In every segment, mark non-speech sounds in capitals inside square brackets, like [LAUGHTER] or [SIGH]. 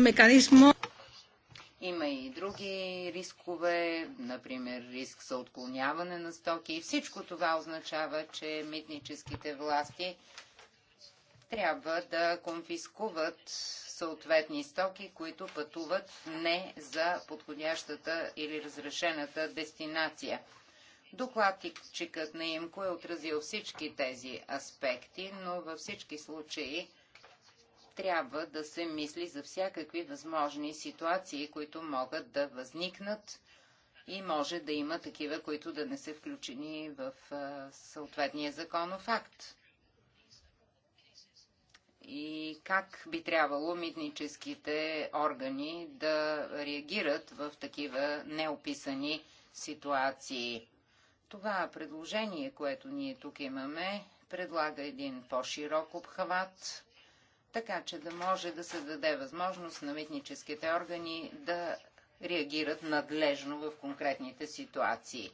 механизмо. Има и други рискове, например риск за отклоняване на стоки и всичко това означава, че митническите власти трябва да конфискуват съответни стоки, които пътуват не за подходящата или разрешената дестинация. Докладчикът на ИМКО е отразил всички тези аспекти, но във всички случаи трябва да се мисли за всякакви възможни ситуации, които могат да възникнат и може да има такива, които да не са включени в съответния законов акт. И как би трябвало митническите органи да реагират в такива неописани ситуации. Това предложение, което ние тук имаме, предлага един по-широк обхват така че да може да се даде възможност на митническите органи да реагират надлежно в конкретните ситуации.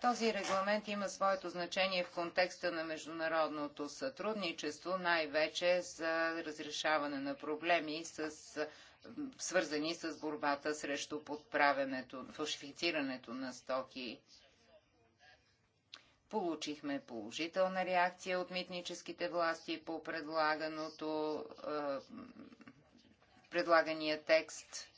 Този регламент има своето значение в контекста на международното сътрудничество, най-вече за разрешаване на проблеми с свързани с борбата срещу подправянето, фалшифицирането на стоки Получихме положителна реакция от митническите власти по предлаганото, е, предлагания текст.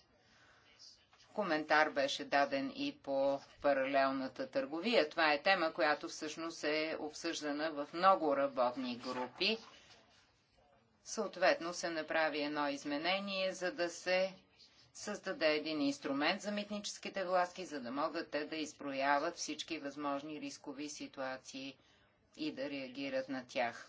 Коментар беше даден и по паралелната търговия. Това е тема, която всъщност е обсъждана в много работни групи. Съответно се направи едно изменение, за да се създаде един инструмент за митническите власти, за да могат те да изброяват всички възможни рискови ситуации и да реагират на тях.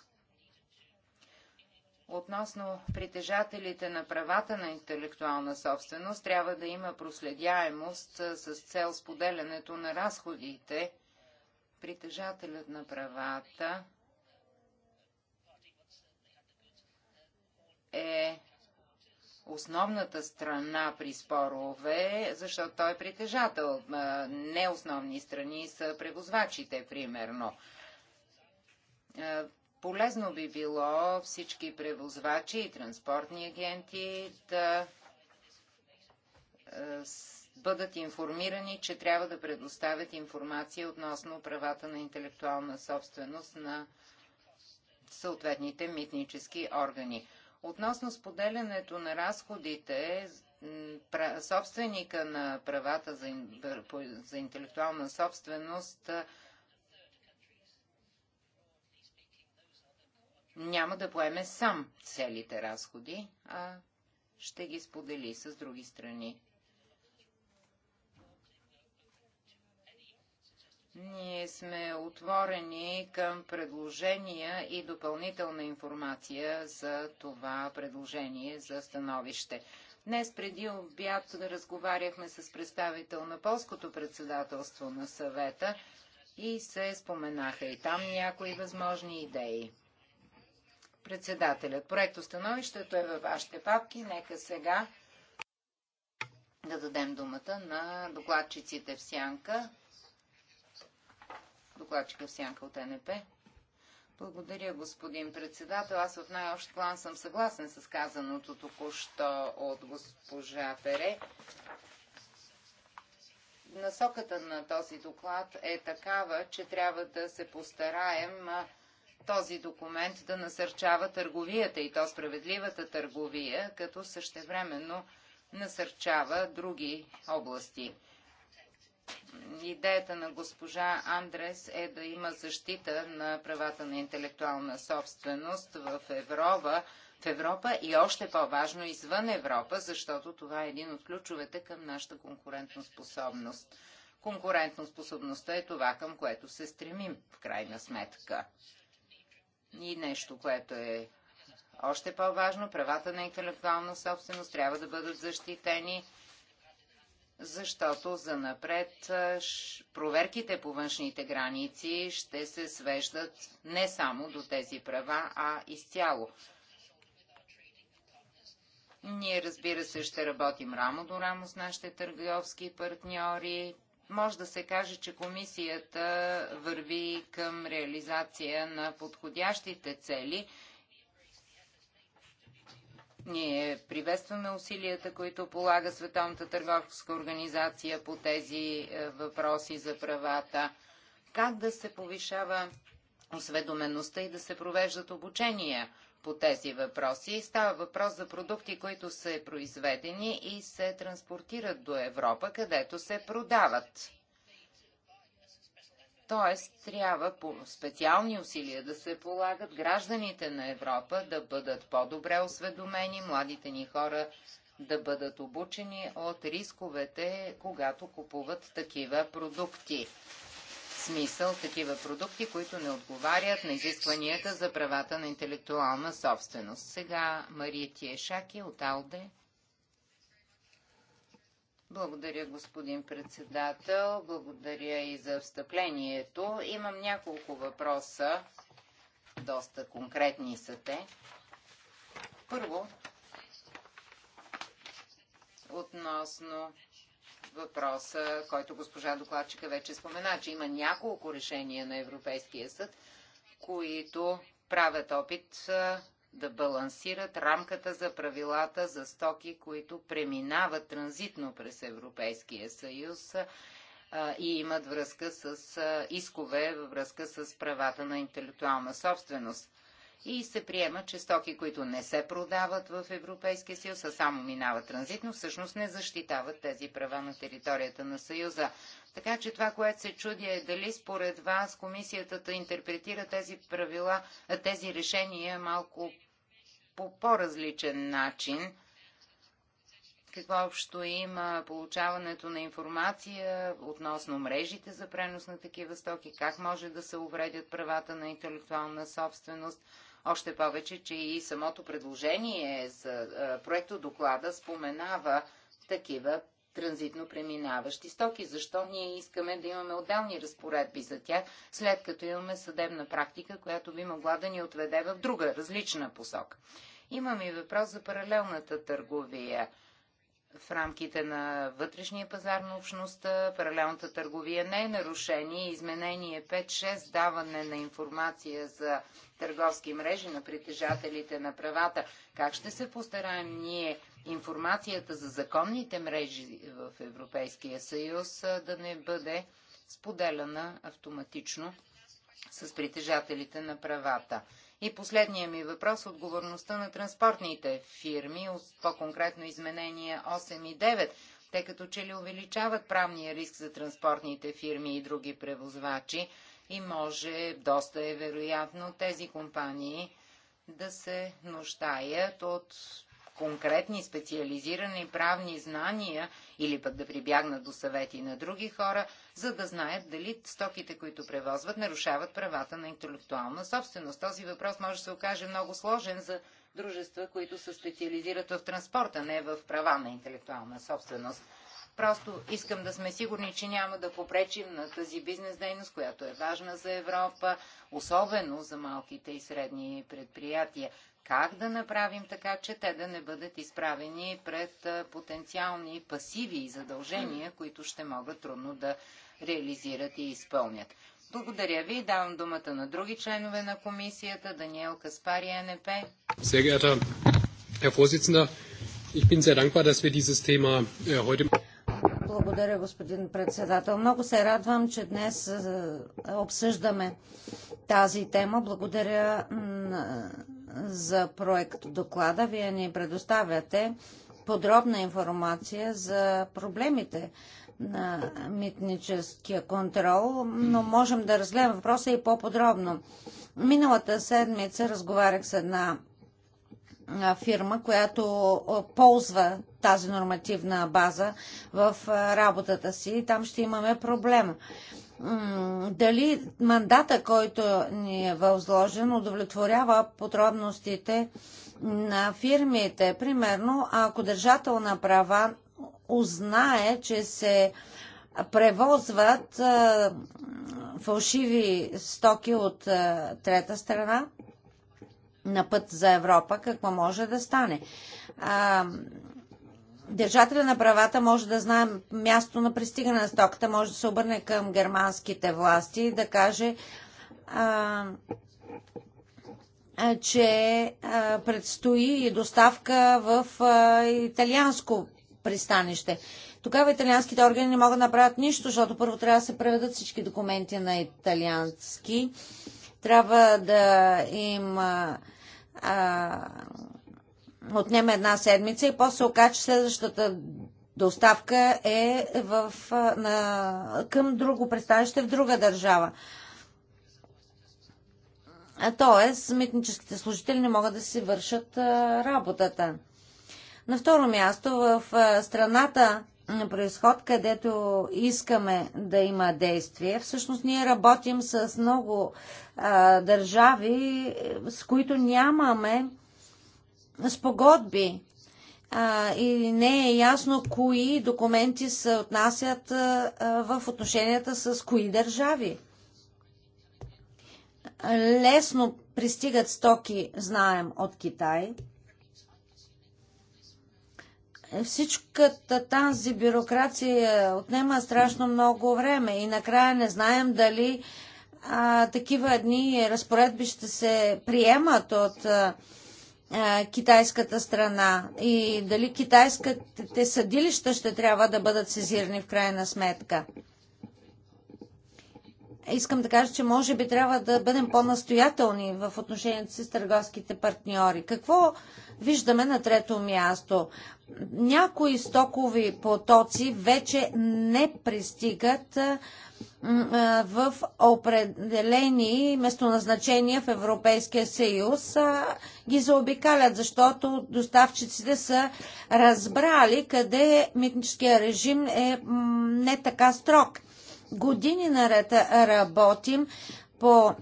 Относно притежателите на правата на интелектуална собственост, трябва да има проследяемост с цел споделянето на разходите. Притежателят на правата е основната страна при спорове, защото той е притежател. Не основни страни са превозвачите, примерно. Полезно би било всички превозвачи и транспортни агенти да бъдат информирани, че трябва да предоставят информация относно правата на интелектуална собственост на съответните митнически органи. Относно споделянето на разходите, собственика на правата за, интелектуална собственост няма да поеме сам целите разходи, а ще ги сподели с други страни. Ние сме отворени към предложения и допълнителна информация за това предложение за становище. Днес преди обяд разговаряхме с представител на полското председателство на съвета и се споменаха и там някои възможни идеи. Председателят, Проект становището е във вашите папки. Нека сега да дадем думата на докладчиците в сянка. Докладчика в сянка от НП. Благодаря, господин председател. Аз в най-общ план съм съгласен с казаното току-що от госпожа Пере. Насоката на този доклад е такава, че трябва да се постараем този документ да насърчава търговията и то справедливата търговия, като същевременно насърчава други области идеята на госпожа Андрес е да има защита на правата на интелектуална собственост в Европа, в Европа и още по-важно извън Европа, защото това е един от ключовете към нашата конкурентоспособност. Конкурентоспособността е това, към което се стремим, в крайна сметка. И нещо, което е още по-важно, правата на интелектуална собственост трябва да бъдат защитени защото за напред проверките по външните граници ще се свеждат не само до тези права, а изцяло. Ние, разбира се, ще работим рамо до рамо с нашите търговски партньори. Може да се каже, че комисията върви към реализация на подходящите цели – ние приветстваме усилията, които полага Световната търговска организация по тези е, въпроси за правата. Как да се повишава осведомеността и да се провеждат обучения по тези въпроси. Става въпрос за продукти, които са произведени и се транспортират до Европа, където се продават. Тоест, трябва по специални усилия да се полагат гражданите на Европа да бъдат по-добре осведомени, младите ни хора да бъдат обучени от рисковете, когато купуват такива продукти. В смисъл такива продукти, които не отговарят на изискванията за правата на интелектуална собственост. Сега Мария Тиешаки от Алде. Благодаря, господин председател. Благодаря и за встъплението. Имам няколко въпроса. Доста конкретни са те. Първо, относно въпроса, който госпожа докладчика вече спомена, че има няколко решения на Европейския съд, които правят опит да балансират рамката за правилата за стоки, които преминават транзитно през Европейския съюз и имат връзка с искове във връзка с правата на интелектуална собственост и се приема, че стоки, които не се продават в Европейския съюз, а само минават транзитно, всъщност не защитават тези права на територията на съюза. Така че това, което се чудя е дали според вас комисията да интерпретира тези правила, тези решения малко по по-различен начин. Какво общо има получаването на информация относно мрежите за пренос на такива стоки, как може да се увредят правата на интелектуална собственост – още повече, че и самото предложение за е, проекто доклада споменава такива транзитно преминаващи стоки. Защо ние искаме да имаме отделни разпоредби за тях, след като имаме съдебна практика, която би могла да ни отведе в друга, различна посока? Имам и въпрос за паралелната търговия в рамките на вътрешния пазар на общността, паралелната търговия не е нарушение. Изменение 5-6 даване на информация за търговски мрежи на притежателите на правата. Как ще се постараем ние информацията за законните мрежи в Европейския съюз да не бъде споделяна автоматично с притежателите на правата? И последния ми въпрос е – отговорността на транспортните фирми, по-конкретно изменения 8 и 9, тъй като че ли увеличават правния риск за транспортните фирми и други превозвачи и може, доста е вероятно, тези компании да се нуждаят от конкретни специализирани правни знания или пък да прибягнат до съвети на други хора, за да знаят дали стоките, които превозват, нарушават правата на интелектуална собственост. Този въпрос може да се окаже много сложен за дружества, които се специализират в транспорта, не в права на интелектуална собственост. Просто искам да сме сигурни, че няма да попречим на тази бизнес дейност, която е важна за Европа, особено за малките и средни предприятия как да направим така, че те да не бъдат изправени пред потенциални пасиви и задължения, които ще могат трудно да реализират и изпълнят. Благодаря ви. Давам думата на други членове на комисията. Даниел Каспари, НП. Äh, благодаря, господин председател. Много се радвам, че днес обсъждаме тази тема. Благодаря за проект доклада. Вие ни предоставяте подробна информация за проблемите на митническия контрол, но можем да разгледам въпроса и по-подробно. Миналата седмица разговарях с една фирма, която ползва тази нормативна база в работата си. Там ще имаме проблем дали мандата, който ни е възложен, удовлетворява подробностите на фирмите. Примерно, ако държател на права узнае, че се превозват фалшиви стоки от трета страна на път за Европа, какво може да стане? А, Държателя на правата може да знае място на пристигане на стоката, може да се обърне към германските власти и да каже а, а, че а, предстои и доставка в а, италианско пристанище. Тогава италианските органи не могат да направят нищо, защото първо трябва да се преведат всички документи на италиански. Трябва да им а, а, отнема една седмица и после оказа, че следващата доставка е в, на, към друго пристанище в друга държава. Тоест, митническите служители не могат да си вършат работата. На второ място, в страната на происход, където искаме да има действие, всъщност ние работим с много а, държави, с които нямаме спогодби а, и не е ясно кои документи се отнасят а, в отношенията с кои държави. Лесно пристигат стоки, знаем, от Китай. Всичката тази бюрокрация отнема страшно много време и накрая не знаем дали а, такива дни разпоредби ще се приемат от а, китайската страна и дали китайските съдилища ще трябва да бъдат сезирани в крайна сметка. Искам да кажа, че може би трябва да бъдем по-настоятелни в отношението си с търговските партньори. Какво виждаме на трето място? някои стокови потоци вече не пристигат в определени местоназначения в Европейския съюз а, ги заобикалят, защото доставчиците са разбрали къде митническия режим е не така строг. Години наред работим по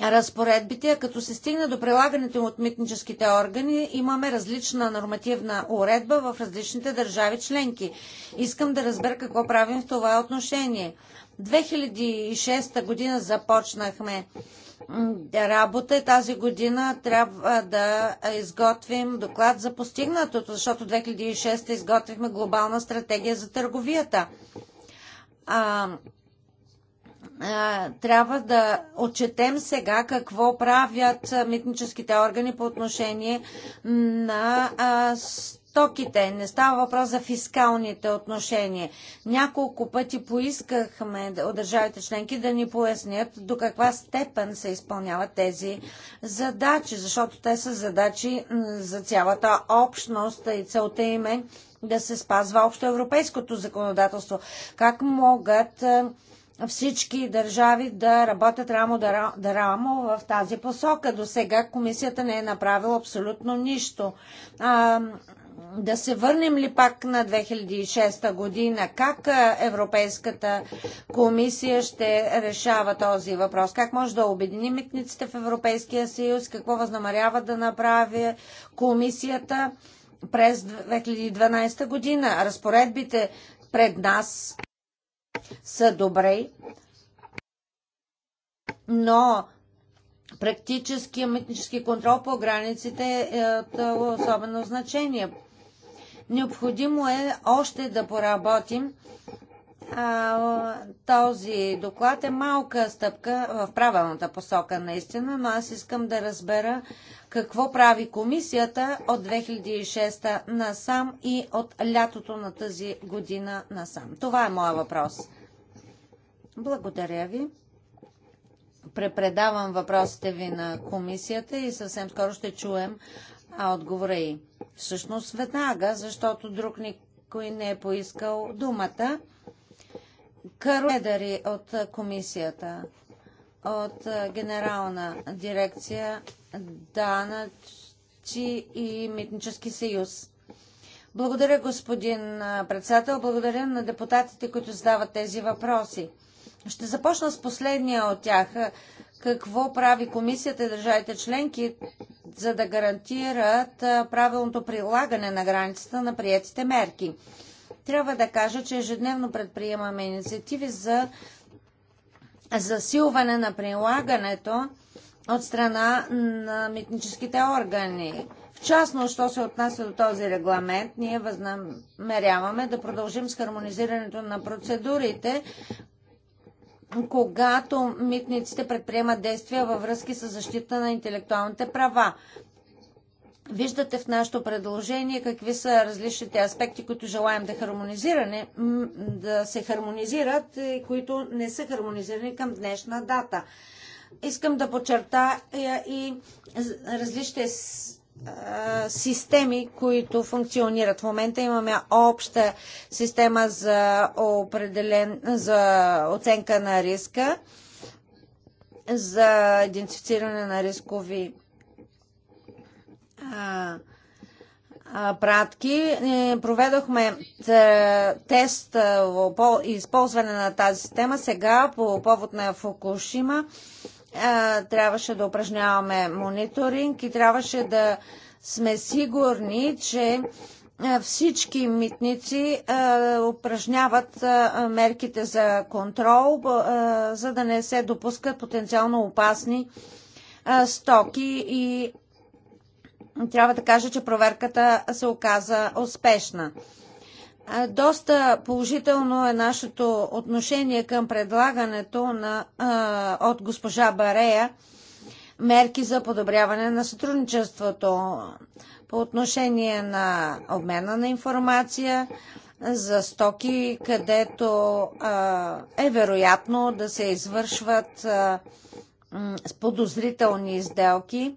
разпоредбите, а като се стигне до прилагането от митническите органи, имаме различна нормативна уредба в различните държави членки. Искам да разбера какво правим в това отношение. 2006 година започнахме работа. и Тази година трябва да изготвим доклад за постигнатото, защото 2006 изготвихме глобална стратегия за търговията трябва да отчетем сега какво правят митническите органи по отношение на стоките. Не става въпрос за фискалните отношения. Няколко пъти поискахме от държавите членки да ни пояснят до каква степен се изпълняват тези задачи, защото те са задачи за цялата общност и целта им е да се спазва общо европейското законодателство. Как могат всички държави да работят рамо да рамо в тази посока. До сега комисията не е направила абсолютно нищо. А, да се върнем ли пак на 2006 година? Как Европейската комисия ще решава този въпрос? Как може да обедини митниците в Европейския съюз? Какво възнамарява да направи комисията през 2012 година? Разпоредбите пред нас са добре, но практическия митнически контрол по границите е от е, особено значение. Необходимо е още да поработим този доклад е малка стъпка в правилната посока наистина, но аз искам да разбера какво прави комисията от 2006 насам и от лятото на тази година насам. Това е моя въпрос. Благодаря ви. Препредавам въпросите ви на комисията и съвсем скоро ще чуем отговора и. Всъщност веднага, защото друг никой не е поискал думата. Каруедари от комисията, от генерална дирекция Данъчи и Митнически съюз. Благодаря, господин председател. Благодаря на депутатите, които задават тези въпроси. Ще започна с последния от тях. Какво прави комисията и държавите членки, за да гарантират правилното прилагане на границата на приятите мерки? Трябва да кажа, че ежедневно предприемаме инициативи за засилване на прилагането от страна на митническите органи. В частност, що се отнася до този регламент, ние възнамеряваме да продължим с хармонизирането на процедурите, когато митниците предприемат действия във връзки с защита на интелектуалните права. Виждате в нашето предложение какви са различните аспекти, които желаем да, хармонизиране, да се хармонизират и които не са хармонизирани към днешна дата. Искам да подчертая и различните системи, които функционират. В момента имаме обща система за, определен, за оценка на риска, за идентифициране на рискови пратки. Проведохме тест по използване на тази система. Сега по повод на Фукушима трябваше да упражняваме мониторинг и трябваше да сме сигурни, че всички митници упражняват мерките за контрол, за да не се допускат потенциално опасни стоки и трябва да кажа, че проверката се оказа успешна. Доста положително е нашето отношение към предлагането на, от госпожа Барея мерки за подобряване на сътрудничеството по отношение на обмена на информация за стоки, където е вероятно да се извършват подозрителни изделки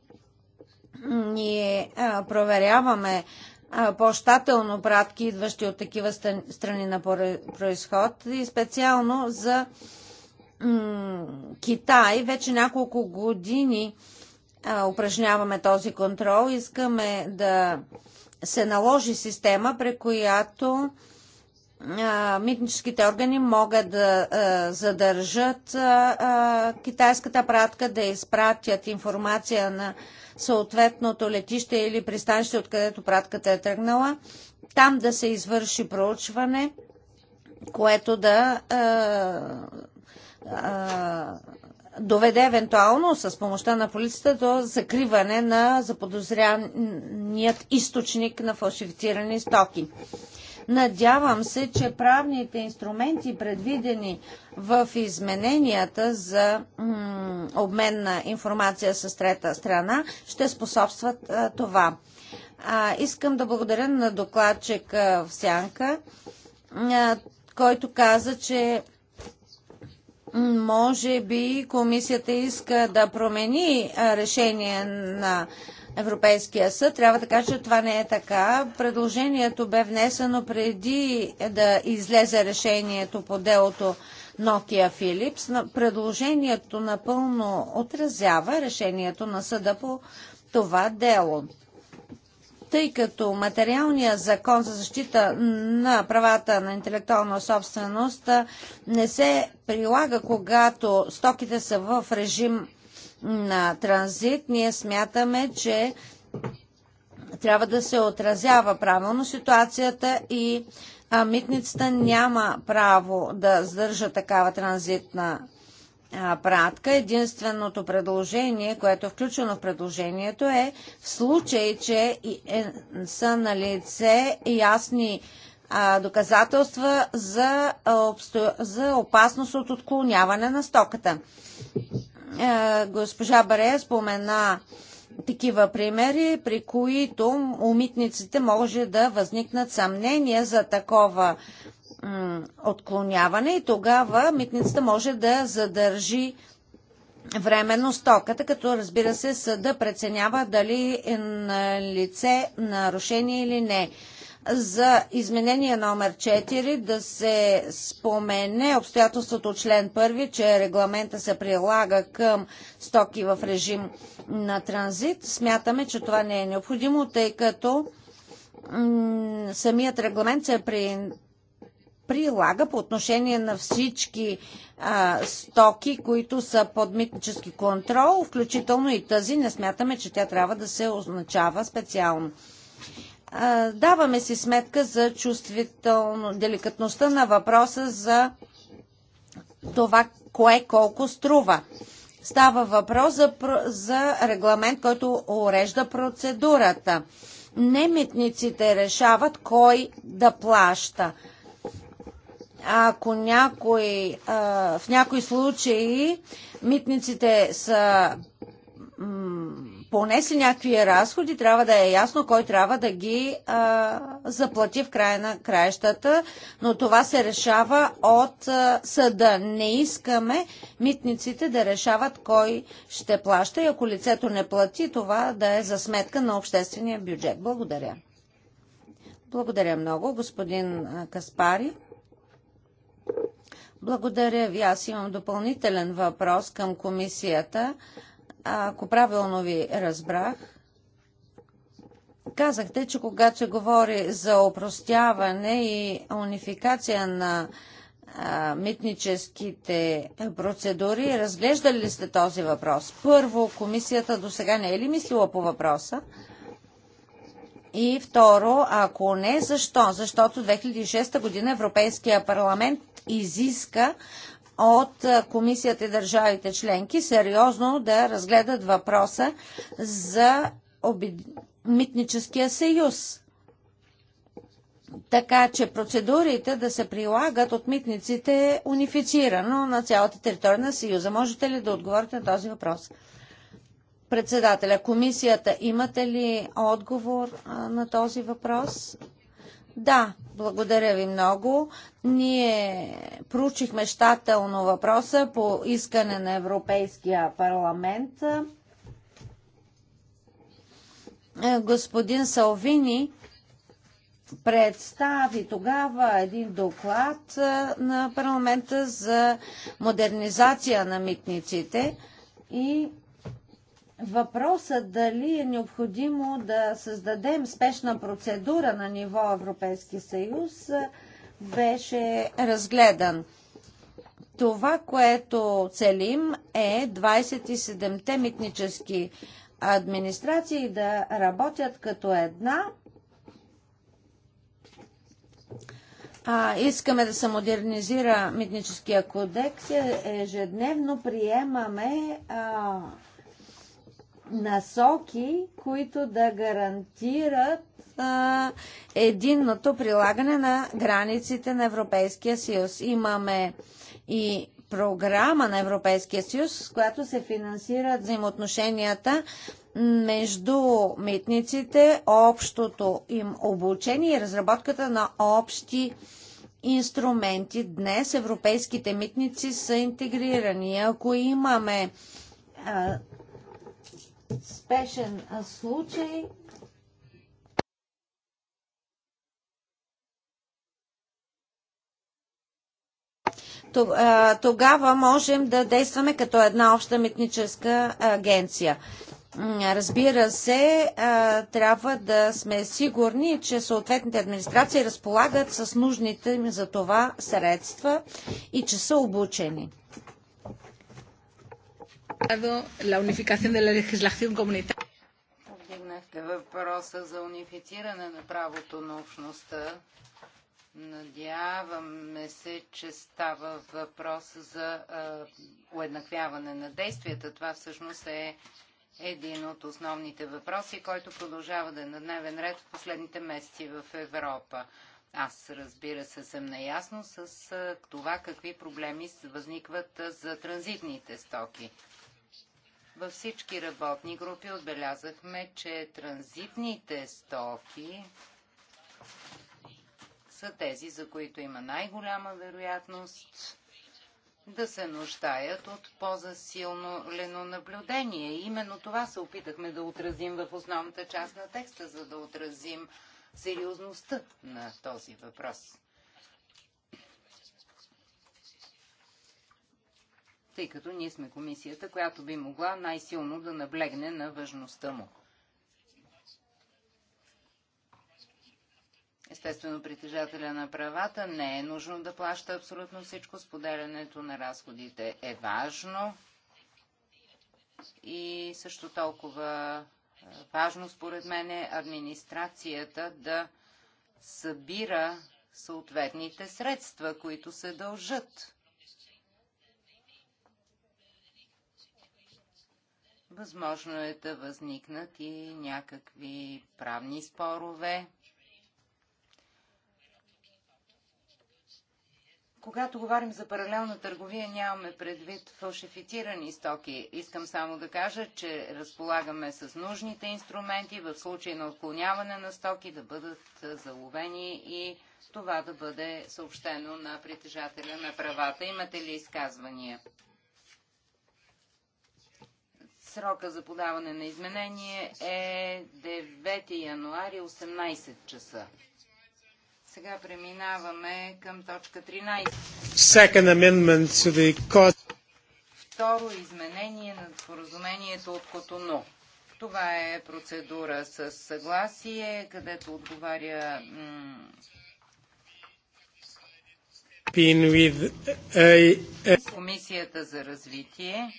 ние проверяваме по-щателно пратки, идващи от такива страни на происход и специално за Китай. Вече няколко години упражняваме този контрол. Искаме да се наложи система, при която митническите органи могат да задържат китайската пратка, да изпратят информация на съответното летище или пристанище, откъдето пратката е тръгнала. Там да се извърши проучване, което да а, а, доведе евентуално с помощта на полицията до закриване на заподозряният източник на фалшифицирани стоки. Надявам се, че правните инструменти, предвидени в измененията за обмен на информация с трета страна, ще способстват а, това. А, искам да благодаря на докладчик в Сянка, а, който каза, че може би комисията иска да промени решение на Европейския съд. Трябва да кажа, че това не е така. Предложението бе внесено преди да излезе решението по делото Nokia Philips. Предложението напълно отразява решението на съда по това дело. Тъй като материалният закон за защита на правата на интелектуална собственост не се прилага, когато стоките са в режим на транзит, ние смятаме, че трябва да се отразява правилно ситуацията и а, митницата няма право да сдържа такава транзитна а, пратка. Единственото предложение, което е включено в предложението е в случай, че е, са на лице ясни а, доказателства за, обсто... за опасност от отклоняване на стоката. Е, госпожа Баре спомена такива примери, при които у митниците може да възникнат съмнения за такова отклоняване и тогава митницата може да задържи временно стоката, като разбира се съда преценява дали е на лице нарушение или не за изменение номер 4 да се спомене обстоятелството член 1, че регламента се прилага към стоки в режим на транзит. Смятаме, че това не е необходимо, тъй като самият регламент се при... прилага по отношение на всички а, стоки, които са под митнически контрол, включително и тази. Не смятаме, че тя трябва да се означава специално даваме си сметка за чувствително, деликатността на въпроса за това кое колко струва. Става въпрос за, за регламент, който урежда процедурата. Не митниците решават кой да плаща. Ако някой, а, в някои случаи митниците са понесе някакви разходи, трябва да е ясно кой трябва да ги а, заплати в края на краищата, но това се решава от а, съда. Не искаме митниците да решават кой ще плаща и ако лицето не плати, това да е за сметка на обществения бюджет. Благодаря. Благодаря много, господин Каспари. Благодаря ви. Аз имам допълнителен въпрос към комисията. Ако правилно ви разбрах, казахте, че когато се говори за опростяване и унификация на митническите процедури, разглеждали ли сте този въпрос? Първо, комисията до сега не е ли мислила по въпроса? И второ, ако не, защо? Защото 2006 година Европейския парламент изиска от комисията и държавите членки сериозно да разгледат въпроса за митническия съюз. Така че процедурите да се прилагат от митниците е унифицирано на цялата територия на Съюза. Можете ли да отговорите на този въпрос? Председателя, комисията, имате ли отговор на този въпрос? Да, благодаря ви много. Ние проучихме щателно въпроса по искане на Европейския парламент. Е, господин Салвини представи тогава един доклад е, на парламента за модернизация на митниците и въпроса дали е необходимо да създадем спешна процедура на ниво Европейски съюз беше разгледан. Това, което целим е 27-те митнически администрации да работят като една. А, искаме да се модернизира митническия кодекс. Ежедневно приемаме а, насоки, които да гарантират а, единното прилагане на границите на Европейския съюз. Имаме и програма на Европейския съюз, с която се финансират взаимоотношенията между митниците, общото им обучение и разработката на общи инструменти. Днес европейските митници са интегрирани. Ако имаме а, спешен случай. Тогава можем да действаме като една обща митническа агенция. Разбира се, трябва да сме сигурни, че съответните администрации разполагат с нужните им за това средства и че са обучени. La unificación de la legislación comunitaria. Повдигнахте въпроса за унифициране на правото на общността. Надяваме се, че става въпрос за а, уеднаквяване на действията. Това всъщност е един от основните въпроси, който продължава да е на дневен ред в последните месеци в Европа. Аз, разбира се, съм наясно с това какви проблеми възникват за транзитните стоки. Във всички работни групи отбелязахме, че транзитните стоки са тези, за които има най-голяма вероятност да се нуждаят от по-засилно лено наблюдение. И именно това се опитахме да отразим в основната част на текста, за да отразим сериозността на този въпрос. тъй като ние сме комисията, която би могла най-силно да наблегне на важността му. Естествено, притежателя на правата не е нужно да плаща абсолютно всичко. Споделянето на разходите е важно и също толкова е, важно според мен е администрацията да събира съответните средства, които се дължат Възможно е да възникнат и някакви правни спорове. Когато говорим за паралелна търговия, нямаме предвид фалшифицирани стоки. Искам само да кажа, че разполагаме с нужните инструменти в случай на отклоняване на стоки да бъдат заловени и това да бъде съобщено на притежателя на правата. Имате ли изказвания? Срока за подаване на изменение е 9 януари 18 часа. Сега преминаваме към точка 13. Second amendment to the... Второ изменение на споразумението от Котоно. Това е процедура с съгласие, където отговаря Комисията за развитие.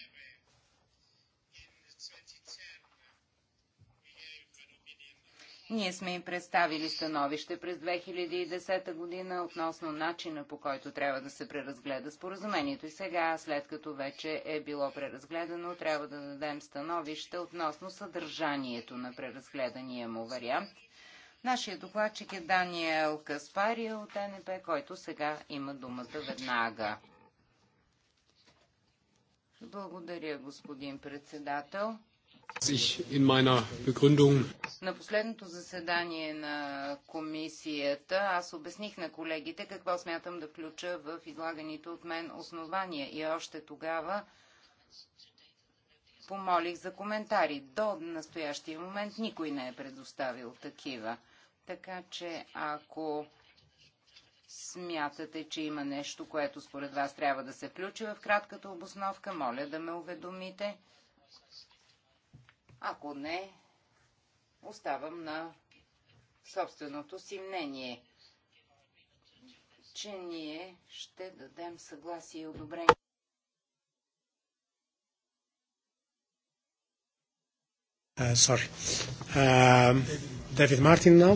Ние сме им представили становище през 2010 година относно начина по който трябва да се преразгледа споразумението. И сега, след като вече е било преразгледано, трябва да дадем становище относно съдържанието на преразгледания му вариант. Нашия докладчик е Даниел Каспари от НП, който сега има думата веднага. Благодаря, господин председател. На последното заседание на комисията аз обясних на колегите какво смятам да включа в излаганите от мен основания и още тогава помолих за коментари. До настоящия момент никой не е предоставил такива. Така че ако смятате, че има нещо, което според вас трябва да се включи в кратката обосновка, моля да ме уведомите. Ако не, оставам на собственото си мнение, че ние ще дадем съгласие и одобрение. Uh, sorry. Uh, David Martin now.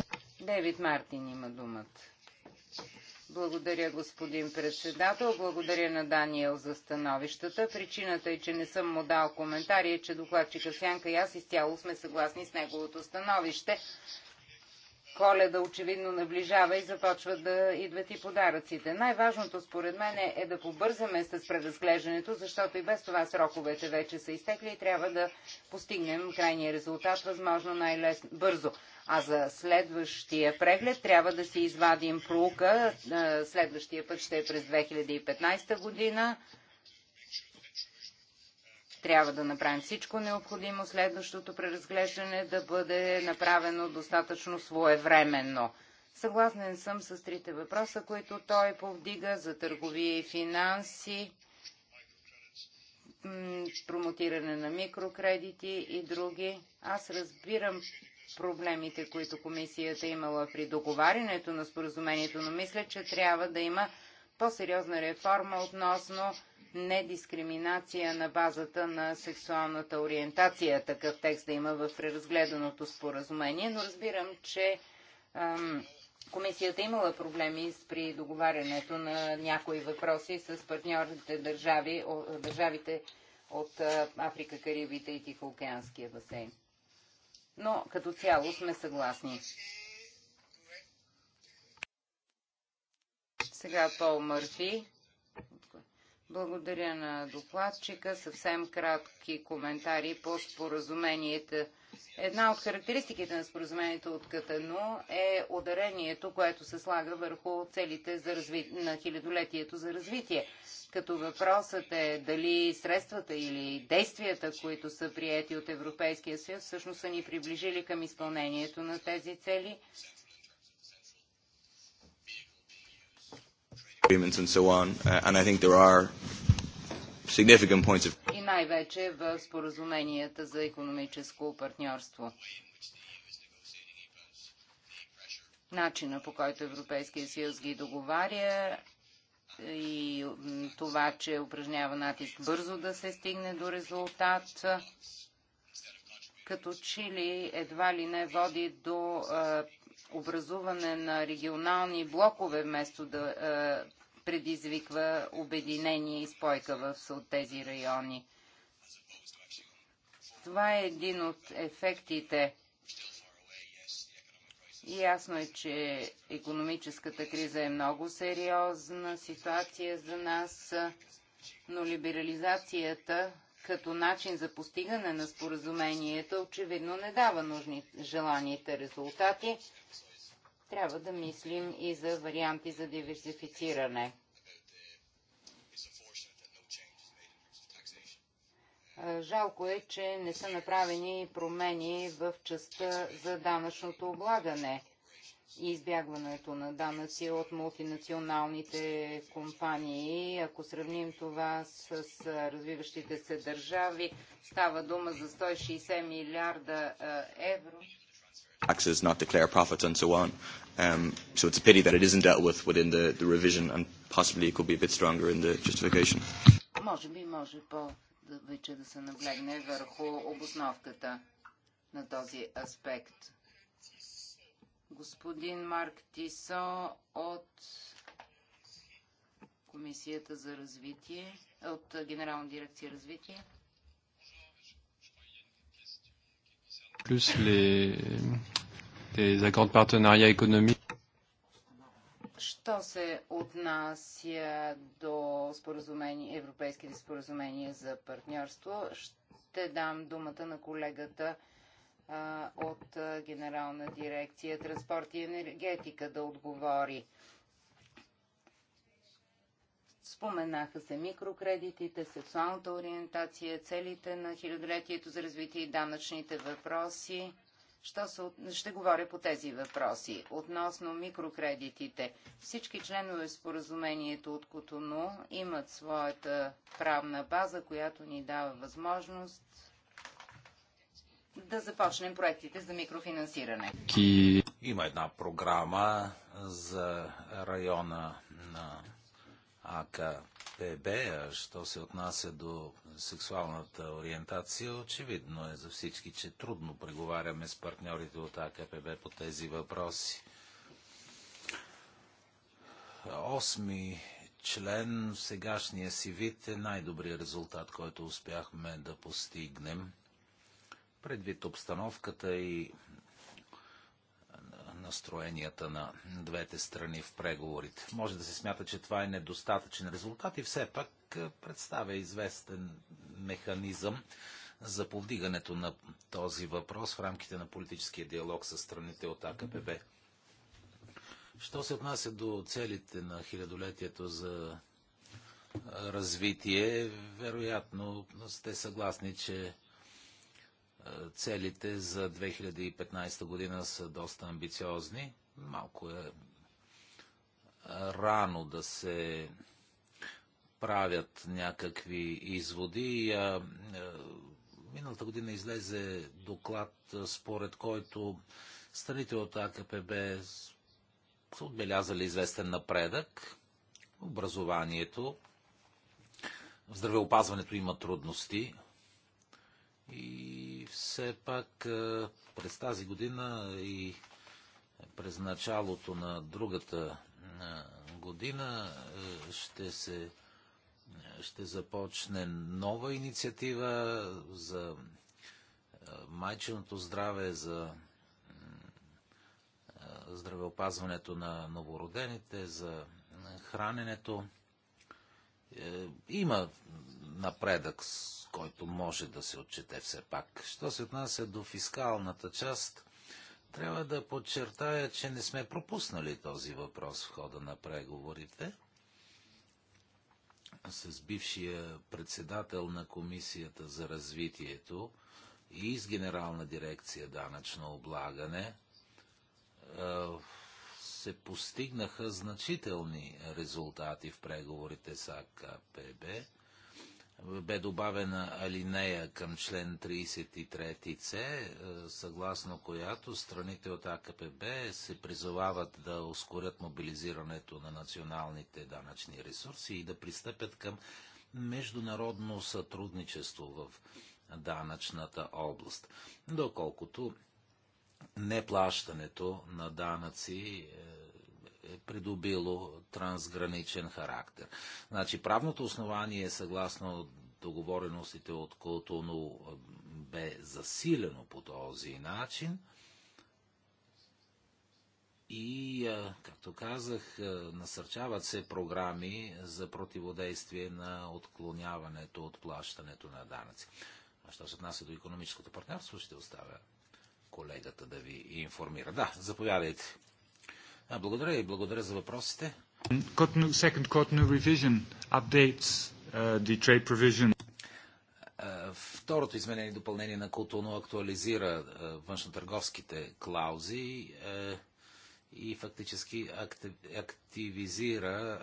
David Martin има думата. Благодаря, господин председател. Благодаря на Даниел за становищата. Причината е, че не съм му дал коментари, е, че докладчика Сянка и аз изцяло сме съгласни с неговото становище. Коледа очевидно наближава и започват да идват и подаръците. Най-важното според мен е, е да побързаме с преразглеждането, защото и без това сроковете вече са изтекли и трябва да постигнем крайния резултат възможно най-бързо. А за следващия преглед трябва да си извадим проука. Следващия път ще е през 2015 година. Трябва да направим всичко необходимо следващото преразглеждане да бъде направено достатъчно своевременно. Съгласен съм с трите въпроса, които той повдига за търговия и финанси, промотиране на микрокредити и други. Аз разбирам проблемите, които комисията е имала при договарянето на споразумението, но мисля, че трябва да има по-сериозна реформа относно недискриминация на базата на сексуалната ориентация. Такъв текст да има в преразгледаното споразумение, но разбирам, че ам, комисията е имала проблеми при договарянето на някои въпроси с партньорните държави, държавите от Африка, Карибите и Тихоокеанския басейн но като цяло сме съгласни. Сега Пол Мърфи благодаря на докладчика. Съвсем кратки коментари по споразуменията. Една от характеристиките на споразумението от Катано е ударението, което се слага върху целите за разви... на хилядолетието за развитие. Като въпросът е дали средствата или действията, които са приети от Европейския съюз, всъщност са ни приближили към изпълнението на тези цели agreements and so on. Uh, and I think there are significant points of... И най-вече в споразуменията за економическо партньорство. Начина по който Европейския съюз ги договаря и това, че упражнява натиск бързо да се стигне до резултат, като че ли едва ли не води до образуване на регионални блокове, вместо да предизвиква обединение и спойка в тези райони. Това е един от ефектите. И ясно е, че економическата криза е много сериозна ситуация за нас, но либерализацията като начин за постигане на споразумението очевидно не дава нужни желаните резултати трябва да мислим и за варианти за диверсифициране. Жалко е, че не са направени промени в частта за данъчното облагане и избягването на данъци от мултинационалните компании. Ако сравним това с развиващите се държави, става дума за 160 милиарда евро taxes, not declare profits, and so on. Um, so it's a pity that it isn't dealt with within the, the revision, and possibly it could be a bit stronger in the justification. на този аспект. Господин Марк Тисо от Комисията за развитие, от Генерална дирекция развитие. plus les, les accords de partenariat économique. Що се отнася до споразумение, европейските споразумения за партньорство, ще дам думата на колегата а, от Генерална дирекция Транспорт и енергетика да отговори. Споменаха се микрокредитите, сексуалната ориентация, целите на хилядолетието за развитие и данъчните въпроси. Що се, ще говоря по тези въпроси. Относно микрокредитите, всички членове в споразумението от Котону имат своята правна база, която ни дава възможност да започнем проектите за микрофинансиране. Има една програма за района на АКПБ, а що се отнася до сексуалната ориентация, очевидно е за всички, че трудно преговаряме с партньорите от АКПБ по тези въпроси. Осми член в сегашния си вид е най-добрият резултат, който успяхме да постигнем. Предвид обстановката и настроенията на двете страни в преговорите. Може да се смята, че това е недостатъчен резултат и все пак е, представя известен механизъм за повдигането на този въпрос в рамките на политическия диалог с страните от АКПБ. Що се отнася до целите на хилядолетието за е, развитие, вероятно сте съгласни, че Целите за 2015 година са доста амбициозни. Малко е, е рано да се правят някакви изводи. Е, миналата година излезе доклад, е, според който страните от АКПБ са отбелязали известен напредък. Образованието, в здравеопазването има трудности и все пак е, през тази година и през началото на другата е, година е, ще се ще започне нова инициатива за майченото здраве, за здравеопазването на новородените, за храненето. Има напредък, с който може да се отчете все пак. Що се отнася до фискалната част, трябва да подчертая, че не сме пропуснали този въпрос в хода на преговорите с бившия председател на Комисията за развитието и с Генерална дирекция данъчно облагане е, се постигнаха значителни резултати в преговорите с АКПБ бе добавена алинея към член 33c, е, съгласно която страните от АКПБ се призовават да ускорят мобилизирането на националните данъчни ресурси и да пристъпят към международно сътрудничество в данъчната област. Доколкото неплащането на данъци е, е придобило трансграничен характер. Значи, правното основание, съгласно договореностите от Котону, бе засилено по този начин. И, както казах, насърчават се програми за противодействие на отклоняването от плащането на данъци. А що се отнася до економическото партньорство, ще оставя колегата да ви информира. Да, заповядайте. Благодаря и благодаря за въпросите. Second Cotonou revision updates uh, the trade provision. Второто изменение и допълнение на Котоно актуализира външнотърговските клаузи и фактически активизира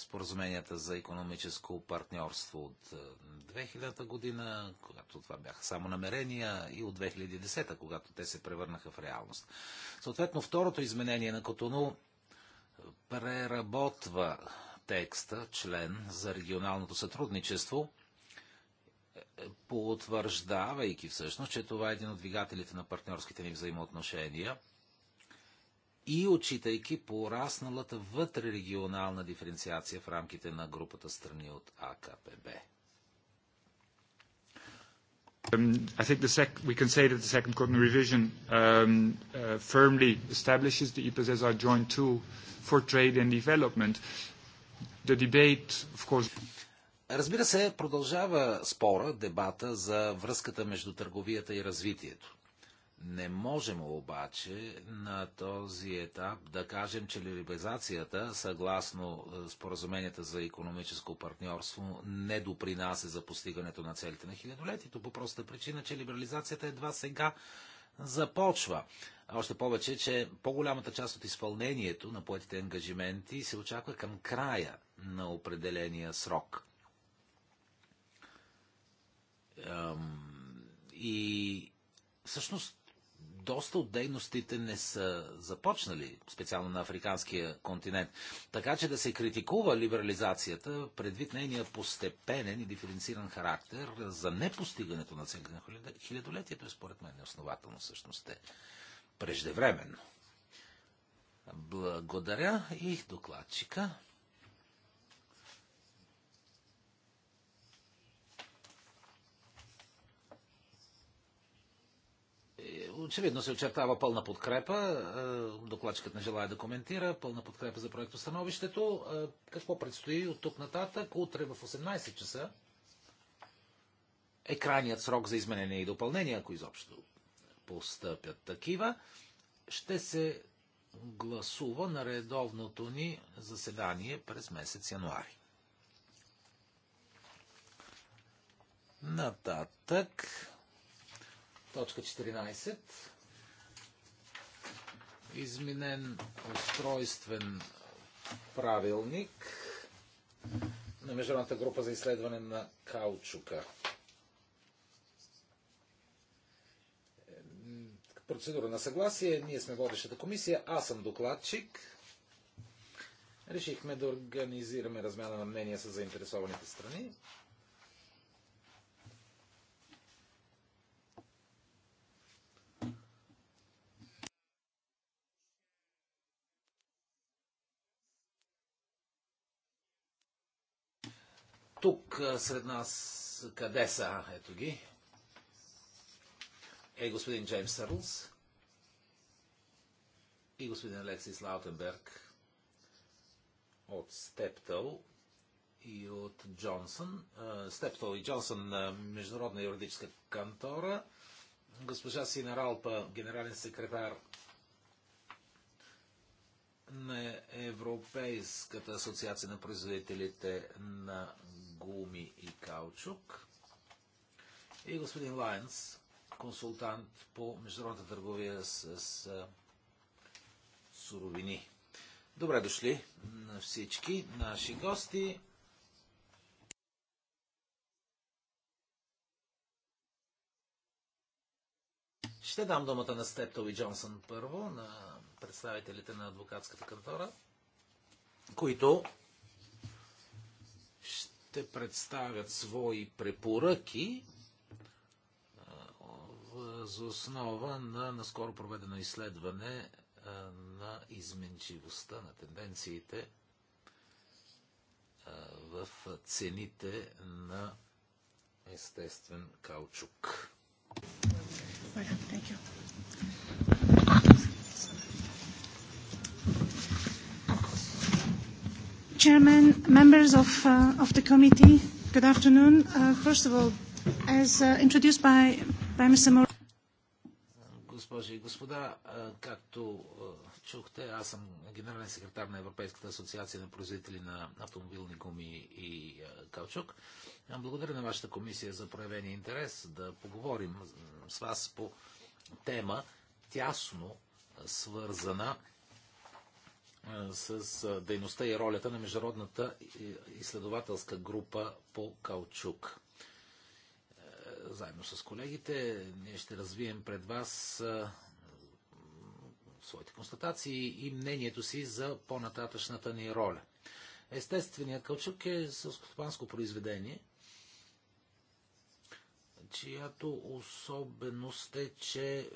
споразуменията за економическо партньорство от 2000 е, година, когато това бяха само намерения, и от 2010, когато те се превърнаха в реалност. Съответно, второто изменение на Котону е, преработва текста, член за регионалното сътрудничество, е, потвърждавайки всъщност, че това е един от двигателите на партньорските ни взаимоотношения – и отчитайки порасналата вътререгионална диференциация в рамките на групата страни от АКПБ. Um, I think the sec we can say that the second revision um, uh, firmly establishes the EPAS as our joint tool for trade and development. The debate, of course... Разбира се, продължава спора, дебата за връзката между търговията и развитието. Не можем обаче на този етап да кажем, че либерализацията, съгласно е, споразуменията за економическо партньорство, не допринася за постигането на целите на хилядолетието, по простата причина, че либерализацията едва сега започва. Още повече, че по-голямата част от изпълнението на поетите ангажименти се очаква към края на определения срок. И всъщност доста от дейностите не са започнали, специално на африканския континент. Така че да се критикува либерализацията предвид нейния постепенен и диференциран характер за непостигането на целите на хилядолетието е според мен неоснователно всъщност е преждевременно. Благодаря и докладчика. очевидно се очертава пълна подкрепа. Е, докладчикът не желая да коментира. Пълна подкрепа за проекто становището. Е, какво предстои от тук нататък? Утре в 18 часа е крайният срок за изменение и допълнение, ако изобщо постъпят такива. Ще се гласува на редовното ни заседание през месец януари. Нататък Точка 14. Изменен устройствен правилник на Международната група за изследване на каучука. Процедура на съгласие. Ние сме водещата комисия. Аз съм докладчик. Решихме да организираме размяна на мнения с заинтересованите страни. тук сред нас къде са? Ето ги. Е господин Джеймс Сърлс и господин Алексис Лаутенберг от Стептъл и от Джонсън. Стептъл и Джонсън, международна юридическа кантора. Госпожа Синаралпа, генерален секретар на Европейската асоциация на производителите на гуми и каучук. И господин Лайнс, консултант по международната търговия с, с суровини. Добре дошли на всички наши гости. Ще дам думата на Стептов и Джонсън първо, на представителите на адвокатската кантора, които те представят свои препоръки въз основа на наскоро проведено изследване на изменчивостта, на тенденциите в цените на естествен каучук. Thank you. Chairman, members of, uh, of the committee, good afternoon. Uh, first of all, as uh, introduced by, by Mr. Mor- Госпожи и господа, както чухте, аз съм генерален секретар на Европейската асоциация на производители на автомобилни гуми и каучук. Благодаря на вашата комисия за проявения интерес да поговорим с вас по тема тясно свързана с дейността и ролята на Международната изследователска група по каучук. Е, заедно с колегите ние ще развием пред вас своите констатации и мнението си за по-нататъчната ни роля. Естественият каучук е селскостопанско произведение, чиято особеност е, че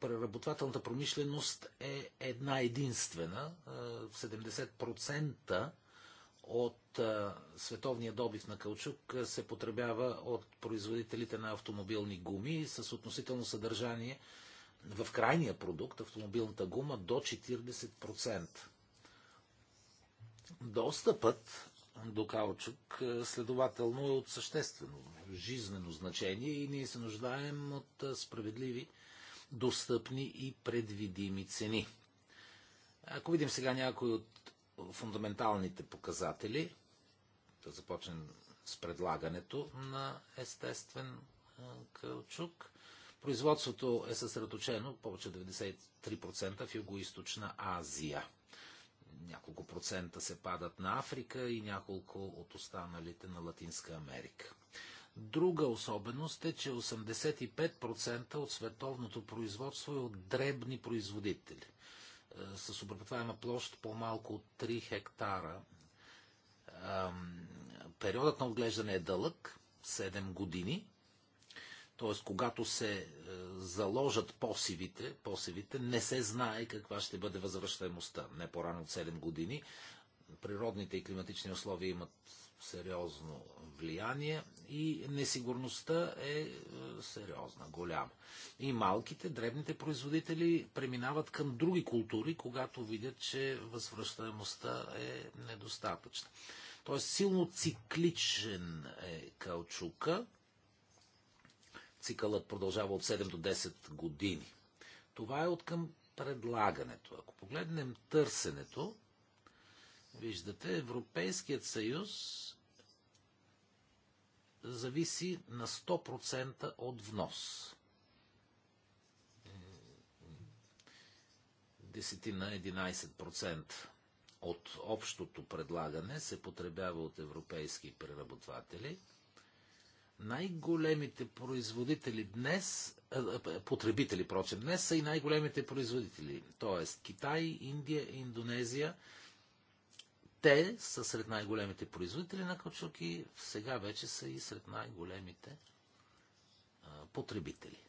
преработвателната промишленост е една единствена. 70% е, от е, световния добив на каучук е, се потребява от производителите на автомобилни гуми с относително съдържание в крайния продукт, автомобилната гума, до 40%. Достъпът до каучук следователно е от съществено, жизнено значение и ние се нуждаем от справедливи достъпни и предвидими цени. Ако видим сега някои от фундаменталните показатели, да започнем с предлагането на естествен каучук. Производството е съсредоточено повече 93% в Юго-Источна Азия. Няколко процента се падат на Африка и няколко от останалите на Латинска Америка. Друга особеност е, че 85% от световното производство е от дребни производители е, с обработваема площ по-малко от 3 хектара. Периодът на отглеждане е дълъг, 7 години, т.е. когато се е, заложат посивите, посивите, не се знае каква ще бъде възвръщаемостта, не по-рано от 7 години. Природните и климатични условия имат сериозно влияние и несигурността е, е сериозна, голяма. И малките, дребните производители преминават към други култури, когато видят, че възвръщаемостта е недостатъчна. Тоест силно цикличен е каучука. Цикълът продължава от 7 до 10 години. Това е от към предлагането. Ако погледнем търсенето, виждате, Европейският съюз зависи на 100% от внос. Десетина 11% от общото предлагане се потребява от европейски преработватели. Най-големите производители днес, е, е, потребители, прочим, днес са и най-големите производители, т.е. Китай, Индия, Индонезия – те са сред най-големите производители на каучук и сега вече са и сред най-големите потребители.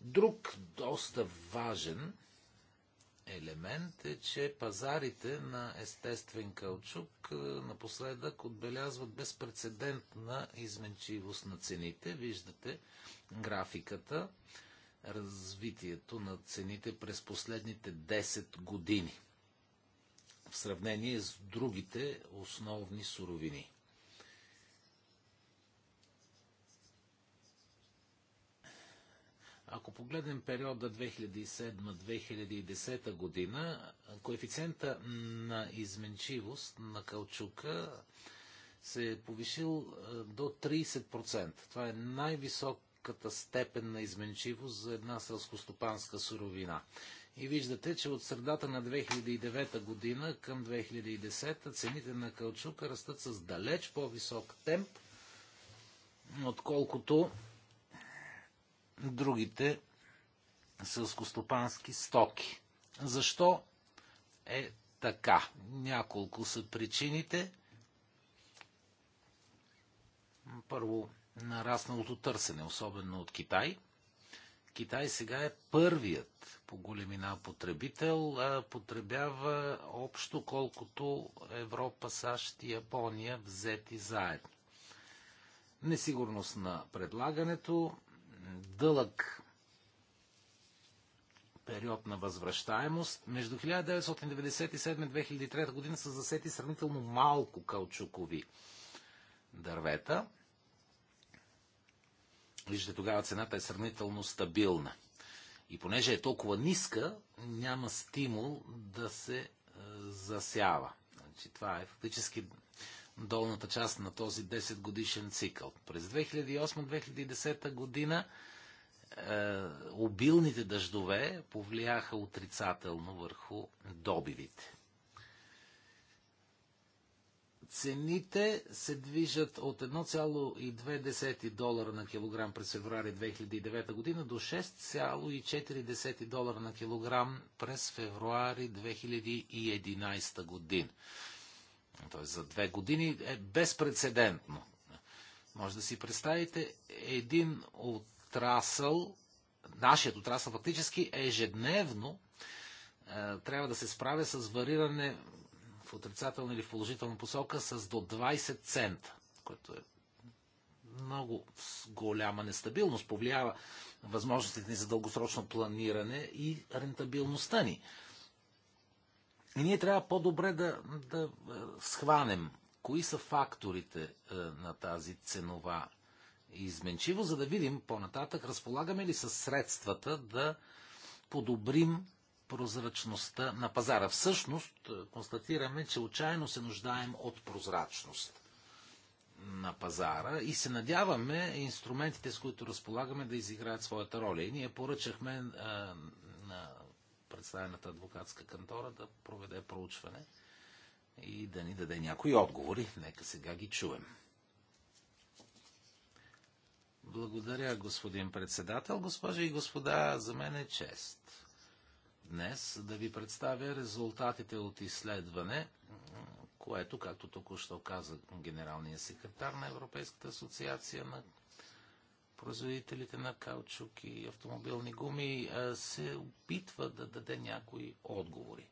Друг доста важен елемент е, че пазарите на естествен каучук напоследък отбелязват безпредседентна изменчивост на цените. Виждате графиката, развитието на цените през последните 10 години в сравнение с другите основни суровини. Ако погледнем периода 2007-2010 година, коефициента на изменчивост на каучука се е повишил е, до 30%. Това е най-високата степен на изменчивост за една сълскостопанска суровина. И виждате, че от средата на 2009 година към 2010 цените на калчука растат с далеч по-висок темп, отколкото другите сълскостопански стоки. Защо е така? Няколко са причините. Първо, нарасналото търсене, особено от Китай – Китай сега е първият по големина потребител, а потребява общо колкото Европа, САЩ и Япония взети заедно. Несигурност на предлагането, дълъг период на възвръщаемост. Между 1997-2003 година са засети сравнително малко каучукови дървета – Виждате, тогава цената е сравнително стабилна. И понеже е толкова ниска, няма стимул да се е, засява. Значи, това е фактически долната част на този 10 годишен цикъл. През 2008-2010 година е, обилните дъждове повлияха отрицателно върху добивите цените се движат от 1,2 долара на килограм през февруари 2009 година до 6,4 долара на килограм през февруари 2011 година. Тоест за две години е безпредседентно. Може да си представите един отрасъл, нашият отрасъл фактически ежедневно е, трябва да се справя с вариране отрицателна или в положителна посока с до 20 цента, което е много голяма нестабилност, повлиява възможностите ни за дългосрочно планиране и рентабилността ни. И ние трябва по-добре да, да е, схванем кои са факторите е, на тази ценова изменчиво, за да видим по-нататък разполагаме ли с средствата да подобрим прозрачността на пазара. Всъщност, е, констатираме, че отчаяно се нуждаем от прозрачност на пазара и се надяваме инструментите, с които разполагаме, да изиграят своята роля. И ние поръчахме а, е, на представената адвокатска кантора да проведе проучване и да ни даде някои отговори. Нека сега ги чуем. Благодаря, господин председател. Госпожи и господа, за мен е чест днес да ви представя резултатите от изследване, което, както току-що каза генералният секретар на Европейската асоциация на производителите на каучук и автомобилни гуми, се опитва да даде някои отговори.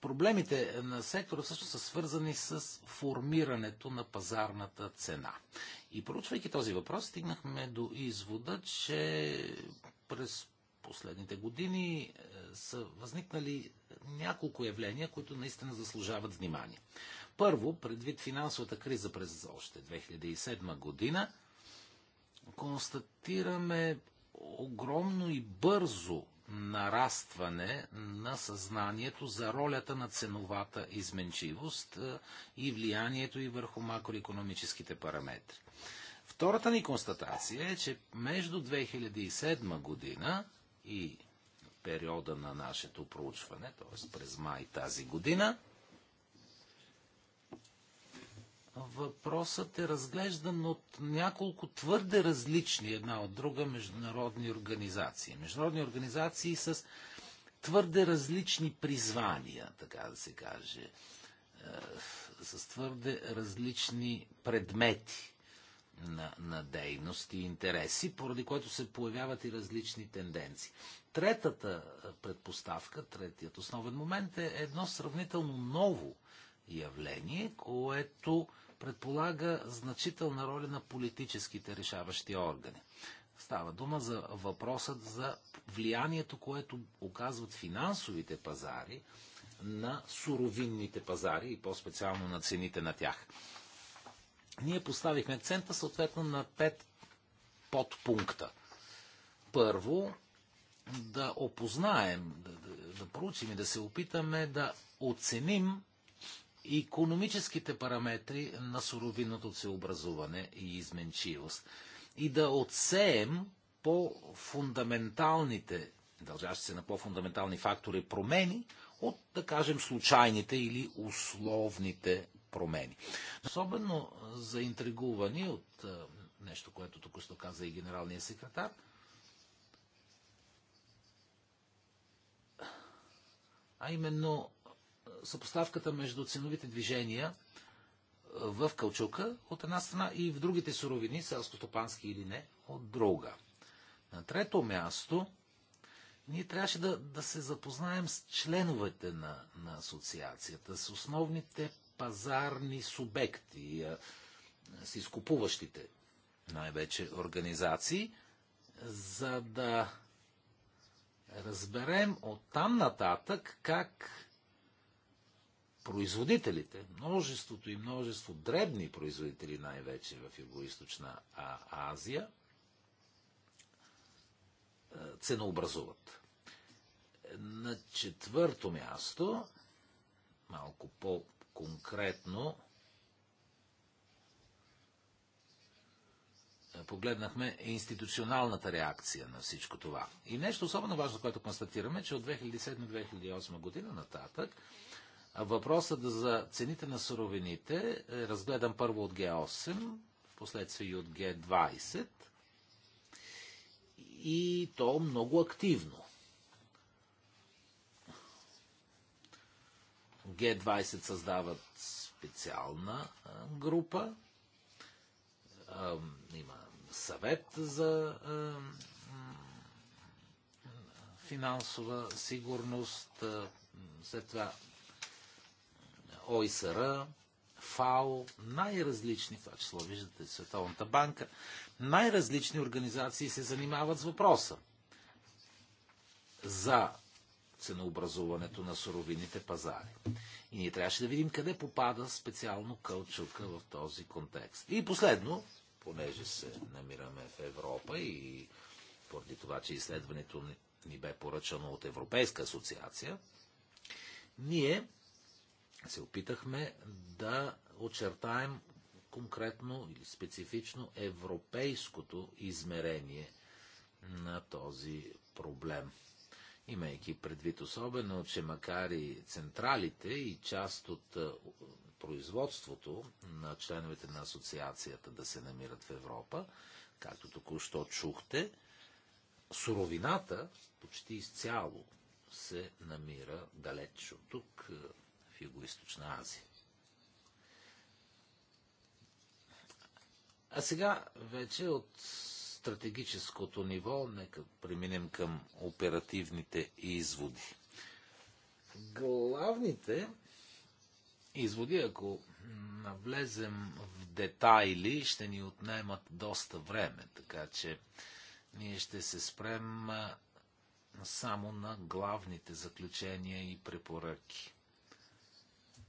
Проблемите на сектора също са свързани с формирането на пазарната цена. И проучвайки този въпрос, стигнахме до извода, че през последните години е, са възникнали няколко явления, които наистина заслужават внимание. Първо, предвид финансовата криза през още 2007 година, констатираме огромно и бързо нарастване на съзнанието за ролята на ценовата изменчивост е, и влиянието и върху макроекономическите параметри. Втората ни констатация е, че между 2007 година и периода на нашето проучване, т.е. през май тази година, въпросът е разглеждан от няколко твърде различни една от друга международни организации. Международни организации с твърде различни призвания, така да се каже, е, с твърде различни предмети на, на дейности и интереси, поради което се появяват и различни тенденции. Третата е, предпоставка, третият основен момент е едно сравнително ново явление, което предполага значителна роля на политическите решаващи органи. Става дума за въпросът за влиянието, което оказват финансовите пазари на суровинните пазари и по-специално на цените на тях ние поставихме акцента съответно на пет подпункта. Първо, да опознаем, да, да, да проучим и да се опитаме да оценим економическите параметри на суровинното образуване и изменчивост. И да отсеем по-фундаменталните, дължащи се на по-фундаментални фактори промени от, да кажем, случайните или условните промени. Особено заинтригувани от нещо, което току-що каза и генералния секретар, а именно съпоставката между ценовите движения в Калчука от една страна и в другите суровини, селско-стопански или не, от друга. На трето място, ние трябваше да, да се запознаем с членовете на, на асоциацията, с основните пазарни субекти, с изкупуващите най-вече организации, за да разберем от там нататък как производителите, множеството и множество дребни производители най-вече в Юго-Источна Азия, ценообразуват. На четвърто място, малко по конкретно. Е, погледнахме институционалната реакция на всичко това. И нещо особено важно, което констатираме, че от 2007-2008 година нататък въпросът за цените на суровините е разгледан първо от Г8, в последствие и от Г20 и то много активно. Г-20 създават специална група. Има съвет за финансова сигурност, след това ОИСР, ФАО, най-различни, това число виждате Световната банка, най-различни организации се занимават с въпроса за ценообразуването на суровините пазари. И ние трябваше да видим къде попада специално кълчука в този контекст. И последно, понеже се намираме в Европа и поради това, че изследването ни бе поръчано от Европейска асоциация, ние се опитахме да очертаем конкретно или специфично европейското измерение на този проблем имайки предвид особено, че макар и централите и част от е, производството на членовете на асоциацията да се намират в Европа, както току-що чухте, суровината почти изцяло се намира далеч от тук, е, в Юго-Источна Азия. А сега вече от стратегическото ниво, нека преминем към оперативните изводи. Главните изводи, ако навлезем в детайли, ще ни отнемат доста време, така че ние ще се спрем само на главните заключения и препоръки.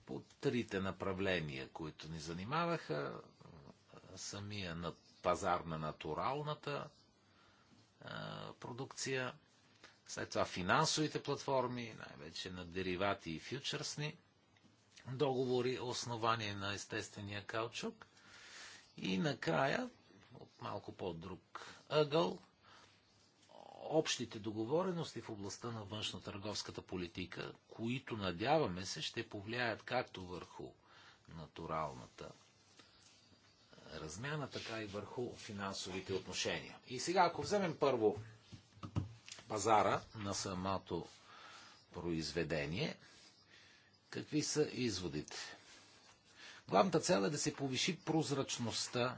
По трите направления, които ни занимаваха, самия над пазар на натуралната продукция, след това финансовите платформи, най-вече на деривати и фьючерсни договори, основание на естествения каучук. И накрая, от малко по-друг ъгъл, общите договорености в областта на външно-търговската политика, които надяваме се ще повлияят както върху натуралната размяна, така и върху финансовите отношения. И сега, ако вземем първо пазара на самото произведение, какви са изводите? Главната цел е да се повиши прозрачността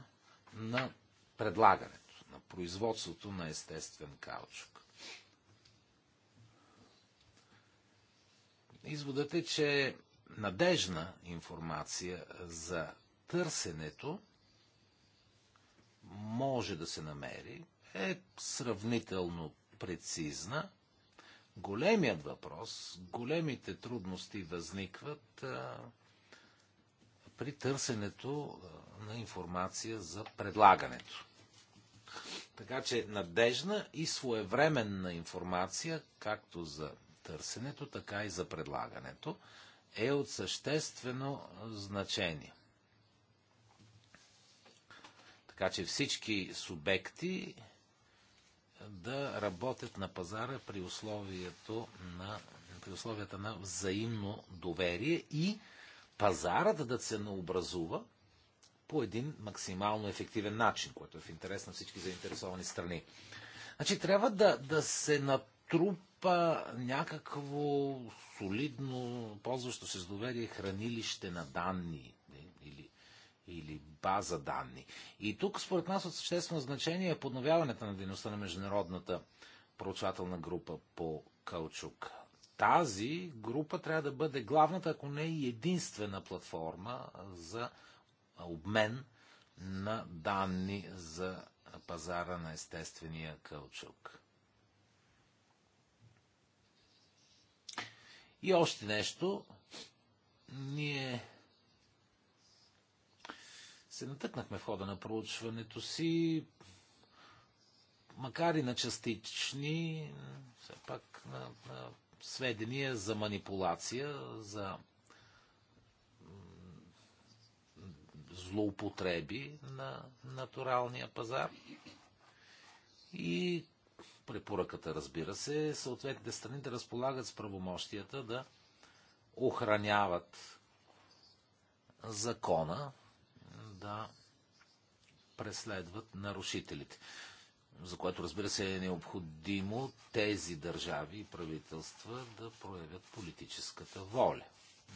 на предлагането, на производството на естествен каучук. Изводът е, че надежна информация за търсенето може да се намери, е сравнително прецизна. Големият въпрос, големите трудности възникват а, при търсенето на информация за предлагането. Така че надежна и своевременна информация, както за търсенето, така и за предлагането, е от съществено значение. Така че всички субекти да работят на пазара при, условието на, при условията на взаимно доверие и пазарът да се наобразува по един максимално ефективен начин, който е в интерес на всички заинтересовани страни. Значи трябва да, да се натрупа някакво солидно, ползващо се с доверие, хранилище на данни, или база данни. И тук, според нас, от съществено значение е подновяването на дейността на Международната проучвателна група по калчук. Тази група трябва да бъде главната, ако не и единствена платформа за обмен на данни за пазара на естествения кълчук. И още нещо. Ние се натъкнахме в хода на проучването си, макар и на частични, все пак на, на сведения за манипулация, за злоупотреби на натуралния пазар. И препоръката, разбира се, е съответните страни да разполагат с правомощията да охраняват закона да преследват нарушителите. За което, разбира се, е необходимо тези държави и правителства да проявят политическата воля,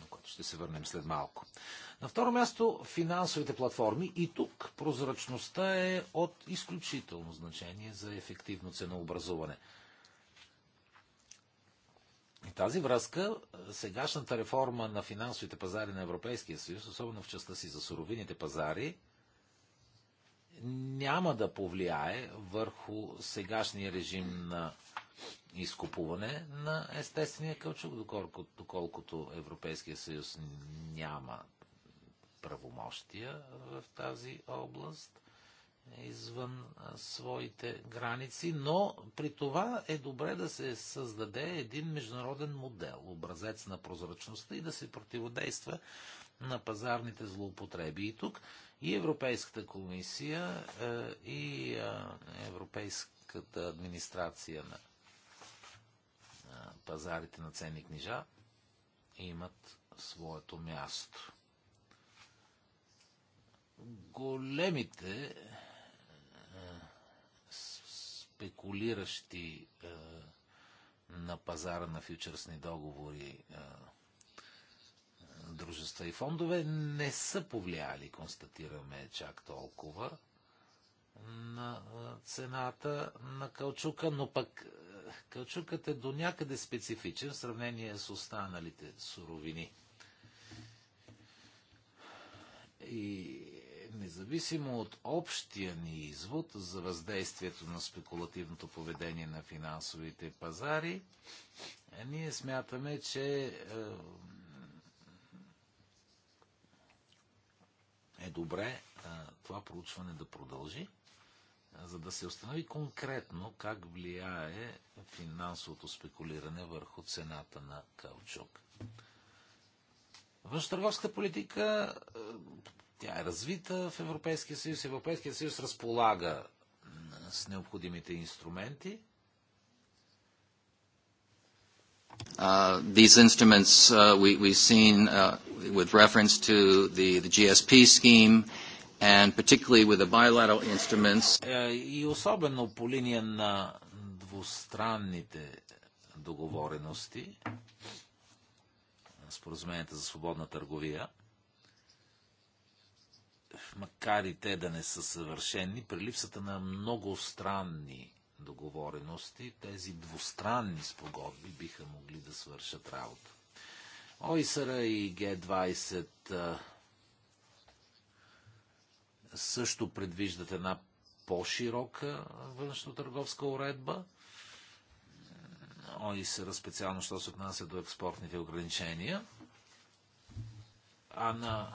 на което ще се върнем след малко. На второ място, финансовите платформи. И тук прозрачността е от изключително значение за ефективно ценообразуване – и тази връзка е, сегашната реформа на финансовите пазари на Европейския съюз, особено в частта си за суровините пазари, няма да повлияе върху сегашния режим на изкупуване на естествения кълчук, доколкото доколкото Европейския съюз няма правомощия в тази област извън своите граници, но при това е добре да се създаде един международен модел, образец на прозрачността и да се противодейства на пазарните злоупотреби. И тук и Европейската комисия, е, и Европейската администрация на пазарите на ценни книжа имат своето място. Големите спекулиращи е, на пазара на фьючерсни договори е, дружества и фондове не са повлияли, констатираме чак толкова, на е, цената на Калчука, но пък е, Калчукът е до някъде специфичен в сравнение с останалите суровини. И независимо от общия ни извод за въздействието на спекулативното поведение на финансовите пазари, е, ние смятаме, че е, е добре е, това проучване да продължи, за да се установи конкретно как влияе финансовото спекулиране върху цената на каучук. външно търговска политика тя е развита в Европейския съюз. Европейския съюз разполага с необходимите инструменти. Uh, these instruments uh, we, we've seen uh, with reference to the, the GSP scheme and particularly with the bilateral instruments. Uh, и особено по линия на двустранните договорености, споразуменията за свободна търговия – макар и те да не са съвършени, при липсата на странни договорености, тези двустранни спогодби биха могли да свършат работа. ОИСР и Г-20 също предвиждат една по-широка външно-търговска уредба. ОИСР специално, що се отнася до експортните ограничения. А на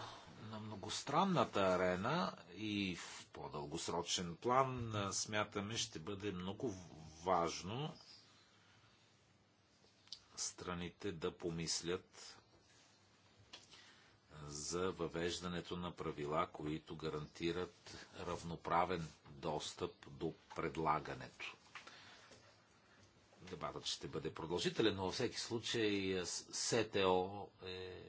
на многостранната арена и в по-дългосрочен план смятаме ще бъде много важно страните да помислят за въвеждането на правила, които гарантират равноправен достъп до предлагането. Дебатът ще бъде продължителен, но във всеки случай СТО е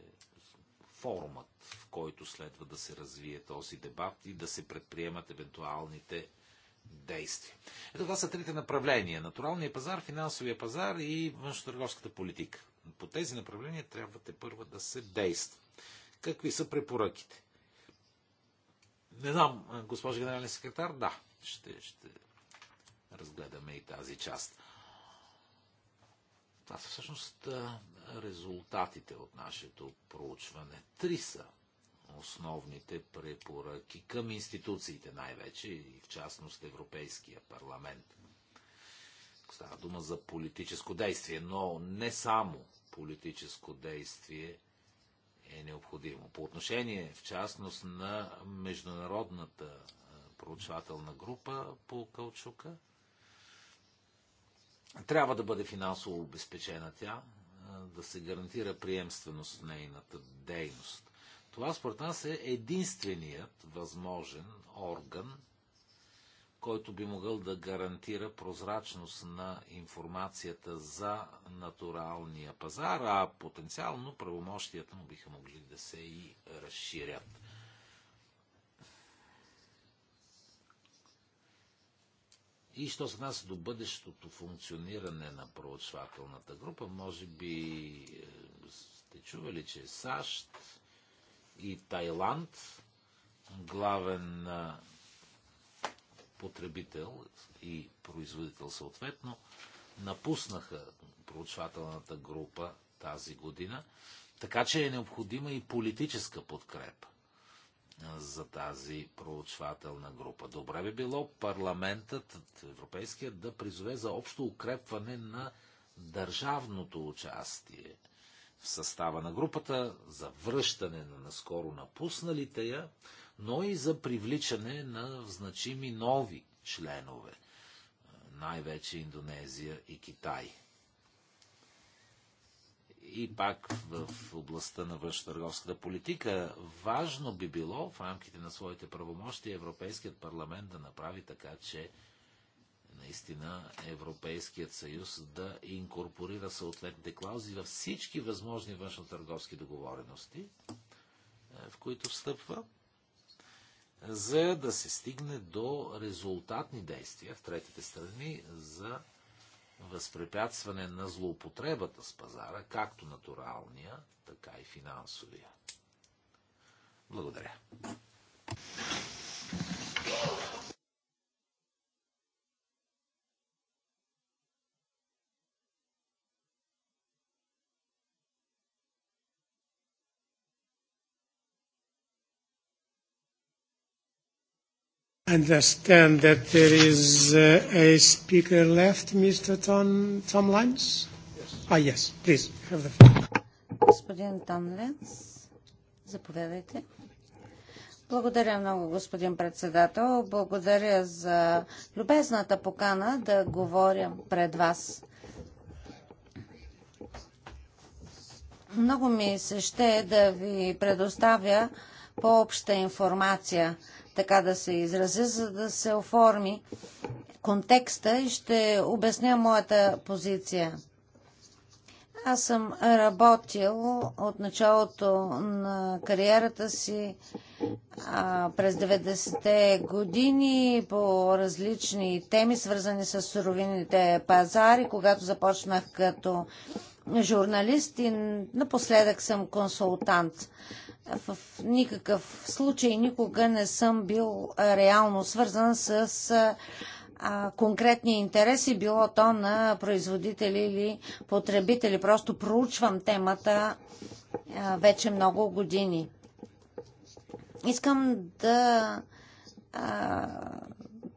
форумът, в който следва да се развие този дебат и да се предприемат евентуалните действия. Ето това са трите направления. Натуралния пазар, финансовия пазар и външно-търговската политика. По тези направления трябва те първа да се действа. Какви са препоръките? Не знам, госпожа генерален секретар, да, ще, ще разгледаме и тази част. Това са всъщност резултатите от нашето проучване. Три са основните препоръки към институциите най-вече и в частност Европейския парламент. Става дума за политическо действие, но не само политическо действие е необходимо. По отношение, в частност, на международната проучвателна група по калчука, трябва да бъде финансово обезпечена тя, да се гарантира приемственост в нейната дейност. Това според нас е единственият възможен орган, който би могъл да гарантира прозрачност на информацията за натуралния пазар, а потенциално правомощията му биха могли да се и разширят. И що се нас до бъдещото функциониране на проучвателната група, може би е, сте чували, че САЩ и Тайланд, главен потребител и производител съответно, напуснаха проучвателната група тази година, така че е необходима и политическа подкрепа за тази проучвателна група. Добре би било парламентът европейският да призове за общо укрепване на държавното участие в състава на групата, за връщане на наскоро напусналите я, но и за привличане на значими нови членове, е, най-вече Индонезия и Китай. И пак в областта на външно-търговската политика, важно би било в рамките на своите правомощи Европейският парламент да направи така, че наистина Европейският съюз да инкорпорира съответните клаузи във всички възможни външно-търговски договорености, е, в които встъпва, за да се стигне до резултатни действия в третите страни за възпрепятстване на злоупотребата с пазара, както натуралния, така и финансовия. Благодаря. understand that there is uh, a speaker left, Mr. Tom, Lyons? Yes. Ah, yes, please, have the floor. Господин заповядайте. Благодаря много, господин председател. Благодаря за любезната покана да говоря пред вас. Много ми се ще да ви предоставя по-обща информация така да се изразя, за да се оформи контекста и ще обясня моята позиция. Аз съм работил от началото на кариерата си а, през 90-те години по различни теми, свързани с суровините пазари, когато започнах като журналист и напоследък съм консултант в никакъв случай никога не съм бил реално свързан с а, конкретни интереси, било то на производители или потребители. Просто проучвам темата а, вече много години. Искам да а,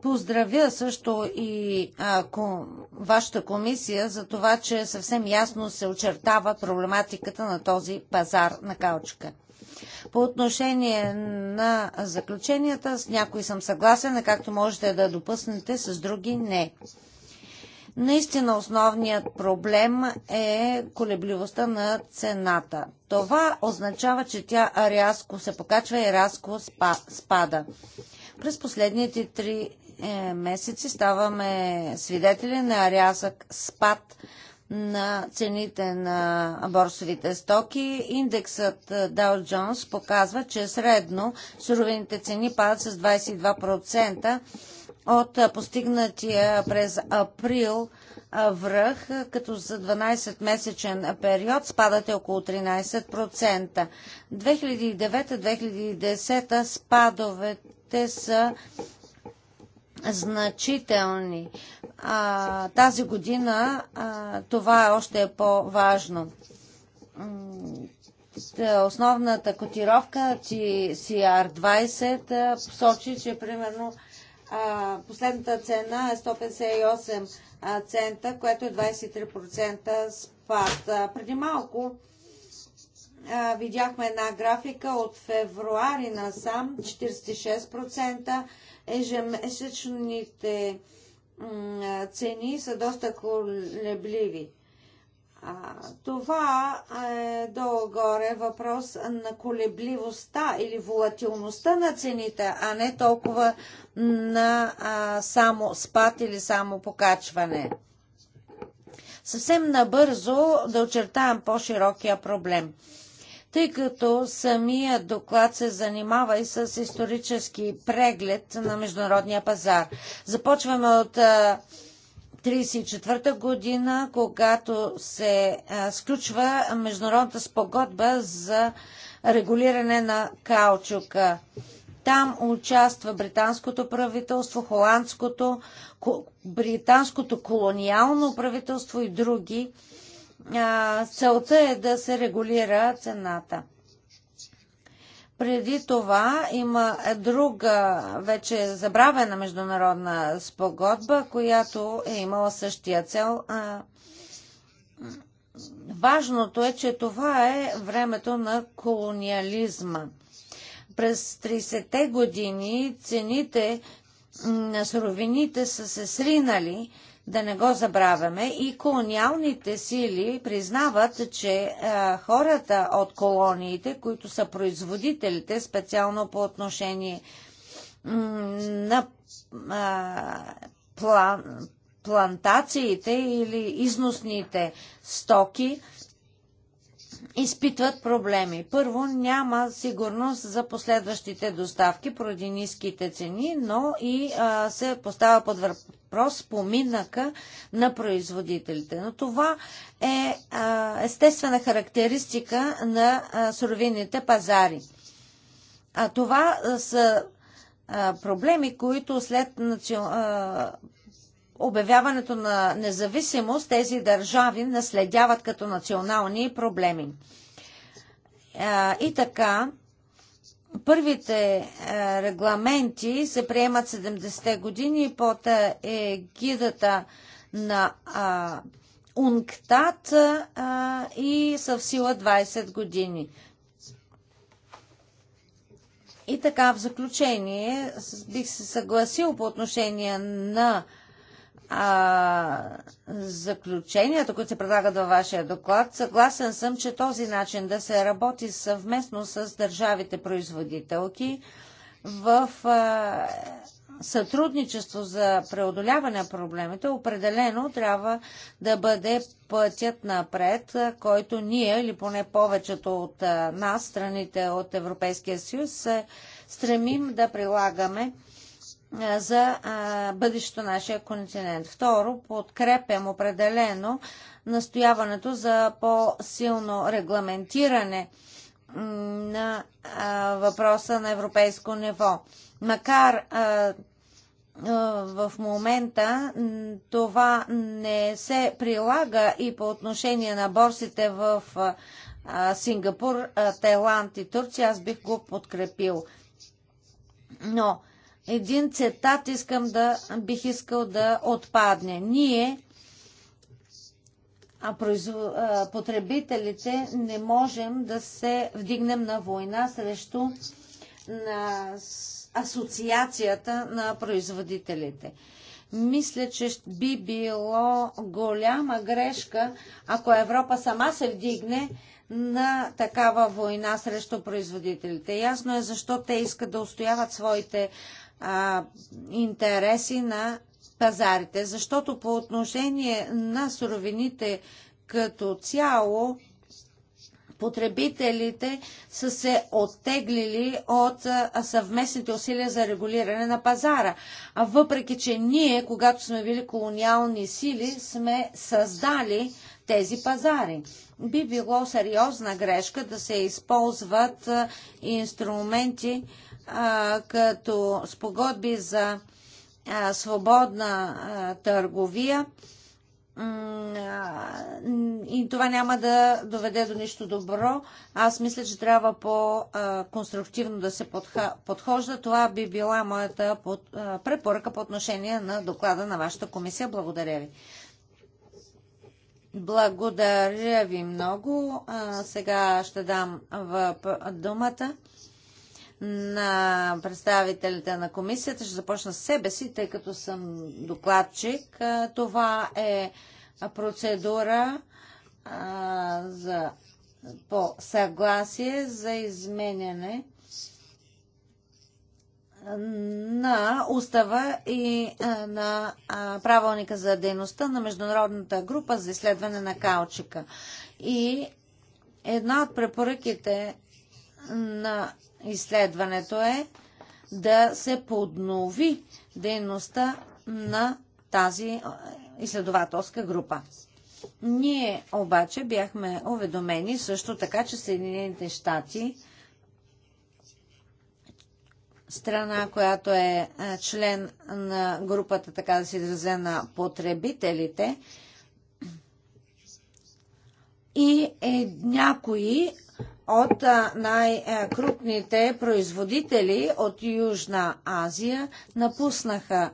поздравя също и а, ко, вашата комисия за това, че съвсем ясно се очертава проблематиката на този пазар на каучка. По отношение на заключенията, с някои съм съгласен, а както можете да допуснете, с други не. Наистина основният проблем е колебливостта на цената. Това означава, че тя рязко се покачва и рязко спада. През последните три е, месеци ставаме свидетели на рязък спад на цените на борсовите стоки. Индексът е, Dow Jones показва, че средно суровините цени падат с 22% от е, постигнатия през април е, връх, като за 12-месечен период спадат е около 13%. 2009-2010 спадовете са значителни. А, тази година а, това е още е по-важно. Основната котировка CR20 е, посочи, че примерно а, последната цена е 158 цента, което е 23% спад. Преди малко а, видяхме една графика от февруари насам 46%, ежемесечните цени са доста колебливи. А, това е долу-горе въпрос на колебливостта или волатилността на цените, а не толкова на а, само спад или само покачване. Съвсем набързо да очертавам по-широкия проблем тъй като самия доклад се занимава и с исторически преглед на международния пазар. Започваме от 1934 година, когато се сключва Международната спогодба за регулиране на каучука. Там участва британското правителство, холандското, британското колониално правителство и други целта е да се регулира цената. Преди това има друга, вече забравена международна спогодба, която е имала същия цел. Важното е, че това е времето на колониализма. През 30-те години цените на суровините са се сринали да не го забравяме, и колониалните сили признават, че а, хората от колониите, които са производителите, специално по отношение на а, план, плантациите или износните стоки, а, изпитват проблеми. Първо, няма сигурност за последващите доставки поради ниските цени, но и а, се поставя под въпрос поминъка на производителите. Но това е а, естествена характеристика на а, суровинните пазари. А това са проблеми, които след национ обявяването на независимост тези държави наследяват като национални проблеми. И така, първите е, регламенти се приемат 70-те години под е, егидата на УНКТАТ и са в сила 20 години. И така, в заключение, бих се съгласил по отношение на а, заключенията, които се предлагат във вашия доклад, съгласен съм, че този начин да се работи съвместно с държавите производителки в а, сътрудничество за преодоляване на проблемите, определено трябва да бъде пътят напред, който ние, или поне повечето от нас, страните от Европейския съюз, се стремим да прилагаме за бъдещето нашия континент. Второ, подкрепям определено настояването за по-силно регламентиране на въпроса на европейско ниво. Макар в момента това не се прилага и по отношение на борсите в Сингапур, Тайланд и Турция, аз бих го подкрепил. Но един цитат искам да бих искал да отпадне. Ние, а произв... потребителите, не можем да се вдигнем на война срещу на асоциацията на производителите. Мисля, че би било голяма грешка, ако Европа сама се вдигне на такава война срещу производителите. Ясно е защо те искат да устояват своите а, интереси на пазарите. Защото по отношение на суровините като цяло, потребителите са се оттеглили от съвместните усилия за регулиране на пазара. А въпреки, че ние, когато сме били колониални сили, сме създали тези пазари. Би било сериозна грешка да се използват инструменти, като спогодби за свободна търговия. И това няма да доведе до нищо добро. Аз мисля, че трябва по-конструктивно да се подхожда. Това би била моята препоръка по отношение на доклада на вашата комисия. Благодаря ви. Благодаря ви много. Сега ще дам думата на представителите на комисията. Ще започна с себе си, тъй като съм докладчик. Това е процедура за, по съгласие за изменяне на устава и на правилника за дейността на Международната група за изследване на каучика. И една от препоръките на изследването е да се поднови дейността на тази е, изследователска група. Ние обаче бяхме уведомени също така, че Съединените щати, страна, която е, е член на групата, така да се изразя, на потребителите, и е, някои от най-крупните производители от Южна Азия напуснаха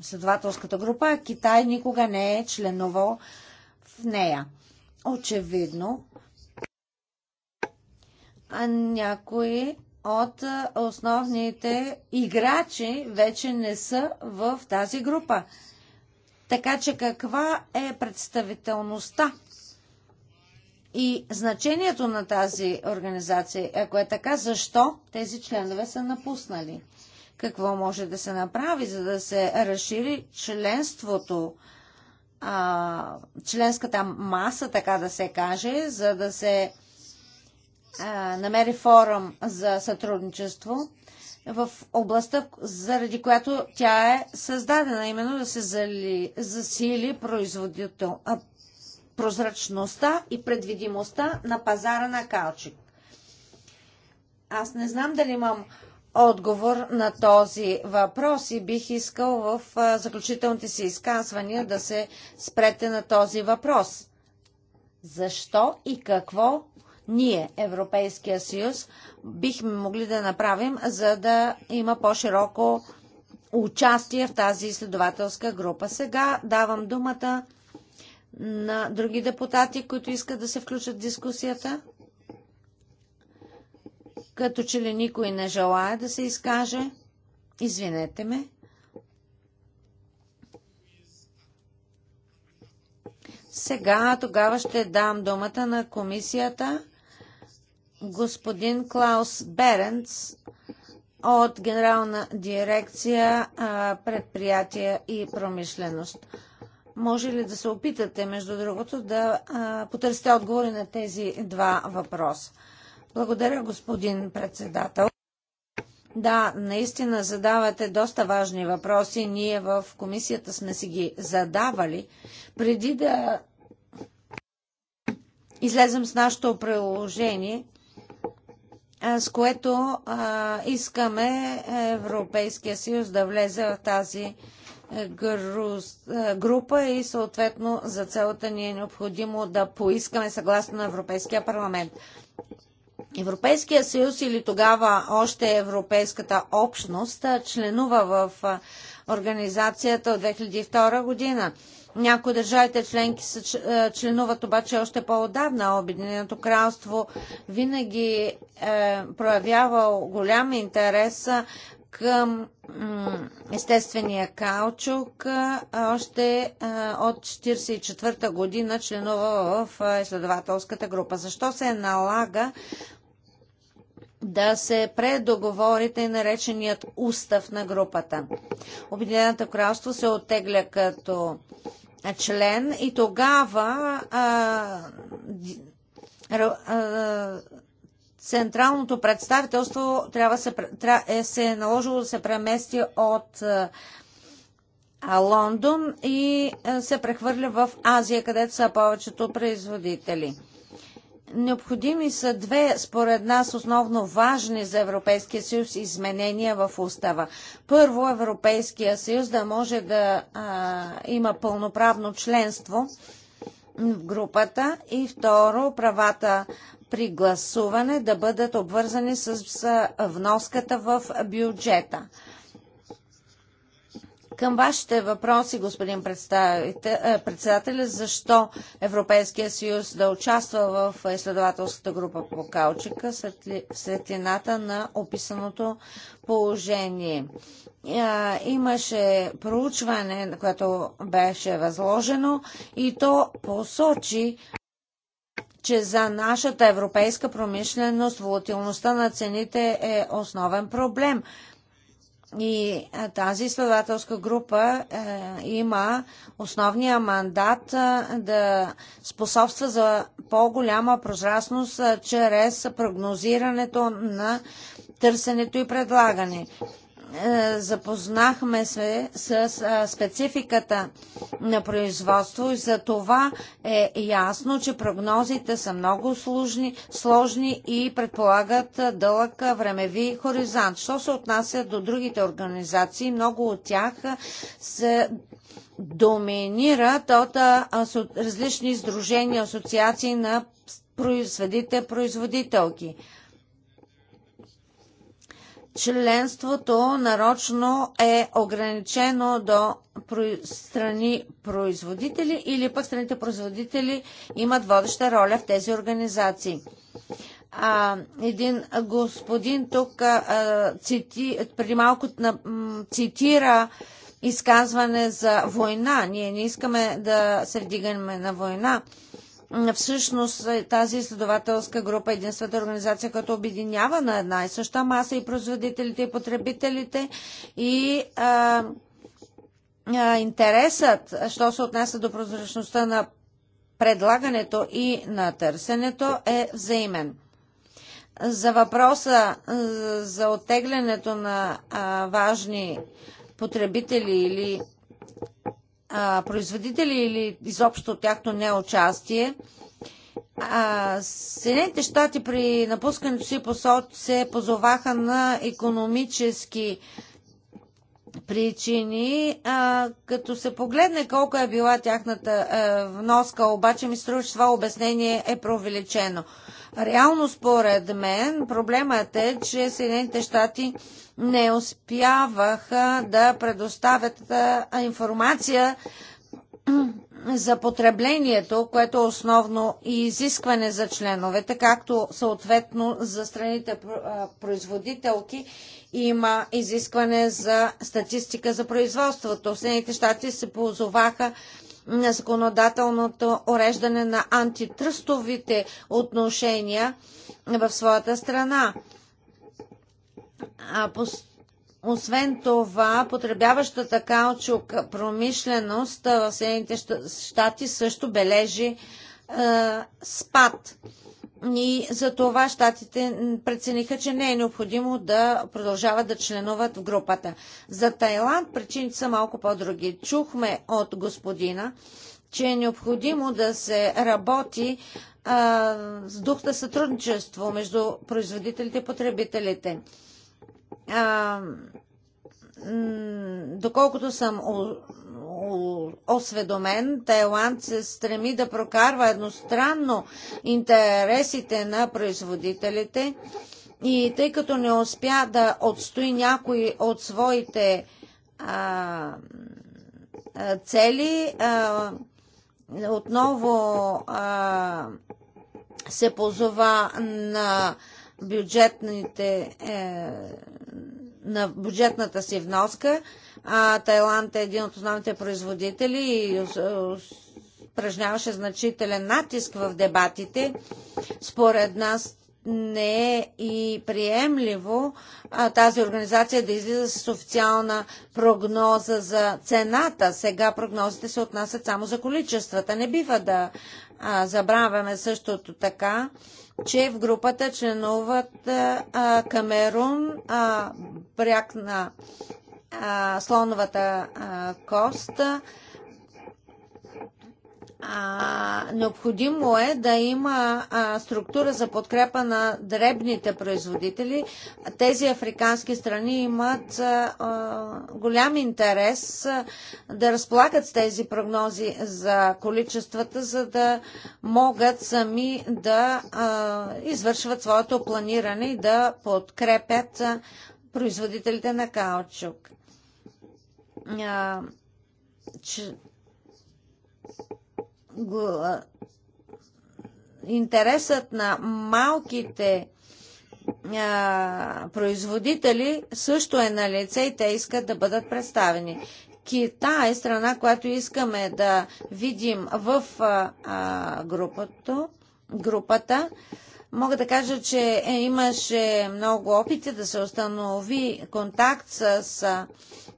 следователската група. Китай никога не е членувал в нея. Очевидно, някои от основните играчи вече не са в тази група. Така че каква е представителността и значението на тази организация. Ако е така, защо тези членове са напуснали? Какво може да се направи, за да се разшири членството, а, членската маса, така да се каже, за да се а, намери форум за сътрудничество в областта, заради която тя е създадена, именно да се зали, засили производител, а, прозрачността и предвидимостта на пазара на калчик. Аз не знам дали имам отговор на този въпрос и бих искал в заключителните си изказвания да се спрете на този въпрос. Защо и какво ние, Европейския съюз, бихме могли да направим, за да има по-широко участие в тази изследователска група. Сега давам думата на други депутати, които искат да се включат в дискусията? Като че ли никой не желая да се изкаже? Извинете ме. Сега тогава ще дам думата на комисията господин Клаус Беренц от Генерална дирекция предприятия и промишленост. Може ли да се опитате, между другото, да а, потърсите отговори на тези два въпроса? Благодаря, господин председател. Да, наистина задавате доста важни въпроси. Ние в комисията сме си ги задавали. Преди да излезем с нашето приложение, с което а, искаме Европейския съюз да влезе в тази е, група и съответно за целата ни е необходимо да поискаме съгласно на Европейския парламент. Европейския съюз или тогава още Европейската общност членува в организацията от 2002 година. Някои държавите членки са, е, членуват обаче още по-отдавна. Обединеното кралство винаги е проявявал голям интерес към естествения каучук. Още от 1944 година членува в изследователската група. Защо се налага да се предоговори тъй нареченият устав на групата. Обединеното кралство се отегля като член и тогава а, а, Централното представителство трябва се, тря, е, се е наложило да се премести от е, Лондон и е, се прехвърля в Азия, където са повечето производители. Необходими са две, според нас, основно важни за Европейския съюз изменения в устава. Първо, Европейския съюз да може да а, има пълноправно членство в групата и второ, правата при гласуване да бъдат обвързани с вноската в бюджета. Към вашите въпроси, господин председател, защо Европейския съюз да участва в изследователската група по каучика в светлината на описаното положение. Имаше проучване, което беше възложено и то посочи че за нашата европейска промишленост волатилността на цените е основен проблем. И тази изследователска група е, има основния мандат е, да способства за по-голяма прозрастност е, чрез прогнозирането на търсенето и предлагане. Е, запознахме се с спецификата на производство и за това е ясно, че прогнозите са много сложни, сложни и предполагат дълъг времеви хоризонт. Що се отнася до другите организации, много от тях се доминират от различни издружения, асоциации на производите, производителки членството нарочно е ограничено до страни производители или пък страните производители имат водеща роля в тези организации. А, един господин тук а, цити, преди малко цитира изказване за война. Ние не искаме да се вдигаме на война всъщност е, тази изследователска група е единствената организация, която обединява на една и съща маса и производителите, и потребителите, и а, а, интересът, що се отнася до прозрачността на предлагането и на търсенето е взаимен. За въпроса за оттеглянето на а, важни потребители или а, производители или изобщо тяхто неучастие. Съединените щати при напускането си посол се позоваха на економически причини. А, като се погледне колко е била тяхната а, вноска, обаче ми струва, че това обяснение е преувеличено. Реално според мен проблемът е, че Съединените щати не успяваха да предоставят информация [CLEARS THROAT] за потреблението, което е основно и изискване за членовете, както съответно за страните производителки има изискване за статистика за производството. Съединените щати се позоваха на законодателното уреждане на антитръстовите отношения в своята страна. А по освен това, потребяващата каучук промишленост в Съединените щати също бележи е, спад. И за това щатите прецениха, че не е необходимо да продължават да членуват в групата. За Тайланд причините са малко по-други. Чухме от господина, че е необходимо да се работи а, с дух на сътрудничество между производителите и потребителите. А, доколкото съм осведомен, Тайланд се стреми да прокарва едностранно интересите на производителите и тъй като не успя да отстои някои от своите а, цели, а, отново а, се позова на бюджетните е, на бюджетната си вноска. А, Тайланд е един от основните производители и упражняваше значителен натиск в дебатите. Според нас не е и приемливо а, тази организация да излиза с официална прогноза за цената. Сега прогнозите се отнасят само за количествата. Не бива да а, забравяме същото така, че в групата членуват а, Камерун, а, бряг на а, слоновата а, коста, а, необходимо е да има а, структура за подкрепа на дребните производители. Тези африкански страни имат а, голям интерес да разполагат с тези прогнози за количествата, за да могат сами да извършват своето планиране и да подкрепят производителите на каучук. Че интересът на малките а, производители също е на лице и те искат да бъдат представени. Китай е страна, която искаме да видим в а, групата, групата. Мога да кажа, че е, имаше много опити да се установи контакт с а,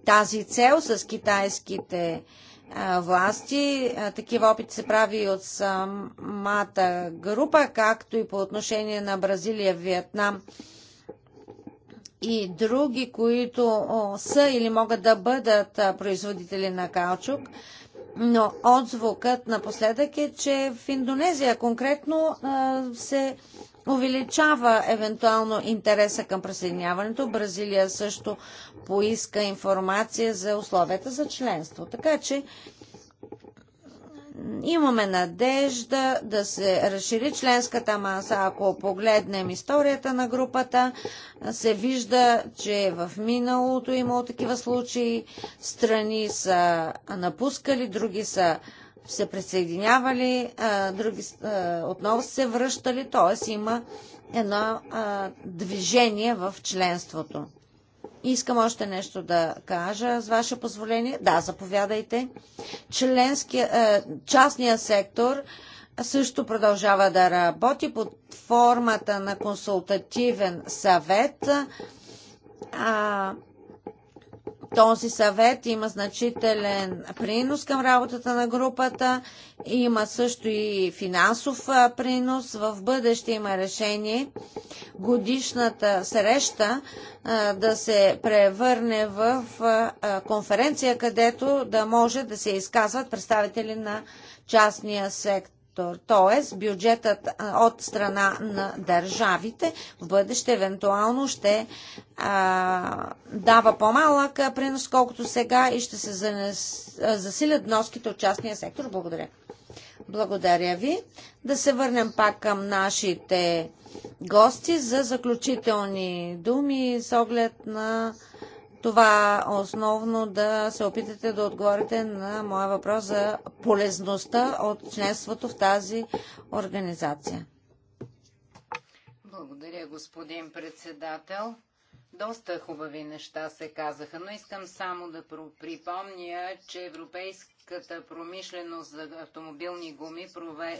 тази цел, с китайските а, власти. Такива опити се прави и от самата група, както и по отношение на Бразилия, Виетнам и други, които са или могат да бъдат производители на каучук. Но отзвукът напоследък е, че в Индонезия конкретно се увеличава евентуално интереса към присъединяването. Бразилия също поиска информация за условията за членство. Така че имаме надежда да се разшири членската маса. Ако погледнем историята на групата, се вижда, че в миналото имало такива случаи. Страни са напускали, други са се присъединявали, други отново се връщали, т.е. има едно движение в членството. Искам още нещо да кажа, с ваше позволение. Да, заповядайте. Частният частния сектор също продължава да работи под формата на консултативен съвет. Този съвет има значителен принос към работата на групата, има също и финансов принос. В бъдеще има решение годишната среща да се превърне в конференция, където да може да се изказват представители на частния сектор т.е. бюджетът от страна на държавите в бъдеще евентуално ще а, дава по-малък принос, колкото сега и ще се засилят вноските от частния сектор. Благодаря. Благодаря ви. Да се върнем пак към нашите гости за заключителни думи с оглед на това основно да се опитате да отговорите на моя въпрос за полезността от членството в тази организация. Благодаря, господин председател. Доста хубави неща се казаха, но искам само да припомня, че европейската промишленост за автомобилни гуми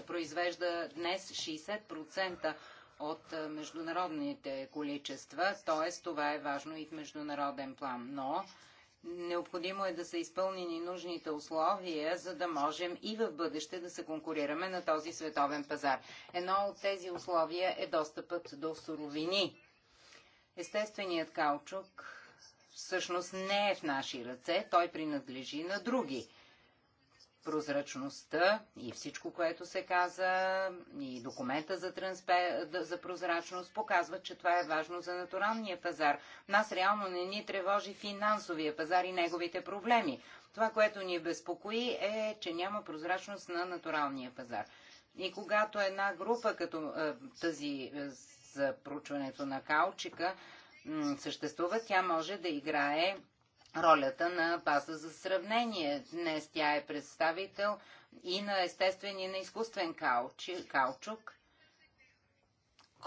произвежда днес 60% от е, международните количества, т.е. това е важно и в международен план. Но необходимо е да са изпълнени нужните условия, за да можем и в бъдеще да се конкурираме на този световен пазар. Едно от тези условия е достъпът до суровини. Естественият каучук всъщност не е в наши ръце, той принадлежи на други – прозрачността и всичко, което се каза, и документа за, транспе... за прозрачност показват, че това е важно за натуралния пазар. Нас реално не ни тревожи финансовия пазар и неговите проблеми. Това, което ни безпокои е, че няма прозрачност на натуралния пазар. И когато една група, като е, тази е, за проучването на каучика, съществува, тя може да играе ролята на база за сравнение. Днес тя е представител и на естествен и на изкуствен каучи, каучук,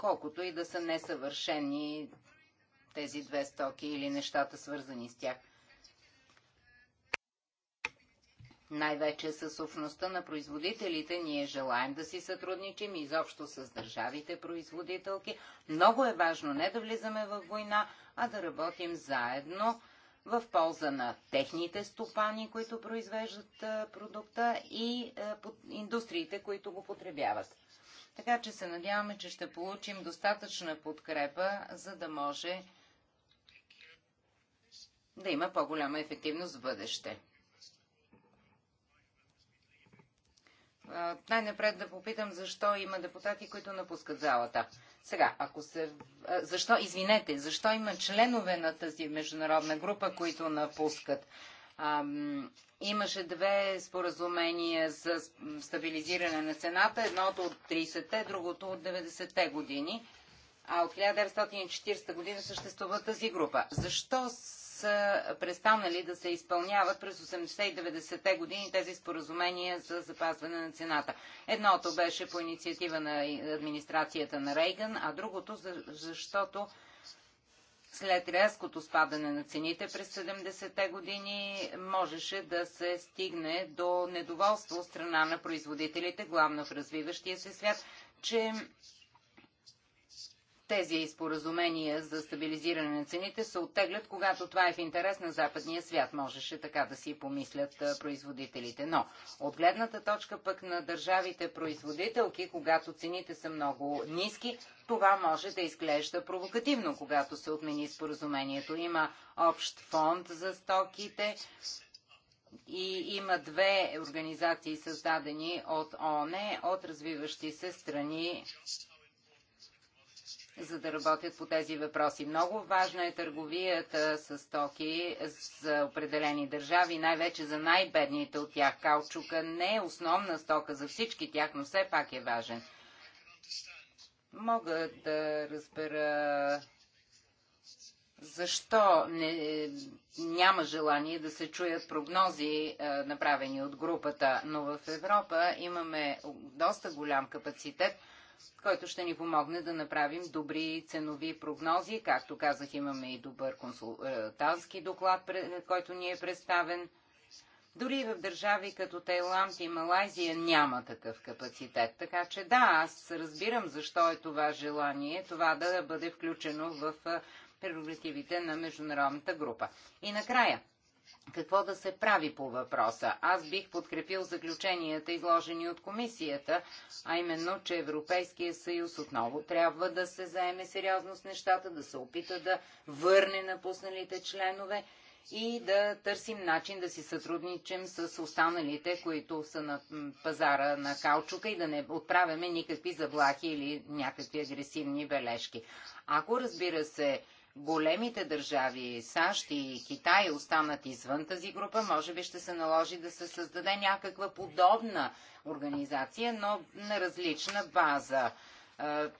колкото и да са несъвършени тези две стоки или нещата свързани с тях. Най-вече с общността на производителите ние желаем да си сътрудничим изобщо с държавите производителки. Много е важно не да влизаме в война, а да работим заедно – в полза на техните стопани, които произвеждат продукта и индустриите, които го потребяват. Така че се надяваме, че ще получим достатъчна подкрепа, за да може да има по-голяма ефективност в бъдеще. най-напред да попитам защо има депутати, които напускат залата. Сега, ако се... Защо, извинете, защо има членове на тази международна група, които напускат? имаше две споразумения за стабилизиране на цената, едното от 30-те, другото от 90-те години, а от 1940 година съществува тази група. Защо са престанали да се изпълняват през 80 и 90-те години тези споразумения за запазване на цената. Едното беше по инициатива на администрацията на Рейган, а другото защото след рязкото спадане на цените през 70-те години можеше да се стигне до недоволство от страна на производителите, главно в развиващия се свят, че тези споразумения за стабилизиране на цените се оттеглят, когато това е в интерес на западния свят. Можеше така да си помислят производителите. Но от гледната точка пък на държавите производителки, когато цените са много ниски, това може да изглежда провокативно, когато се отмени споразумението. Има общ фонд за стоките, и има две организации създадени от ОНЕ от развиващи се страни за да работят по тези въпроси. Много важна е търговията с стоки за определени държави, най-вече за най-бедните от тях. Каучука не е основна стока за всички тях, но все пак е важен. Мога да разбера защо не, няма желание да се чуят прогнози, е, направени от групата, но в Европа имаме доста голям капацитет – който ще ни помогне да направим добри ценови прогнози. Както казах, имаме и добър консултантски доклад, който ни е представен. Дори в държави като Тайланд и Малайзия няма такъв капацитет. Така че да, аз разбирам защо е това желание, това да бъде включено в прерогативите на международната група. И накрая, какво да се прави по въпроса. Аз бих подкрепил заключенията, изложени от комисията, а именно, че Европейския съюз отново трябва да се заеме сериозно с нещата, да се опита да върне напусналите членове и да търсим начин да си сътрудничим с останалите, които са на пазара на каучука и да не отправяме никакви заблахи или някакви агресивни бележки. Ако, разбира се, големите държави, САЩ и Китай, останат извън тази група, може би ще се наложи да се създаде някаква подобна организация, но на различна база.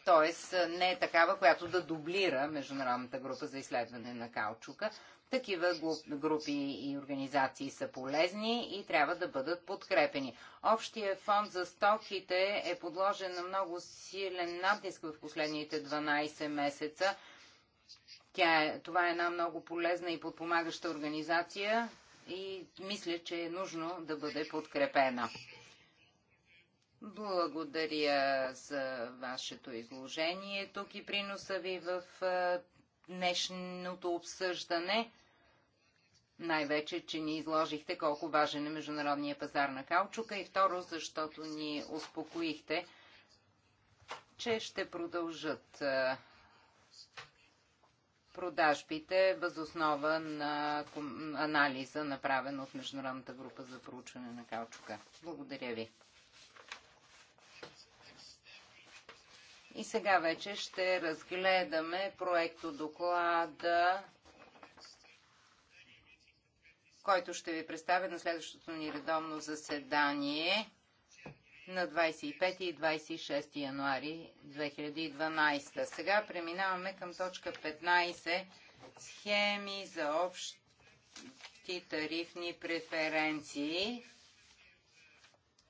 Т.е. не е такава, която да дублира Международната група за изследване на каучука. Такива групи и организации са полезни и трябва да бъдат подкрепени. Общия фонд за стоките е подложен на много силен натиск в последните 12 месеца тя е, това е една много полезна и подпомагаща организация и мисля, че е нужно да бъде подкрепена. Благодаря за вашето изложение тук и приноса ви в днешното обсъждане. Най-вече, че ни изложихте колко важен е международния пазар на каучука и второ, защото ни успокоихте, че ще продължат продажбите възоснова на анализа, направен от Международната група за проучване на каучука. Благодаря ви. И сега вече ще разгледаме проекто доклада, който ще ви представя на следващото ни редовно заседание на 25 и 26 януари 2012. Сега преминаваме към точка 15 схеми за общи тарифни преференции.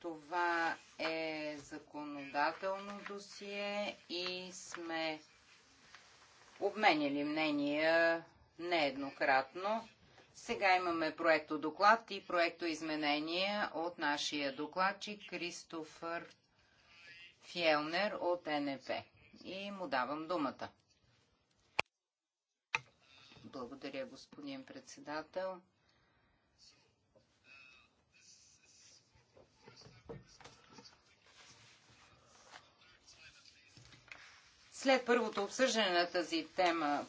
Това е законодателно досие и сме обменяли мнения нееднократно. Сега имаме проекто доклад и проекто изменения от нашия докладчик Кристофър Фиелнер от НФ. И му давам думата. Благодаря, господин председател. След първото обсъждане на тази тема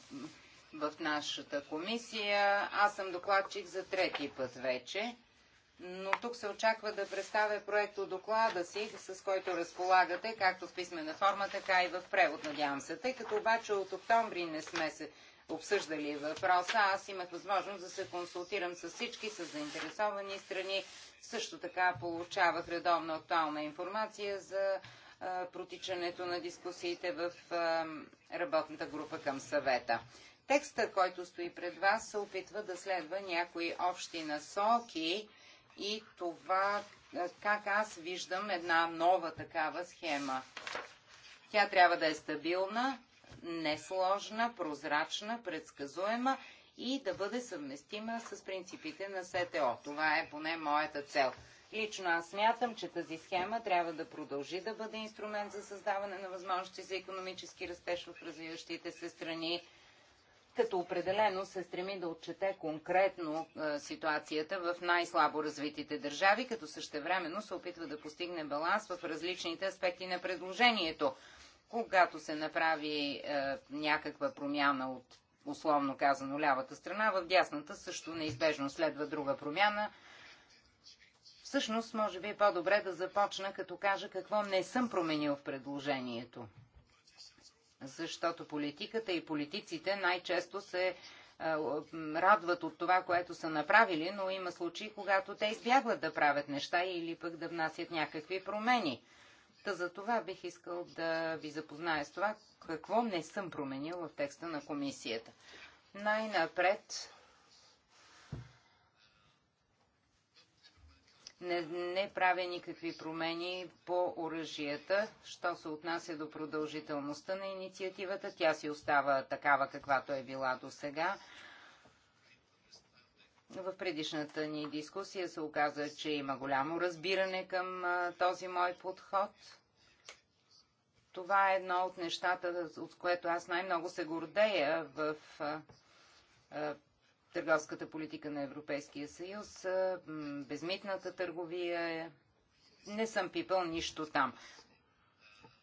в нашата комисия. Аз съм докладчик за трети път вече, но тук се очаква да представя проекто доклада си, с който разполагате, както в писмена форма, така и в превод, надявам се. Тъй като обаче от октомври не сме се обсъждали въпроса, аз имах възможност да се консултирам с всички, с заинтересовани страни. Също така получавах редовно актуална информация за протичането на дискусиите в работната група към съвета. Текста, който стои пред вас, се опитва да следва някои общи насоки и това е, как аз виждам една нова такава схема. Тя трябва да е стабилна, несложна, прозрачна, предсказуема и да бъде съвместима с принципите на СТО. Това е поне моята цел. Лично аз смятам, че тази схема трябва да продължи да бъде инструмент за създаване на възможности за економически растеж в развиващите се страни, като определено се стреми да отчете конкретно е, ситуацията в най-слабо развитите държави, като същевременно се опитва да постигне баланс в различните аспекти на предложението. Когато се направи е, някаква промяна от условно казано лявата страна, в дясната също неизбежно следва друга промяна. Всъщност, може би е по-добре да започна, като кажа какво не съм променил в предложението защото политиката и политиците най-често се е, радват от това, което са направили, но има случаи, когато те избягват да правят неща или пък да внасят някакви промени. Та за това бих искал да ви запозная с това, какво не съм променил в текста на комисията. Най-напред не, не правя никакви промени по оръжията. Що се отнася до продължителността на инициативата, тя си остава такава, каквато е била до сега. В предишната ни дискусия се оказа, че има голямо разбиране към а, този мой подход. Това е едно от нещата, от което аз най-много се гордея в а, търговската политика на Европейския съюз, безмитната търговия. Не съм пипал нищо там.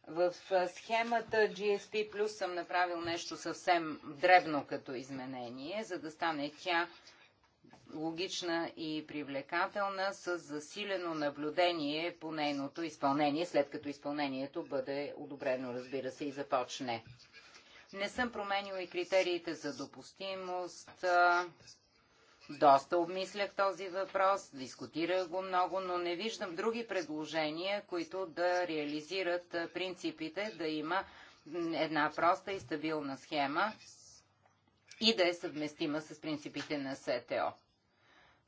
В схемата GSP Plus съм направил нещо съвсем дребно като изменение, за да стане тя логична и привлекателна с засилено наблюдение по нейното изпълнение, след като изпълнението бъде одобрено, разбира се, и започне. Не съм променила и критериите за допустимост. Доста обмислях този въпрос, дискутирах го много, но не виждам други предложения, които да реализират принципите да има една проста и стабилна схема и да е съвместима с принципите на СТО.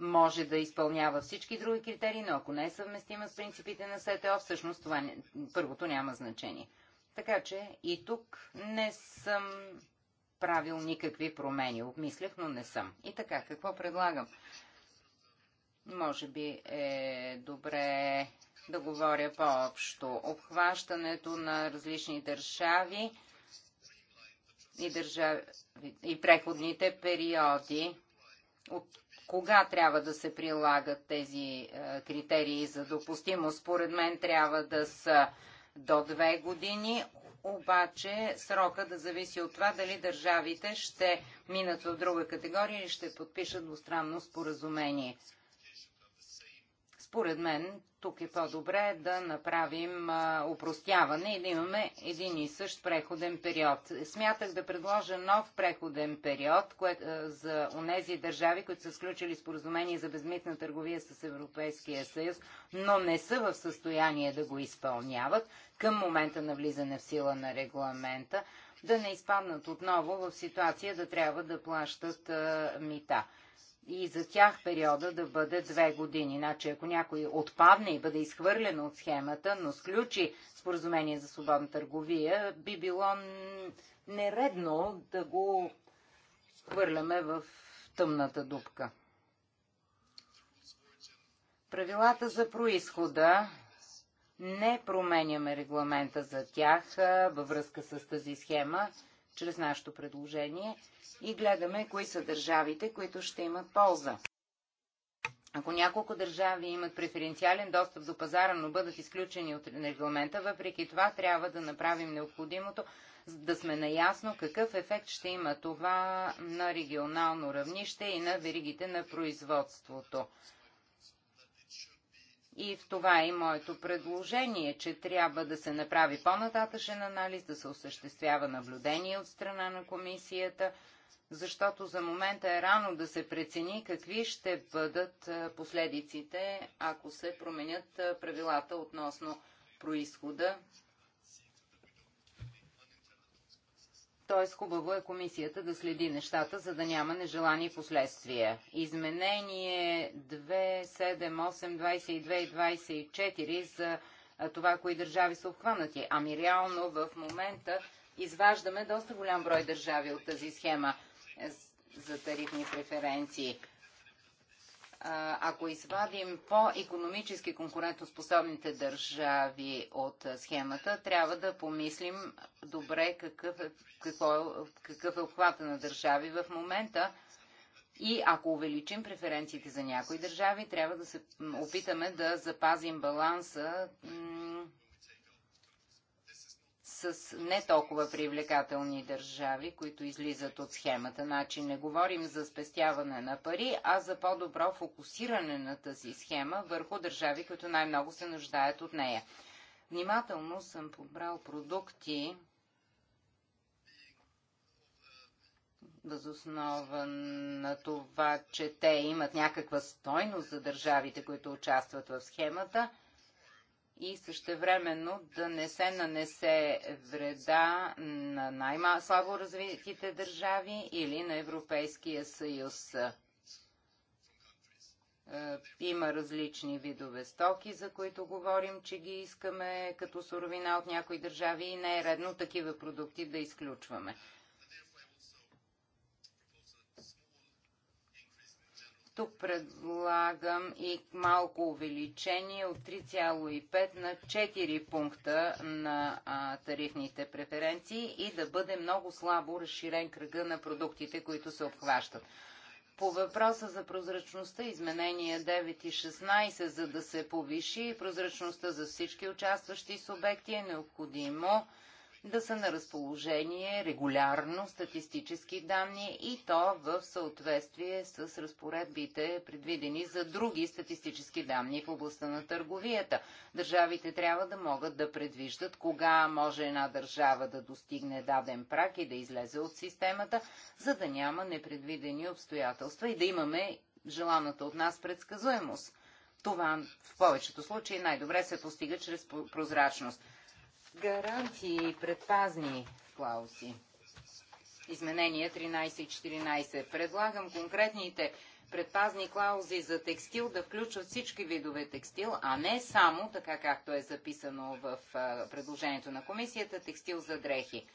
Може да изпълнява всички други критерии, но ако не е съвместима с принципите на СТО, всъщност това не, първото няма значение. Така че и тук не съм правил никакви промени. Обмислях, но не съм. И така, какво предлагам? Може би е добре да говоря по-общо. Обхващането на различни държави и, държави, и преходните периоди, от кога трябва да се прилагат тези е, критерии за допустимост, според мен трябва да са до две години, обаче срока да зависи от това дали държавите ще минат в друга категория или ще подпишат двустранно споразумение. Според мен, тук е по-добре да направим упростяване и да имаме един и същ преходен период. Смятах да предложа нов преходен период кое, за онези държави, които са сключили споразумение за безмитна търговия с Европейския съюз, но не са в състояние да го изпълняват към момента на влизане в сила на регламента, да не изпаднат отново в ситуация да трябва да плащат мита и за тях периода да бъде две години. Значи, ако някой отпадне и бъде изхвърлен от схемата, но сключи споразумение за свободна търговия, би било нередно да го хвърляме в тъмната дупка. Правилата за происхода не променяме регламента за тях във връзка с тази схема чрез нашето предложение и гледаме кои са държавите, които ще имат полза. Ако няколко държави имат преференциален достъп до пазара, но бъдат изключени от регламента, въпреки това трябва да направим необходимото, да сме наясно какъв ефект ще има това на регионално равнище и на веригите на производството. И в това е и моето предложение, че трябва да се направи по-нататъчен анализ, да се осъществява наблюдение от страна на комисията, защото за момента е рано да се прецени какви ще бъдат последиците, ако се променят правилата относно происхода Тоест хубаво е комисията да следи нещата, за да няма нежелани последствия. Изменение 2782224 и 24 за това, кои държави са обхванати. Ами реално в момента изваждаме доста голям брой държави от тази схема е, за тарифни преференции ако извадим по-економически конкурентоспособните държави от схемата, трябва да помислим добре какъв е, какво е, какъв е обхвата на държави в момента. И ако увеличим преференциите за някои държави, трябва да се опитаме да запазим баланса с не толкова привлекателни държави, които излизат от схемата. Значи не говорим за спестяване на пари, а за по-добро фокусиране на тази схема върху държави, които най-много се нуждаят от нея. Внимателно съм подбрал продукти възоснова на това, че те имат някаква стойност за държавите, които участват в схемата – и същевременно да не се нанесе вреда на най-слабо развитите държави или на Европейския съюз. Е, има различни видове стоки, за които говорим, че ги искаме като суровина от някои държави и не е редно такива продукти да изключваме. Тук предлагам и малко увеличение от 3,5 на 4 пункта на а, тарифните преференции и да бъде много слабо разширен кръга на продуктите, които се обхващат. По въпроса за прозрачността, изменения 9 и 16, за да се повиши прозрачността за всички участващи субекти е необходимо да са на разположение регулярно статистически данни и то в съответствие с разпоредбите, предвидени за други статистически данни в областта на търговията. Държавите трябва да могат да предвиждат кога може една държава да достигне даден прак и да излезе от системата, за да няма непредвидени обстоятелства и да имаме желаната от нас предсказуемост. Това в повечето случаи най-добре се постига чрез прозрачност гаранции и предпазни клаузи. Изменения 13 и 14. Предлагам конкретните предпазни клаузи за текстил да включват всички видове текстил, а не само, така както е записано в предложението на комисията, текстил за дрехи.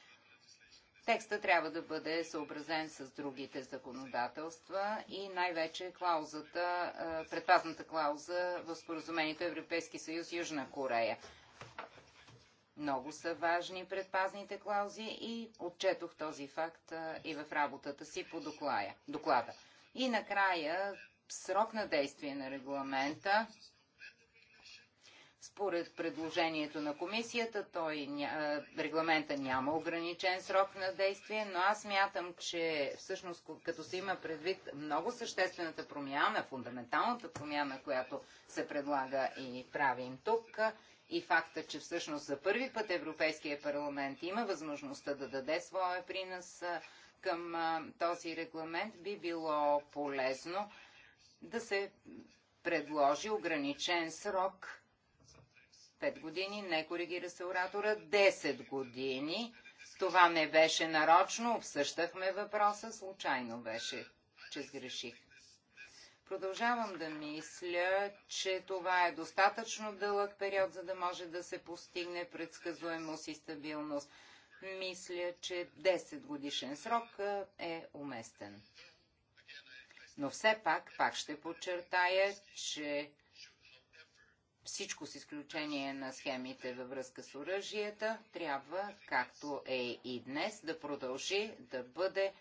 Текста трябва да бъде съобразен с другите законодателства и най-вече клаузата, предпазната клауза в споразумението Европейски съюз Южна Корея. Много са важни предпазните клаузи и отчетох този факт и в работата си по доклада. И накрая срок на действие на регламента. Според предложението на комисията, той, регламента няма ограничен срок на действие, но аз мятам, че всъщност като се има предвид много съществената промяна, фундаменталната промяна, която се предлага и правим тук, и факта, че всъщност за първи път Европейския парламент има възможността да даде своя принос към този регламент, би било полезно да се предложи ограничен срок 5 години, не коригира се оратора, 10 години. Това не беше нарочно, обсъщахме въпроса, случайно беше, че сгреших. Продължавам да мисля, че това е достатъчно дълъг период, за да може да се постигне предсказуемост и стабилност. Мисля, че 10 годишен срок е уместен. Но все пак, пак ще подчертая, че всичко с изключение на схемите във връзка с оръжията трябва, както е и днес, да продължи да бъде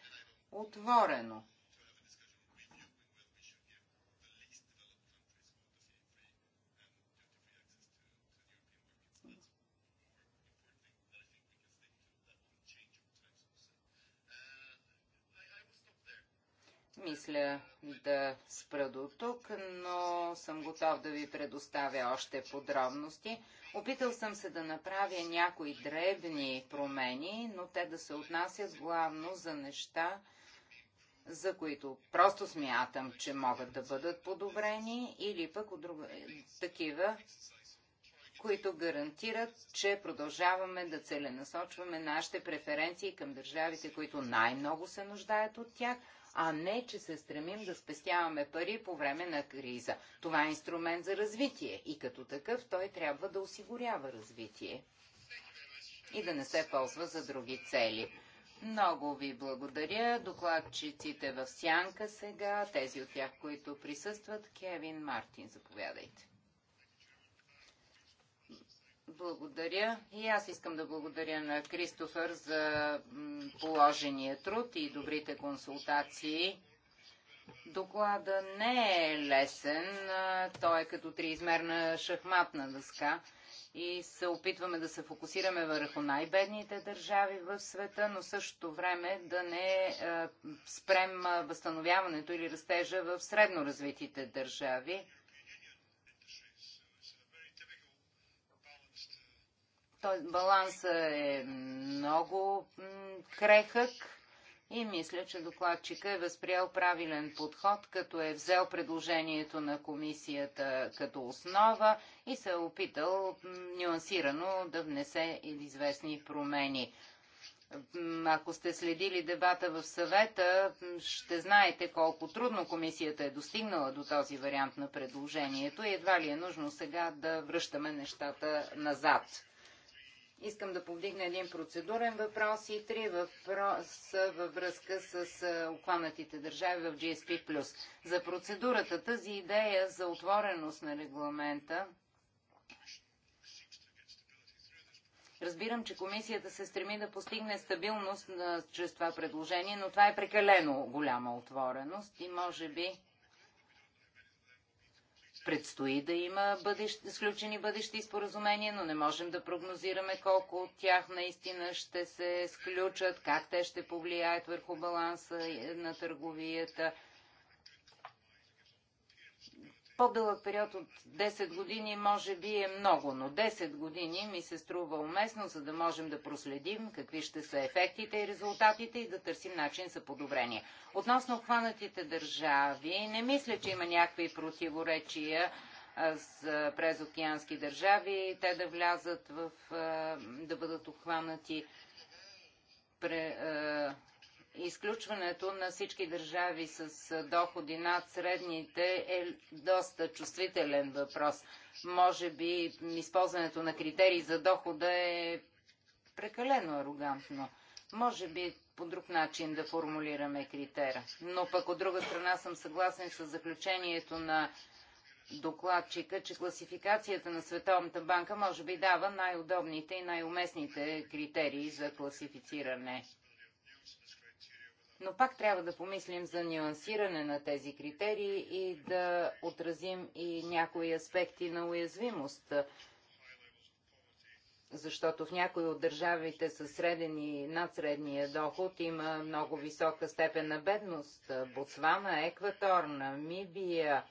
отворено Мисля да спра до тук, но съм готов да ви предоставя още подробности. Опитал съм се да направя някои дребни промени, но те да се отнасят главно за неща, за които просто смятам, че могат да бъдат подобрени, или пък от друга, такива, които гарантират, че продължаваме да целенасочваме нашите преференции към държавите, които най-много се нуждаят от тях – а не, че се стремим да спестяваме пари по време на криза. Това е инструмент за развитие и като такъв той трябва да осигурява развитие и да не се ползва за други цели. Много ви благодаря. Докладчиците в сянка сега, тези от тях, които присъстват. Кевин Мартин, заповядайте. Благодаря. И аз искам да благодаря на Кристофър за положения труд и добрите консултации. Доклада не е лесен. Той е като триизмерна шахматна дъска и се опитваме да се фокусираме върху най-бедните държави в света, но същото време да не е, спрем възстановяването или растежа в средно развитите държави. Той балансът е много крехък и мисля, че докладчика е възприял правилен подход, като е взел предложението на комисията като основа и се е опитал нюансирано да внесе известни промени. Ако сте следили дебата в съвета, ще знаете колко трудно комисията е достигнала до този вариант на предложението и едва ли е нужно сега да връщаме нещата назад. Искам да повдигна един процедурен въпрос и три въпроса във връзка с обхванатите държави в GSP+. За процедурата тази идея за отвореност на регламента Разбирам, че комисията се стреми да постигне стабилност на, чрез това предложение, но това е прекалено голяма отвореност и може би Предстои да има бъдещ, сключени бъдещи споразумения, но не можем да прогнозираме колко от тях наистина ще се сключат, как те ще повлияят върху баланса на търговията по-дълъг период от 10 години може би е много, но 10 години ми се струва уместно, за да можем да проследим какви ще са ефектите и резултатите и да търсим начин за подобрение. Относно хванатите държави, не мисля, че има някакви противоречия с презокеански държави, те да влязат в, да бъдат обхванати изключването на всички държави с доходи над средните е доста чувствителен въпрос. Може би използването на критерии за дохода е прекалено арогантно. Може би по друг начин да формулираме критера. Но пък от друга страна съм съгласен с заключението на докладчика, че класификацията на Световната банка може би дава най-удобните и най-уместните критерии за класифициране. Но пак трябва да помислим за нюансиране на тези критерии и да отразим и някои аспекти на уязвимост. Защото в някои от държавите с среден и надсредния доход има много висока степен на бедност. Ботсвана, Екватор, Намибия,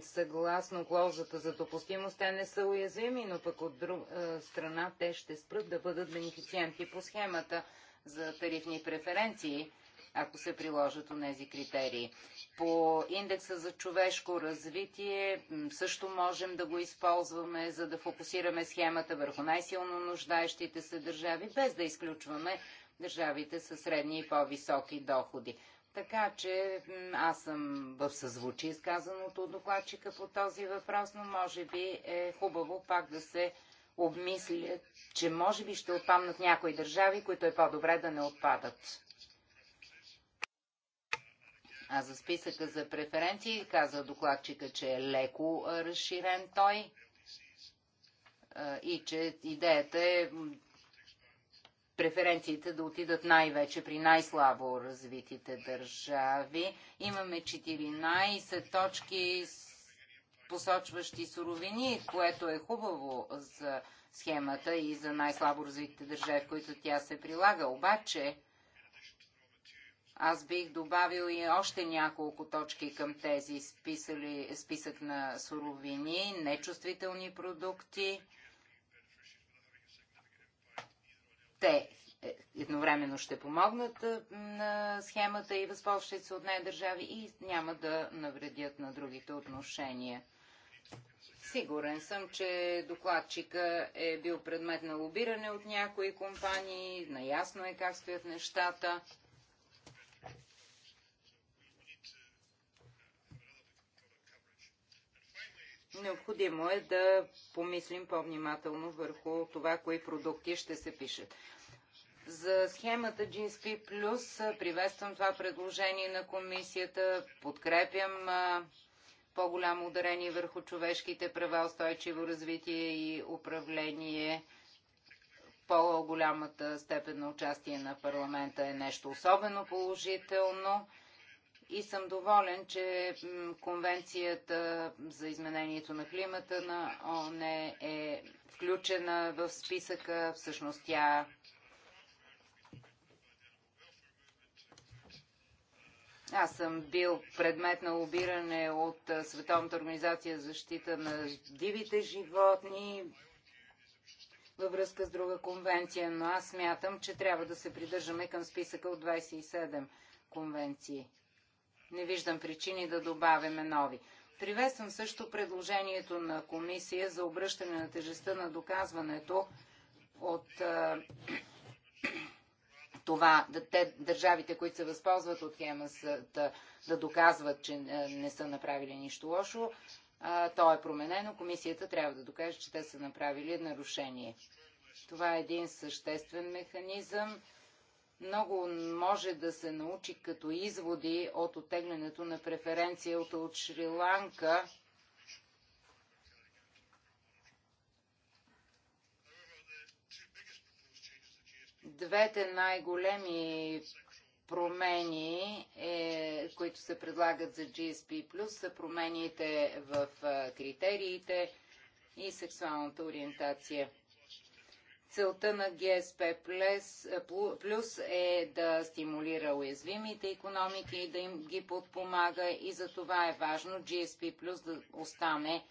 съгласно клаузата за допустимост, те не са уязвими, но пък от друга е, страна те ще спрат да бъдат бенефициенти по схемата за тарифни преференции, ако се приложат у нези критерии. По индекса за човешко развитие също можем да го използваме, за да фокусираме схемата върху най-силно нуждаещите се държави, без да изключваме държавите със средни и по-високи доходи. Така че аз съм в съзвучи изказаното от докладчика по този въпрос, но може би е хубаво пак да се обмислят, че може би ще отпаднат някои държави, които е по-добре да не отпадат. А за списъка за преференции каза докладчика, че е леко разширен той и че идеята е преференциите да отидат най-вече при най-слабо развитите държави. Имаме 14 точки, с посочващи суровини, което е хубаво за схемата и за най-слабо развитите държави, в които тя се прилага. Обаче, аз бих добавил и още няколко точки към тези списали, списък на суровини, нечувствителни продукти. Те е, едновременно ще помогнат на схемата и възползващите се от нея държави и няма да навредят на другите отношения. Сигурен съм, че докладчика е бил предмет на лобиране от някои компании, наясно е как стоят нещата. Необходимо е да помислим по-внимателно върху това, кои продукти ще се пишат. За схемата GSP Plus приветствам това предложение на комисията, подкрепям по-голямо ударение върху човешките права, устойчиво развитие и управление, по-голямата степен на участие на парламента е нещо особено положително. И съм доволен, че конвенцията за изменението на климата на ОНЕ е включена в списъка. Всъщност тя Аз съм бил предмет на лобиране от Световната организация за защита на дивите животни във връзка с друга конвенция, но аз смятам, че трябва да се придържаме към списъка от 27 конвенции. Не виждам причини да добавяме нови. Приветствам също предложението на комисия за обръщане на тежестта на доказването от това, да те, държавите, които се възползват от ХЕМАС, да, да доказват, че е, не са направили нищо лошо, а, то е променено. Комисията трябва да докаже, че те са направили нарушение. Това е един съществен механизъм. Много може да се научи като изводи от оттеглянето на преференцията от Шри-Ланка двете най-големи промени, е, които се предлагат за GSP+, са промените в критериите и сексуалната ориентация. Целта на GSP плюс е да стимулира уязвимите економики и да им ги подпомага и за това е важно GSP да остане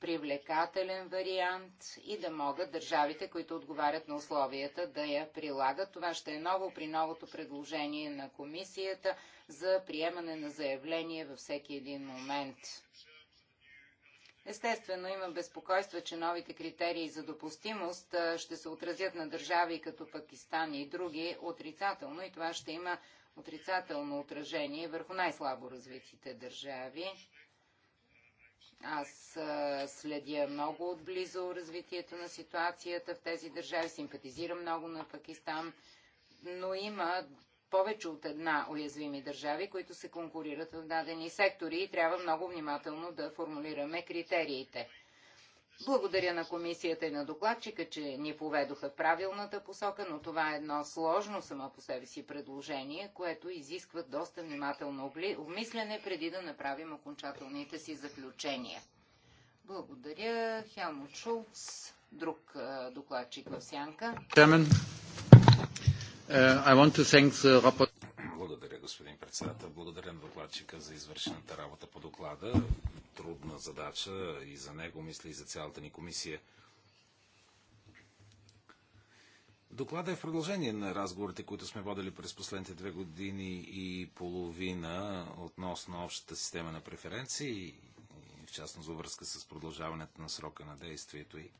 привлекателен вариант и да могат държавите, които отговарят на условията, да я прилагат. Това ще е ново при новото предложение на комисията за приемане на заявление във всеки един момент. Естествено, има безпокойства, че новите критерии за допустимост ще се отразят на държави като Пакистан и други отрицателно и това ще има отрицателно отражение върху най-слабо развитите държави. Аз следя много отблизо развитието на ситуацията в тези държави, симпатизирам много на Пакистан, но има повече от една уязвими държави, които се конкурират в дадени сектори и трябва много внимателно да формулираме критериите. Благодаря на комисията и на докладчика, че ни поведоха в правилната посока, но това е едно сложно само по себе си предложение, което изисква доста внимателно обмислене преди да направим окончателните си заключения. Благодаря. Хелмут Шулц, друг докладчик в Сянка. Uh, Благодаря, господин председател. Благодаря на докладчика за извършената работа по доклада трудна задача и за него, мисля и за цялата ни комисия. Докладът е в продължение на разговорите, които сме водили през последните две години и половина относно общата система на преференции, в частност във връзка с продължаването на срока на действието и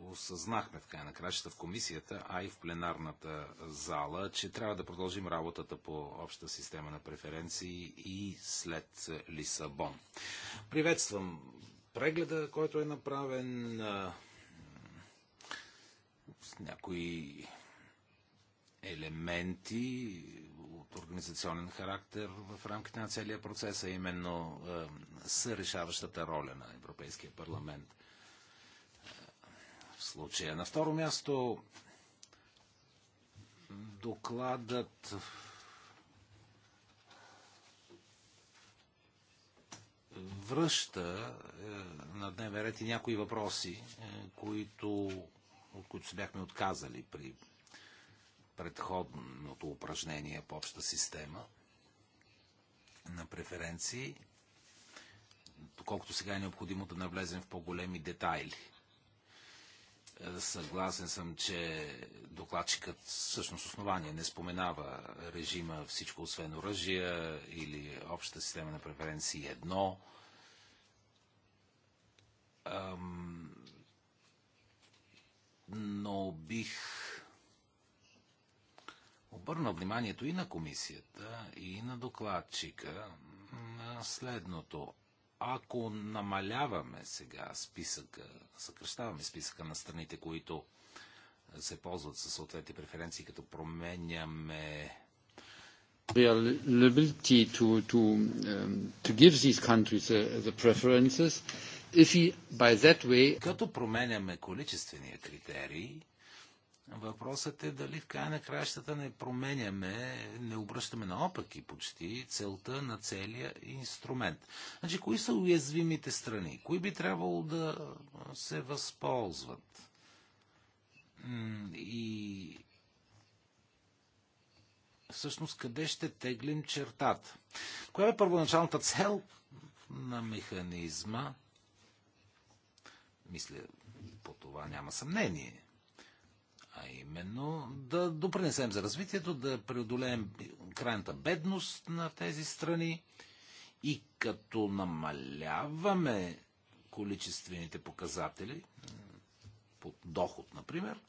осъзнахме в края на кращата в комисията, а и в пленарната зала, че трябва да продължим работата по обща система на преференции и след Лисабон. Приветствам прегледа, който е направен с някои елементи от организационен характер в рамките на целия процес, а именно е, сърешаващата роля на Европейския парламент случая. На второ място докладът връща е, на дневен ред и някои въпроси, е, които, от които се бяхме отказали при предходното упражнение по обща система на преференции, доколкото сега е необходимо да навлезем в по-големи детайли. Е, съгласен съм, че докладчикът всъщност основание не споменава режима всичко освен оръжия или общата система на преференции едно. Но бих обърна вниманието и на комисията, и на докладчика на следното ако намаляваме сега списъка, съкръщаваме списъка на страните, които се ползват със съответните преференции, като променяме to, to, um, to give these countries the, uh, the preferences, if he, by that way... Като променяме количествения критерий, Въпросът е дали в края на кращата не променяме, не обръщаме наопаки почти целта на целия инструмент. Значи, кои са уязвимите страни? Кои би трябвало да се възползват? И всъщност къде ще теглим чертата? Коя е първоначалната цел на механизма? Мисля, по това няма съмнение а именно да допринесем за развитието, да преодолеем крайната бедност на тези страни и като намаляваме количествените показатели, под доход, например,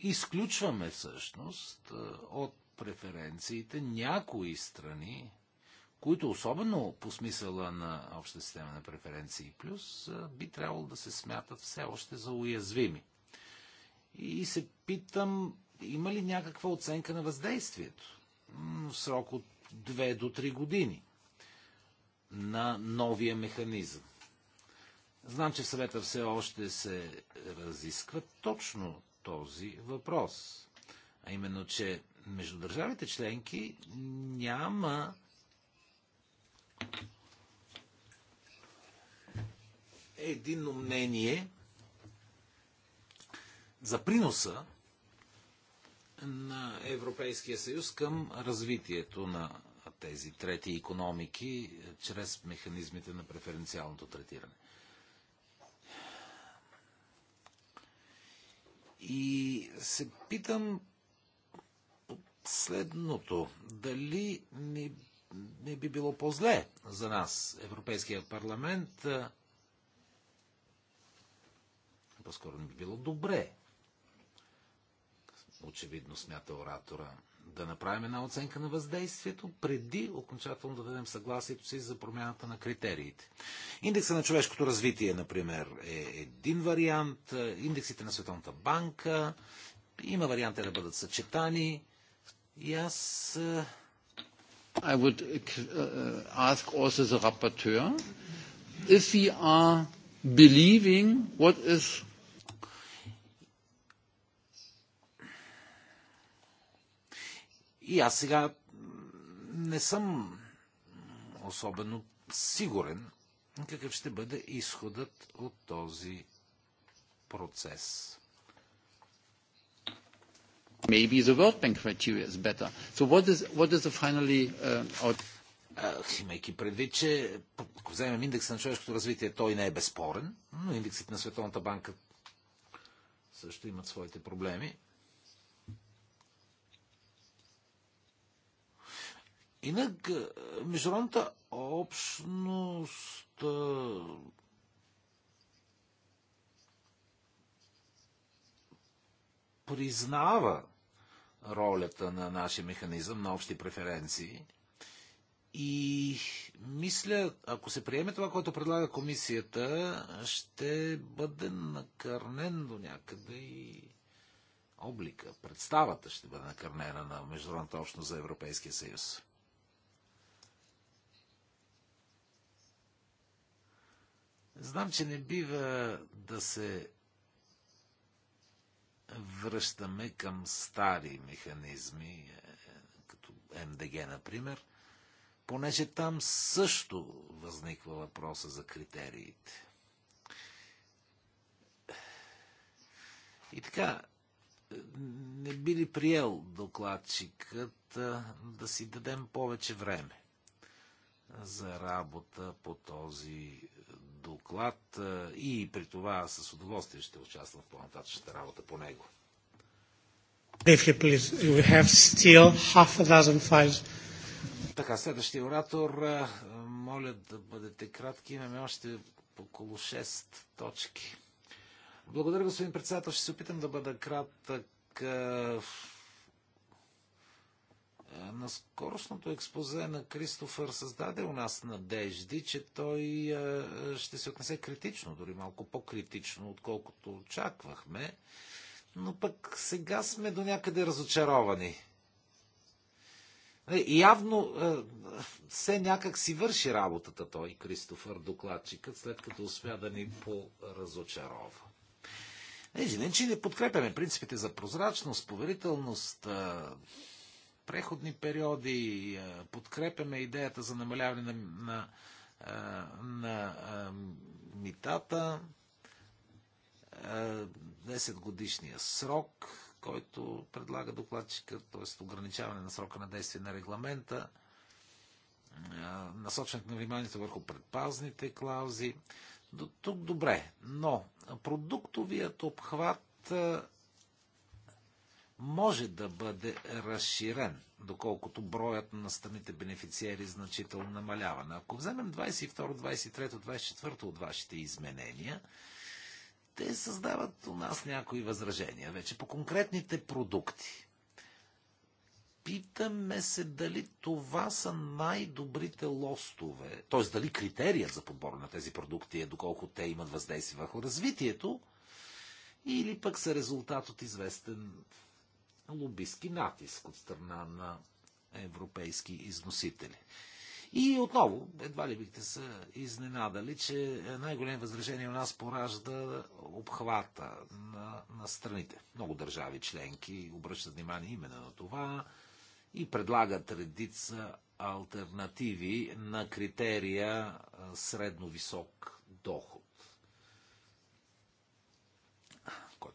изключваме всъщност от преференциите някои страни, които особено по смисъла на обща система на преференции плюс, би трябвало да се смятат все още за уязвими. И се питам, има ли някаква оценка на въздействието в срок от 2 до 3 години на новия механизъм? Знам, че в съвета все още се разисква точно този въпрос. А именно, че между държавите членки няма единно мнение за приноса на Европейския съюз към развитието на тези трети економики чрез механизмите на преференциалното третиране. И се питам следното. Дали не, не би било по-зле за нас, Европейския парламент, по-скоро не би било добре очевидно смята оратора, да направим една оценка на въздействието преди окончателно да дадем съгласието си за промяната на критериите. Индекса на човешкото развитие, например, е един вариант, индексите на Световната банка, има варианти да бъдат съчетани и аз... Е, I would е, е, ask also the rapporteur if we are believing what is И аз сега не съм особено сигурен какъв ще бъде изходът от този процес. Maybe the World Bank criteria is better. So what is, what is the finally uh, out... Uh, имайки предвид, че ако вземем индекса на човешкото развитие, той не е безспорен, но индексите на Световната банка също имат своите проблеми. Инак, е, международната общност е, признава ролята на нашия механизъм на общи преференции. И мисля, ако се приеме това, което предлага комисията, ще бъде накърнен до някъде и облика, представата ще бъде накърнена на международната общност за Европейския съюз. Знам, че не бива да се връщаме към стари механизми, е, като МДГ, например, понеже там също възниква въпроса за критериите. И така, не би ли приел докладчикът е, да си дадем повече време за работа по този доклад и при това с удоволствие ще участвам в по-нататъчната работа по него. Така, следващия оратор, моля да бъдете кратки, имаме още около 6 точки. Благодаря, господин председател. Ще се опитам да бъда кратък е, на скоростното експозе на Кристофър създаде у нас надежди, че той е, е, ще се отнесе критично, дори малко по-критично, отколкото очаквахме. Но пък сега сме до някъде разочаровани. Явно все някак си върши работата той, Кристофър, докладчикът, след като успя да ни поразочарова. Не, че не подкрепяме принципите за прозрачност, поверителност, преходни периоди, е, подкрепяме идеята за намаляване на, на, е, на е, митата, 10 годишния срок, който предлага докладчика, т.е. ограничаване на срока на действие на регламента, насочването на вниманието върху предпазните клаузи. До тук добре, но продуктовият обхват може да бъде разширен, доколкото броят на страните бенефициери значително намалява. Но ако вземем 22, 23, 24 от вашите изменения, те създават у нас някои възражения вече по конкретните продукти. Питаме се дали това са най-добрите лостове, т.е. дали критерият за подбор на тези продукти е доколко те имат въздействие върху развитието, или пък са резултат от известен лобистки натиск от страна на европейски износители. И отново, едва ли бихте се изненадали, че най голем възражение у нас поражда обхвата на, на страните. Много държави членки обръщат внимание именно на това и предлагат редица альтернативи на критерия средно-висок доход.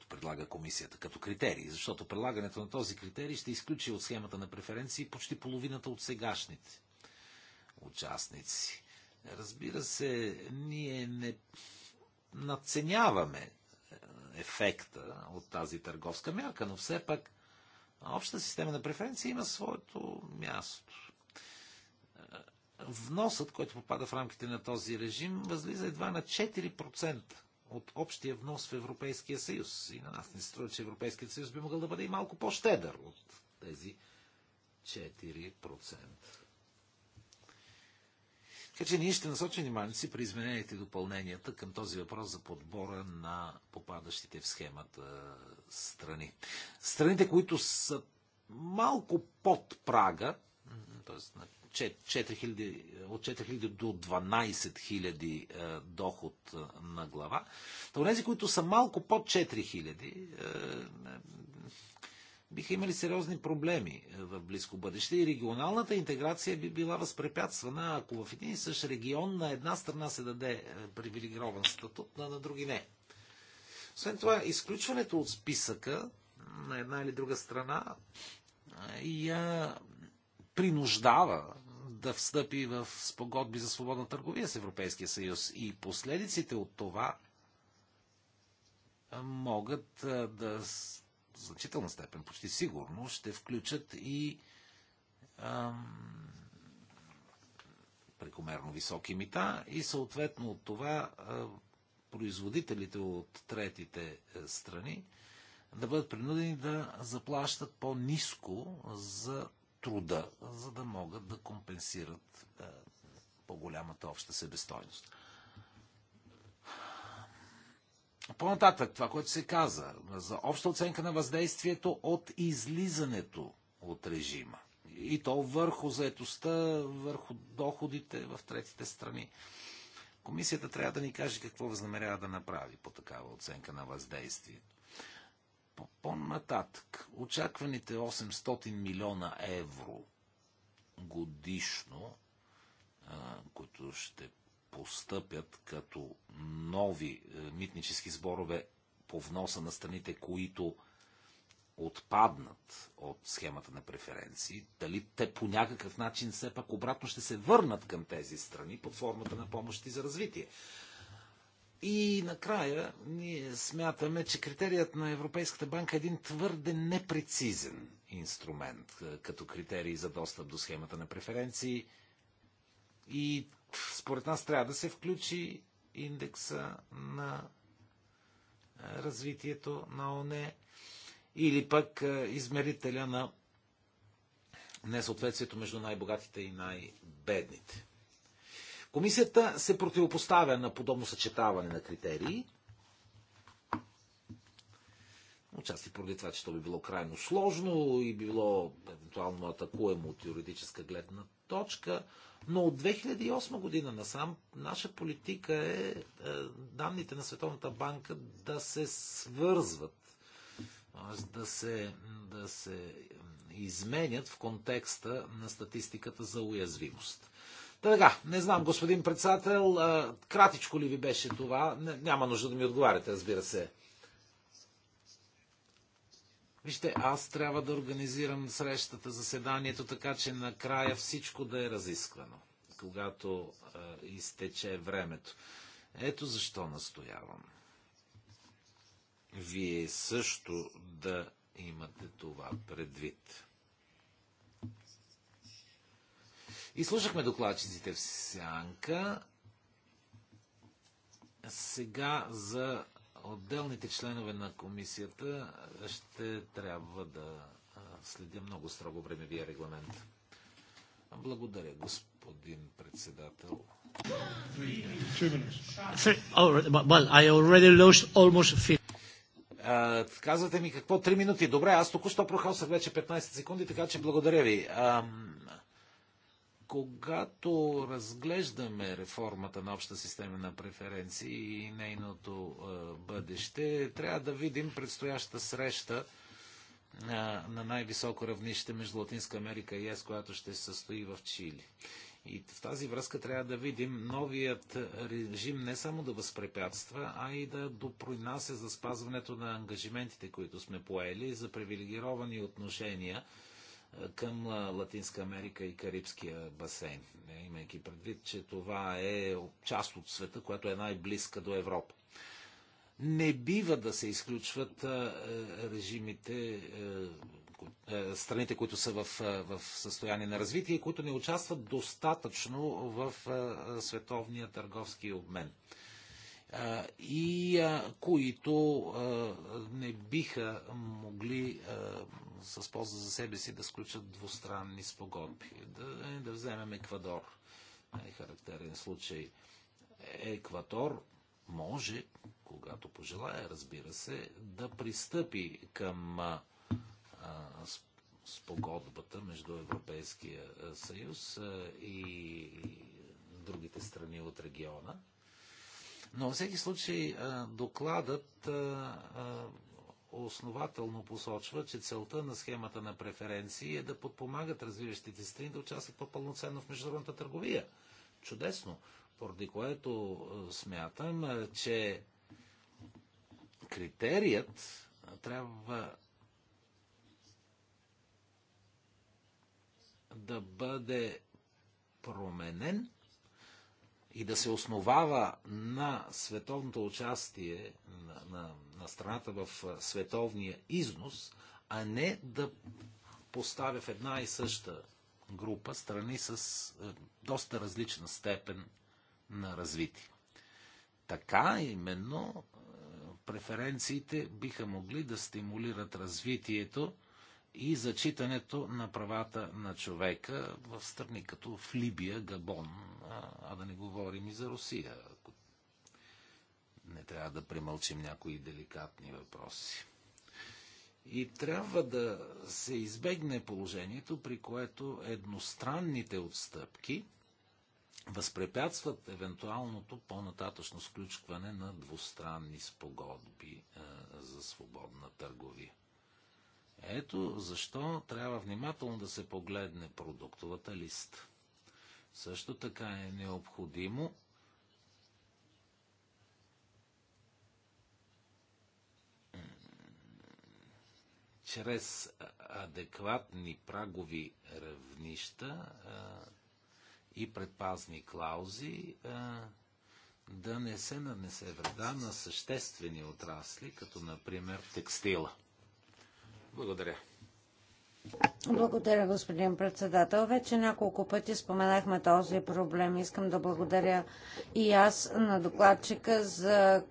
който предлага комисията като критерий, защото прилагането на този критерий ще изключи от схемата на преференции почти половината от сегашните участници. Разбира се, ние не надценяваме е, ефекта от тази търговска мярка, но все пак общата система на преференции има своето място. Е, вносът, който попада в рамките на този режим, възлиза едва на 4% от общия внос в Европейския съюз. И на нас не се струва, че Европейският съюз би могъл да бъде и малко по-щедър от тези 4%. Така че ние ще насочим вниманието си при измененията и допълненията към този въпрос за подбора на попадащите в схемата страни. Страните, които са малко под прага, т.е. на 4000, от 4000 до 12 000 е, доход е, на глава. Та тези, които са малко под 4000, е, биха имали сериозни проблеми в близко бъдеще и регионалната интеграция би била възпрепятствана, ако в един и същ регион на една страна се даде привилегирован статут, а на други не. Освен това, изключването от списъка на една или друга страна я принуждава да встъпи в спогодби за свободна търговия с Европейския съюз. И последиците от това могат да в значителна степен, почти сигурно, ще включат и ам, прекомерно високи мита и съответно от това а, производителите от третите е, страни да бъдат принудени да заплащат по-низко за труда, за да могат да компенсират е, по-голямата обща себестойност. По-нататък, това, което се каза, за обща оценка на въздействието от излизането от режима. И то върху заетостта, върху доходите в третите страни. Комисията трябва да ни каже какво възнамерява да направи по такава оценка на въздействието. По-нататък, -по очакваните 800 милиона евро годишно, които ще постъпят като нови е, митнически сборове по вноса на страните, които отпаднат от схемата на преференции, дали те по някакъв начин все пак обратно ще се върнат към тези страни под формата на помощи за развитие. И накрая ние смятаме, че критерият на Европейската банка е един твърде непрецизен инструмент е, като критерий за достъп до схемата на преференции. И според нас трябва да се включи индекса на е, развитието на ОНЕ или пък е, измерителя на несъответствието между най-богатите и най-бедните. Комисията се противопоставя на подобно съчетаване на критерии. Отчасти поради това, че то би било крайно сложно и било евентуално атакуемо от юридическа гледна точка. Но от 2008 година насам наша политика е, е данните на Световната банка да се свързват, да се, да се изменят в контекста на статистиката за уязвимост. Така, не знам, господин председател, кратичко ли ви беше това? Няма нужда да ми отговаряте, разбира се. Вижте, аз трябва да организирам срещата, заседанието, така че накрая всичко да е разисквано, когато е, изтече времето. Ето защо настоявам. Вие също да имате това предвид. И слушахме докладчиците в сянка. Сега за отделните членове на комисията ще трябва да следя много строго времевия регламент. Благодаря, господин председател. казвате ми какво? Три минути. Добре, аз току-що прохалсах вече 15 секунди, така че благодаря ви. Uh, когато разглеждаме реформата на обща система на преференции и нейното бъдеще, трябва да видим предстояща среща на най-високо равнище между Латинска Америка и ЕС, която ще се състои в Чили. И в тази връзка трябва да видим новият режим не само да възпрепятства, а и да допринася за спазването на ангажиментите, които сме поели за привилегировани отношения към Латинска Америка и Карибския басейн, имайки предвид, че това е част от света, която е най-близка до Европа. Не бива да се изключват режимите, страните, които са в, в състояние на развитие и които не участват достатъчно в световния търговски обмен и които не биха могли с полза за себе си да сключат двустранни спогодби. Да, е, да вземем Еквадор. Най-характерен случай. Е Еквадор може, когато пожелая, разбира се, да пристъпи към спогодбата между Европейския съюз и другите страни от региона но във всеки случай докладът основателно посочва, че целта на схемата на преференции е да подпомагат развиващите страни да участват по-пълноценно в международната търговия. Чудесно. Поради което смятам, че критерият трябва да бъде променен и да се основава на световното участие на, на, на страната в световния износ, а не да поставя в една и съща група страни с доста различна степен на развитие. Така именно преференциите биха могли да стимулират развитието и зачитането на правата на човека в страни като в Либия, Габон, а да не говорим и за Русия. Ако не трябва да премълчим някои деликатни въпроси. И трябва да се избегне положението, при което едностранните отстъпки възпрепятстват евентуалното по-нататъчно сключване на двустранни спогодби за свободна търговия. Ето защо трябва внимателно да се погледне продуктовата лист. Също така е необходимо чрез адекватни прагови равнища и предпазни клаузи да не се нанесе вреда на съществени отрасли, като например текстила. Благодаря. Благодаря, господин председател. Вече няколко пъти споменахме този проблем. Искам да благодаря и аз на докладчика за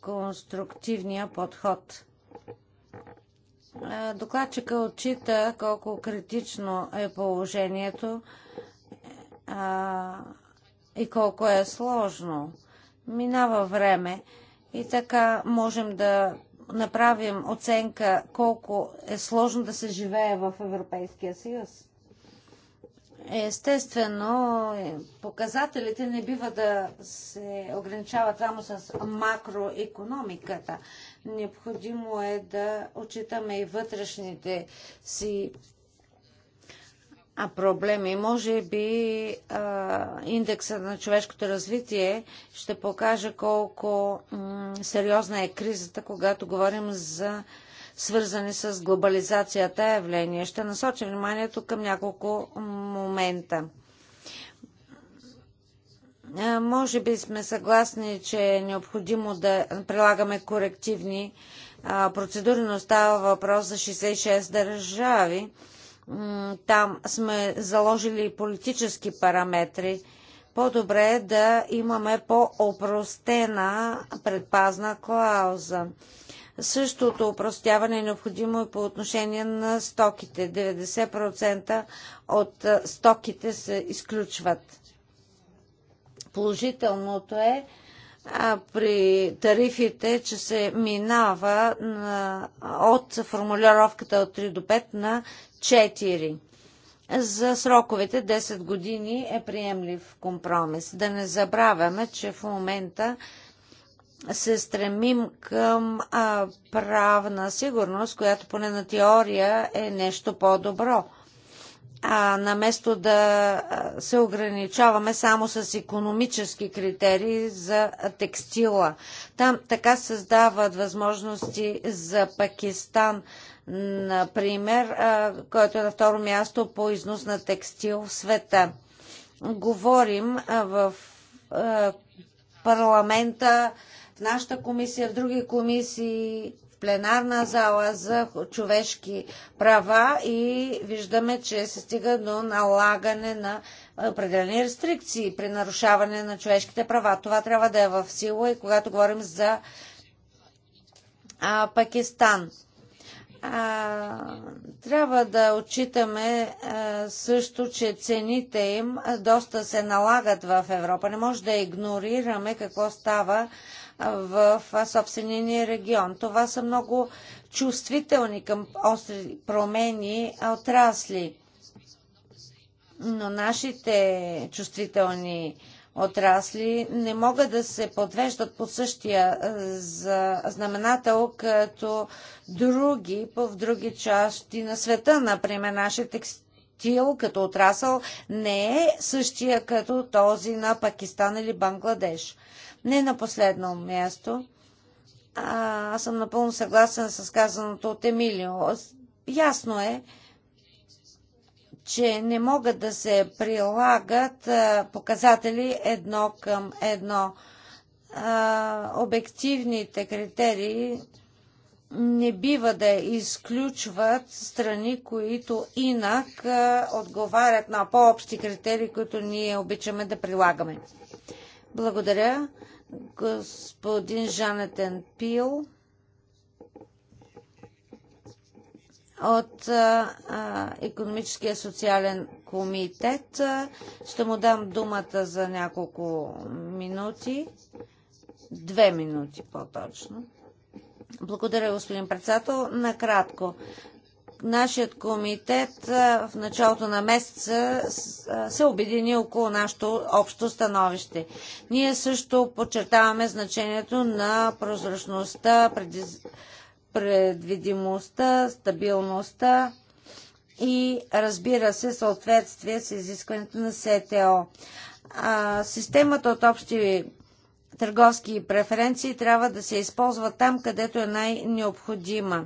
конструктивния подход. Докладчика отчита колко критично е положението и колко е сложно. Минава време и така можем да направим оценка колко е сложно да се живее в Европейския съюз. Естествено, е, показателите не бива да се ограничават само с макроекономиката. Необходимо е да отчитаме и вътрешните си проблеми. Може би а, индекса на човешкото развитие ще покаже колко сериозна е кризата, когато говорим за свързани с глобализацията явления. Ще насоча вниманието към няколко момента. А, може би сме съгласни, че е необходимо да прилагаме корективни а, процедури, но става въпрос за 66 държави там сме заложили политически параметри. По-добре е да имаме по-опростена предпазна клауза. Същото упростяване е необходимо и по отношение на стоките. 90% от стоките се изключват. Положителното е а, при тарифите, че се минава на, от формулировката от 3 до 5 на 4. За сроковете 10 години е приемлив компромис. Да не забравяме, че в момента се стремим към а, правна сигурност, която поне на теория е нещо по-добро. А наместо да се ограничаваме само с економически критерии за текстила. Там така създават възможности за Пакистан например, който е на второ място по износ на текстил в света. Говорим в парламента, в нашата комисия, в други комисии, в пленарна зала за човешки права и виждаме, че се стига до налагане на определени рестрикции при нарушаване на човешките права. Това трябва да е в сила и когато говорим за а, Пакистан. А, трябва да отчитаме а, също, че цените им доста се налагат в Европа. Не може да игнорираме какво става в собствения ни регион. Това са много чувствителни към остри промени отрасли. Но нашите чувствителни отрасли не могат да се подвеждат по същия е, за знаменател като други по в други части на света. Например, нашия текстил като отрасъл не е същия като този на Пакистан или Бангладеш. Не на последно място. А, аз съм напълно съгласен с казаното от Емилио. Ясно е, че не могат да се прилагат показатели едно към едно. Обективните критерии не бива да изключват страни, които инак отговарят на по-общи критерии, които ние обичаме да прилагаме. Благодаря, господин Жанетен Пил. от економическия социален комитет. Ще му дам думата за няколко минути. Две минути по-точно. Благодаря, господин председател. Накратко. Нашият комитет в началото на месеца се обедини около нашето общо становище. Ние също подчертаваме значението на прозрачността, предизвикателството предвидимостта, стабилността и разбира се съответствие с изискването на СТО. А, системата от общи търговски преференции трябва да се използва там, където е най-необходима.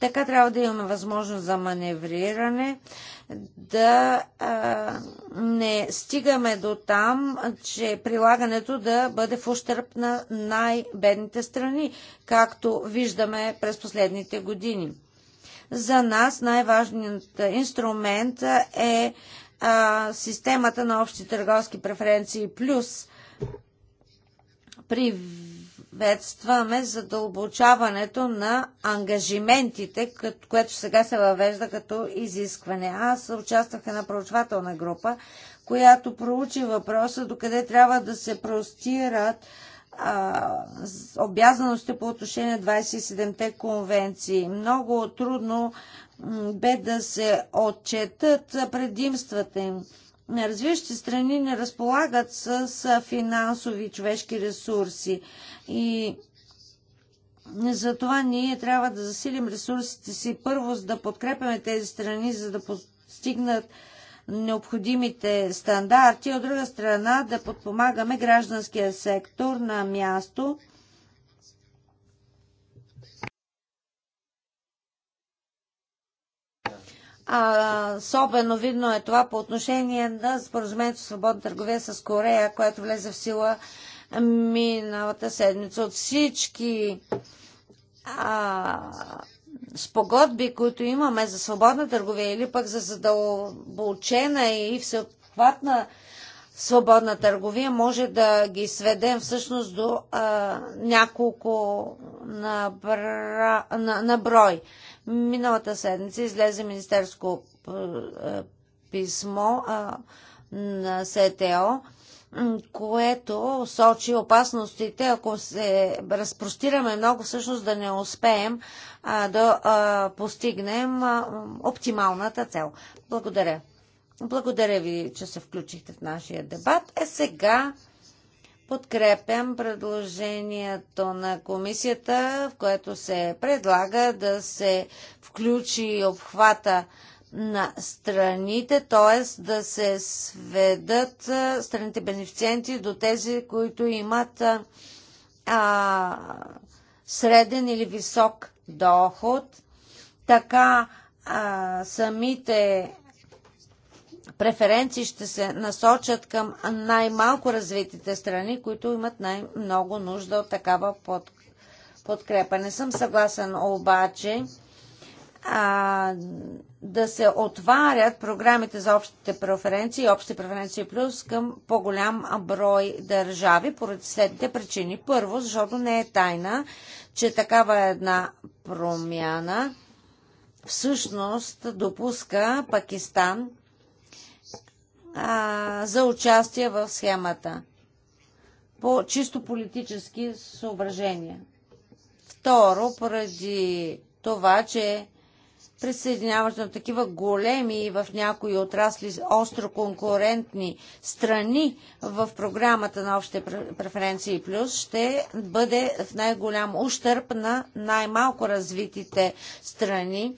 Така трябва да имаме възможност за маневриране, да а, не стигаме до там, че прилагането да бъде в ущърп на най-бедните страни, както виждаме през последните години. За нас най-важният инструмент е а, системата на общи търговски преференции плюс при приветстваме задълбочаването на ангажиментите, което сега се въвежда като изискване. Аз участвах на проучвателна група, която проучи въпроса докъде трябва да се простират обязаности по отношение на 27-те конвенции. Много трудно бе да се отчетат предимствата им развиващите страни не разполагат с финансови човешки ресурси. И затова ние трябва да засилим ресурсите си първо, за да подкрепяме тези страни, за да постигнат необходимите стандарти, от друга страна да подпомагаме гражданския сектор на място А, особено видно е това по отношение на споразумението свободна търговия с Корея, което влезе в сила миналата седмица. От всички а, спогодби, които имаме за свободна търговия или пък за задълбочена и всеобхватна свободна търговия, може да ги сведем всъщност до а, няколко на, бра, на, на брой. Миналата седмица излезе министерско е, е, писмо на СТО, което сочи опасностите, ако се разпростираме много, всъщност да не успеем да постигнем оптималната цел. Благодаря. Благодаря ви, че се включихте в нашия дебат. Е сега Подкрепям предложението на комисията, в което се предлага да се включи обхвата на страните, т.е. да се сведат страните бенефициенти до тези, които имат а, среден или висок доход. Така а, самите преференции ще се насочат към най-малко развитите страни, които имат най-много нужда от такава под, подкрепа. Не съм съгласен обаче а, да се отварят програмите за общите преференции, общи преференции плюс към по-голям брой държави поради следните причини. Първо, защото не е тайна, че такава е една промяна всъщност допуска Пакистан а, за участие в схемата по чисто политически съображения. Второ, поради това, че присъединяването на такива големи и в някои отрасли остро конкурентни страни в програмата на общите преференции плюс ще бъде в най-голям ущърп на най-малко развитите страни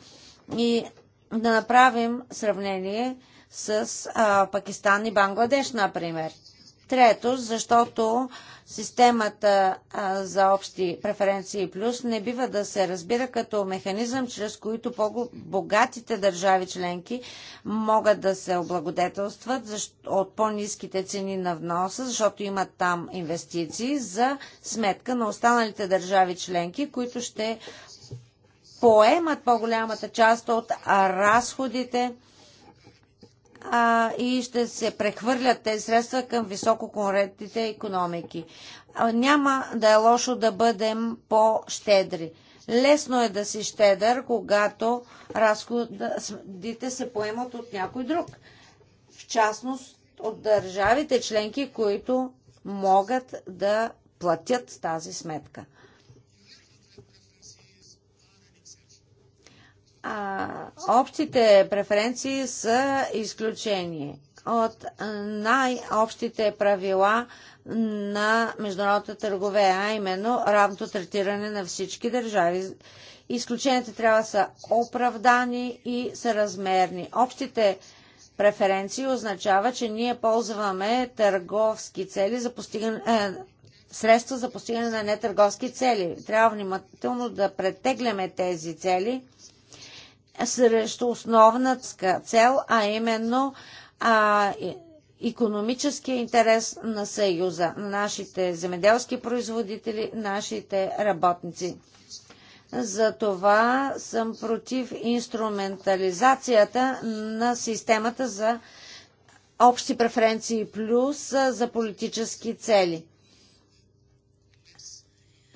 и да направим сравнение – с а, Пакистан и Бангладеш, например. Трето, защото системата а, за общи преференции плюс не бива да се разбира като механизъм, чрез които по-богатите държави членки могат да се облагодетелстват защо, от по-низките цени на вноса, защото имат там инвестиции за сметка на останалите държави членки, които ще поемат по-голямата част от разходите а, и ще се прехвърлят тези средства към висококонкурентните економики. А, няма да е лошо да бъдем по-щедри. Лесно е да си щедър, когато разходите се поемат от някой друг. В частност от държавите членки, които могат да платят тази сметка. а, общите преференции са изключение от най-общите правила на международната търговия, а именно равното третиране на всички държави. Изключенията трябва да са оправдани и съразмерни. Общите преференции означава, че ние ползваме търговски цели за постигане, е, средства за постигане на нетърговски цели. Трябва внимателно да претегляме тези цели – срещу основната цел, а именно а, економическия интерес на Съюза, нашите земеделски производители, нашите работници. Затова съм против инструментализацията на системата за общи преференции плюс за политически цели.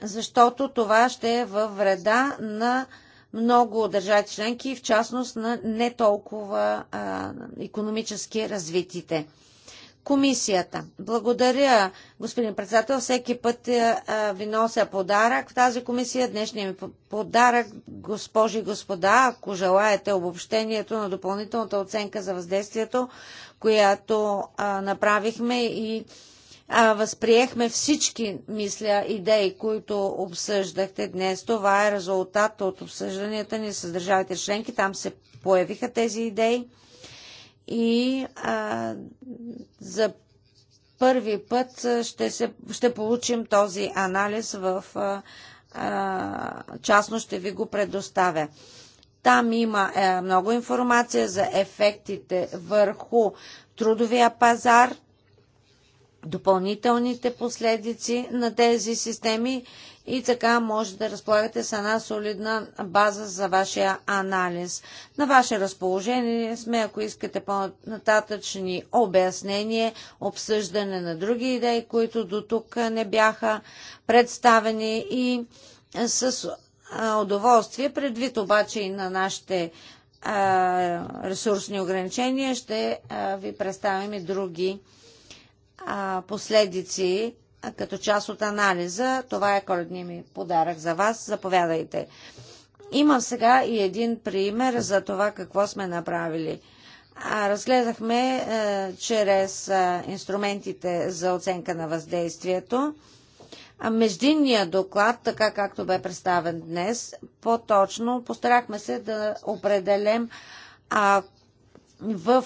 Защото това ще е във вреда на много държави членки, в частност на не толкова а, економически развитите. Комисията. Благодаря, господин председател. Всеки път е, а, ви нося подарък в тази комисия. Днешният ми подарък, госпожи и господа, ако желаете обобщението на допълнителната оценка за въздействието, която а, направихме и а, възприехме всички, мисля, идеи, които обсъждахте днес. Това е резултат от обсъжданията ни с държавите членки. Там се появиха тези идеи и а, за първи път ще, се, ще получим този анализ в а, а, частно ще ви го предоставя. Там има е, много информация за ефектите върху трудовия пазар, допълнителните последици на тези системи и така може да разполагате с една солидна база за вашия анализ. На ваше разположение сме, ако искате по-нататъчни обяснения, обсъждане на други идеи, които до тук не бяха представени и с удоволствие, предвид обаче и на нашите ресурсни ограничения, ще ви представим и други а, последици а, като част от анализа. Това е коледния ми подарък за вас. Заповядайте. Имам сега и един пример за това какво сме направили. А, разгледахме а, е, чрез а, е, инструментите за оценка на въздействието. А междинният доклад, така както бе представен днес, по-точно постарахме се да определим а, в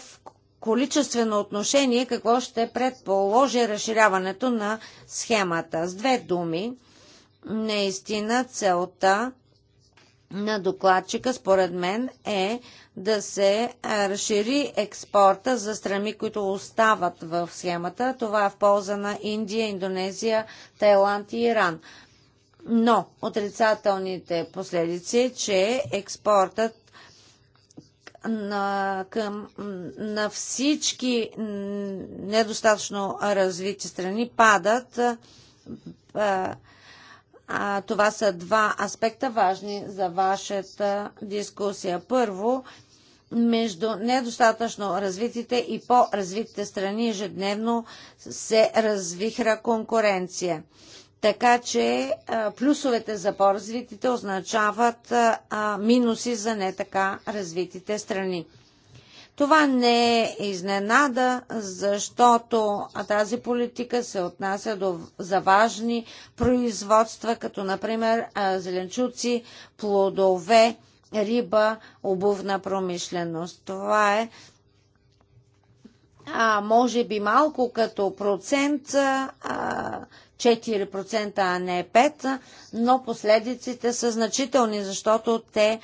количествено отношение какво ще предположи разширяването на схемата. С две думи, наистина целта на докладчика, според мен, е да се разшири експорта за страни, които остават в схемата. Това е в полза на Индия, Индонезия, Тайланд и Иран. Но отрицателните последици е, че експортът на, към, на всички недостатъчно развити страни падат. А, а, това са два аспекта важни за вашата дискусия. Първо, между недостатъчно развитите и по-развитите страни ежедневно се развихра конкуренция. Така че плюсовете за по-развитите означават минуси за не така развитите страни. Това не е изненада, защото тази политика се отнася до, за важни производства, като например зеленчуци, плодове, риба, обувна промишленост. Това е а, може би малко като процент а, 4%, а не 5%, но последиците са значителни, защото те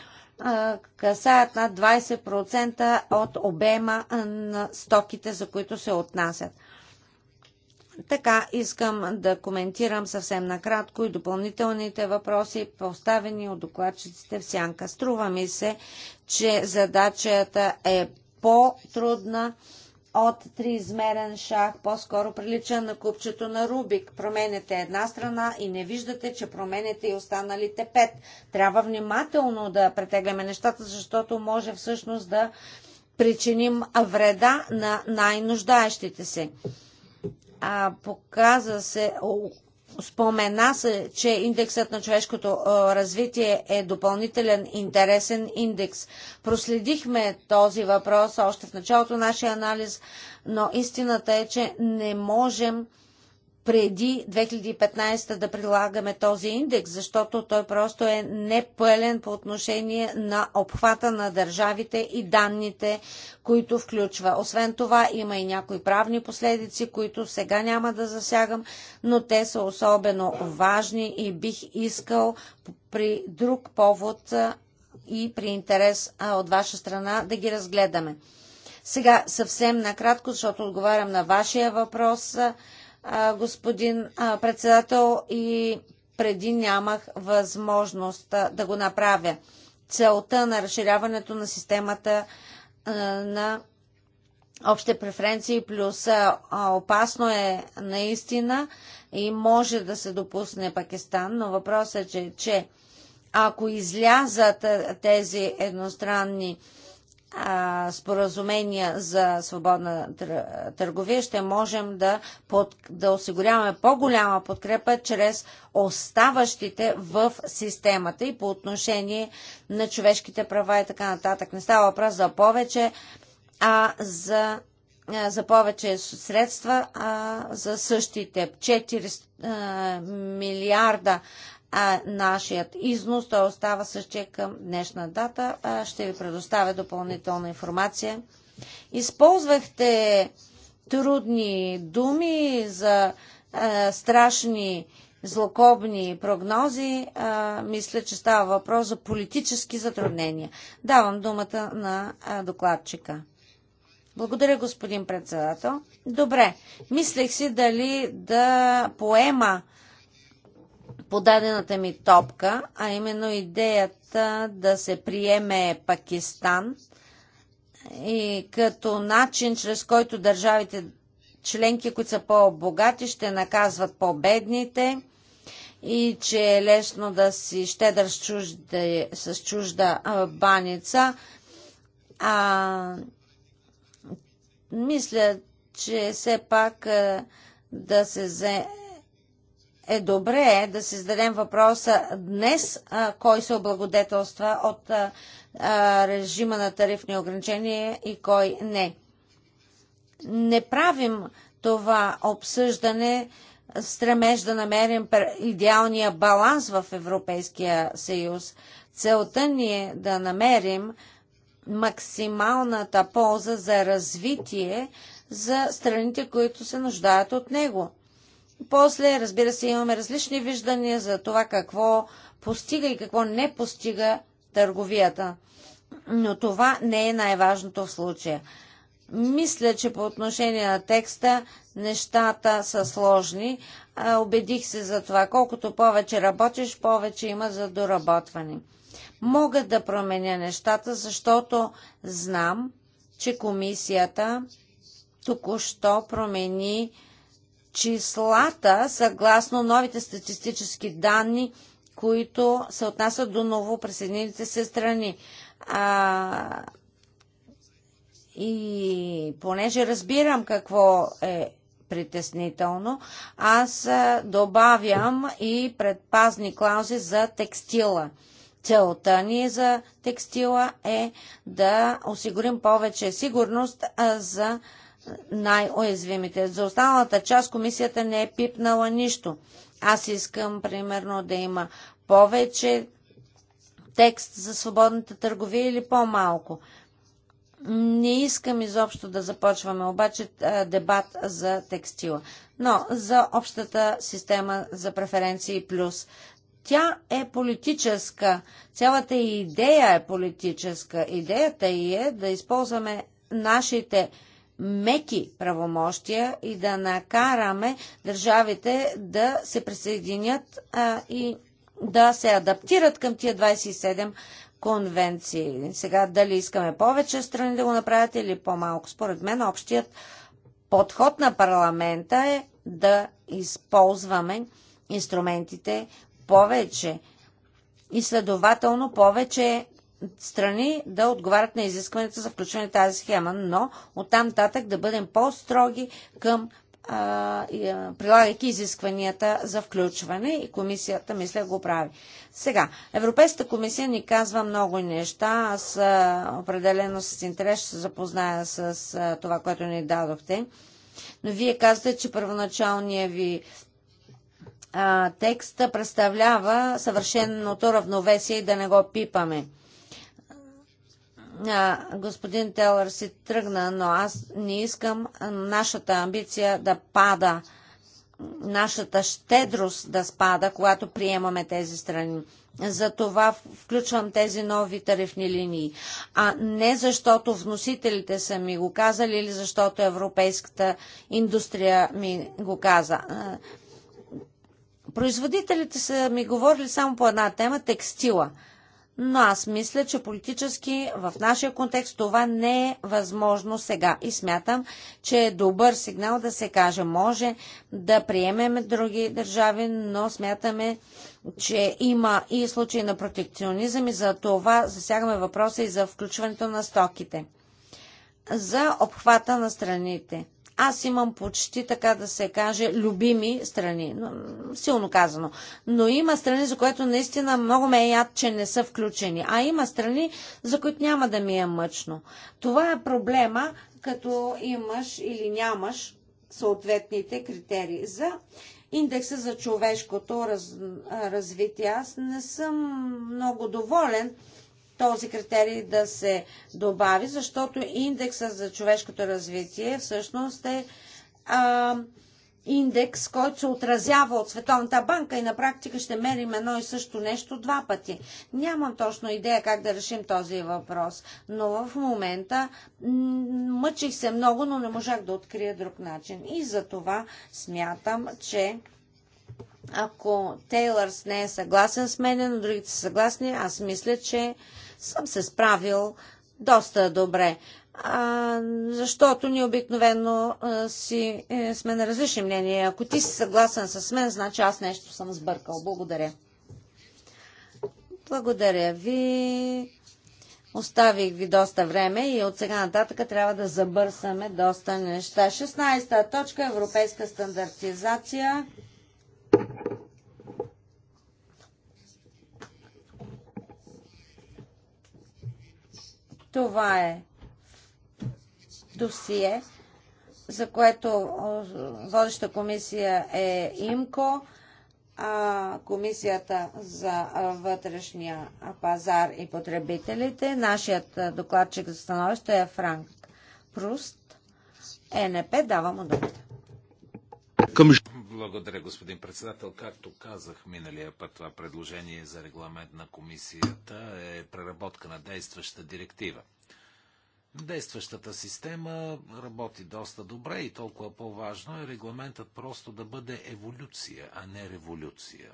касаят над 20% от обема на стоките, за които се отнасят. Така искам да коментирам съвсем накратко и допълнителните въпроси, поставени от докладчиците в сянка. Струва ми се, че задачата е по-трудна от триизмерен шах по-скоро прилича на купчето на Рубик. Променете една страна и не виждате, че променете и останалите пет. Трябва внимателно да претегляме нещата, защото може всъщност да причиним вреда на най-нуждаещите се. А, показа се Спомена се, че индексът на човешкото развитие е допълнителен интересен индекс. Проследихме този въпрос още в началото на нашия анализ, но истината е, че не можем преди 2015 да прилагаме този индекс, защото той просто е непълен по отношение на обхвата на държавите и данните, които включва. Освен това има и някои правни последици, които сега няма да засягам, но те са особено важни и бих искал при друг повод и при интерес от ваша страна да ги разгледаме. Сега съвсем накратко, защото отговарям на вашия въпрос господин председател, и преди нямах възможност да го направя. Целта на разширяването на системата на общите преференции плюс опасно е наистина и може да се допусне Пакистан, но въпросът е, че, че ако излязат тези едностранни споразумения за свободна търговия, ще можем да, под, да осигуряваме по-голяма подкрепа чрез оставащите в системата и по отношение на човешките права и така нататък. Не става въпрос за повече, а за за повече средства а, за същите 4 а, милиарда а нашият износ, той остава същия към днешна дата. Ще ви предоставя допълнителна информация. Използвахте трудни думи за а, страшни злокобни прогнози. А, мисля, че става въпрос за политически затруднения. Давам думата на а, докладчика. Благодаря, господин председател. Добре, мислех си дали да поема подадената ми топка, а именно идеята да се приеме Пакистан и като начин, чрез който държавите членки, които са по-богати, ще наказват по-бедните и че е лесно да си щедър с чужда, с чужда баница. А, мисля, че все пак да се е добре да си зададем въпроса днес, а, кой се облагодетелства от а, а, режима на тарифни ограничения и кой не. Не правим това обсъждане стремеж да намерим идеалния баланс в Европейския съюз. Целта ни е да намерим максималната полза за развитие за страните, които се нуждаят от него. После, разбира се, имаме различни виждания за това какво постига и какво не постига търговията. Но това не е най-важното в случая. Мисля, че по отношение на текста нещата са сложни. А, убедих се за това. Колкото повече работиш, повече има за доработване. Мога да променя нещата, защото знам, че комисията току-що промени числата съгласно новите статистически данни, които се отнасят до присъединените се страни. А, и понеже разбирам какво е притеснително, аз добавям и предпазни клаузи за текстила. Целта ни за текстила е да осигурим повече сигурност за най-уязвимите. За останалата част комисията не е пипнала нищо. Аз искам, примерно, да има повече текст за свободната търговия или по-малко. Не искам изобщо да започваме обаче дебат за текстила, но за общата система за преференции плюс. Тя е политическа. Цялата идея е политическа. Идеята и е да използваме нашите меки правомощия и да накараме държавите да се присъединят а, и да се адаптират към тия 27 конвенции. Сега дали искаме повече страни да го направят или по-малко. Според мен общият подход на парламента е да използваме инструментите повече и следователно повече страни да отговарят на изискването за включване в тази схема, но оттам татък да бъдем по-строги към прилагайки изискванията за включване и комисията, мисля, го прави. Сега, Европейската комисия ни казва много неща. Аз определено с интерес ще се запозная с а, това, което ни дадохте. Но вие казвате, че първоначалният ви текст представлява съвършеното равновесие и да не го пипаме а, господин Телър си тръгна, но аз не искам нашата амбиция да пада, нашата щедрост да спада, когато приемаме тези страни. Затова включвам тези нови тарифни линии. А не защото вносителите са ми го казали или защото европейската индустрия ми го каза. Производителите са ми говорили само по една тема – текстила – но аз мисля, че политически в нашия контекст това не е възможно сега. И смятам, че е добър сигнал да се каже, може да приемем други държави, но смятаме, че има и случаи на протекционизъм и за това засягаме въпроса и за включването на стоките. За обхвата на страните. Аз имам почти така да се каже любими страни, силно казано. Но има страни, за които наистина много ме е яд, че не са включени. А има страни, за които няма да ми е мъчно. Това е проблема, като имаш или нямаш съответните критерии за индекса за човешкото раз, развитие. Аз не съм много доволен този критерий да се добави, защото индекса за човешкото развитие всъщност е а, индекс, който се отразява от Световната банка и на практика ще мерим едно и също нещо два пъти. Нямам точно идея как да решим този въпрос, но в момента мъчих се много, но не можах да открия друг начин. И за това смятам, че ако Тейлърс не е съгласен с мен, но другите са съгласни, аз мисля, че съм се справил доста добре. А, защото ние обикновено а, си е, сме на различни мнения. Ако ти си съгласен с мен, значи аз нещо съм сбъркал. Благодаря. Благодаря ви. Оставих ви доста време и от сега нататък трябва да забърсаме доста неща. 16-та точка Европейска стандартизация. Това е досие, за което водеща комисия е ИМКО, а комисията за вътрешния пазар и потребителите. Нашият докладчик за становище е Франк Пруст. ЕНП, давам му думата. Към... Благодаря, господин председател. Както казах миналия път, това предложение за регламент на комисията е преработка на действаща директива. Действащата система работи доста добре и толкова по-важно е регламентът просто да бъде еволюция, а не революция.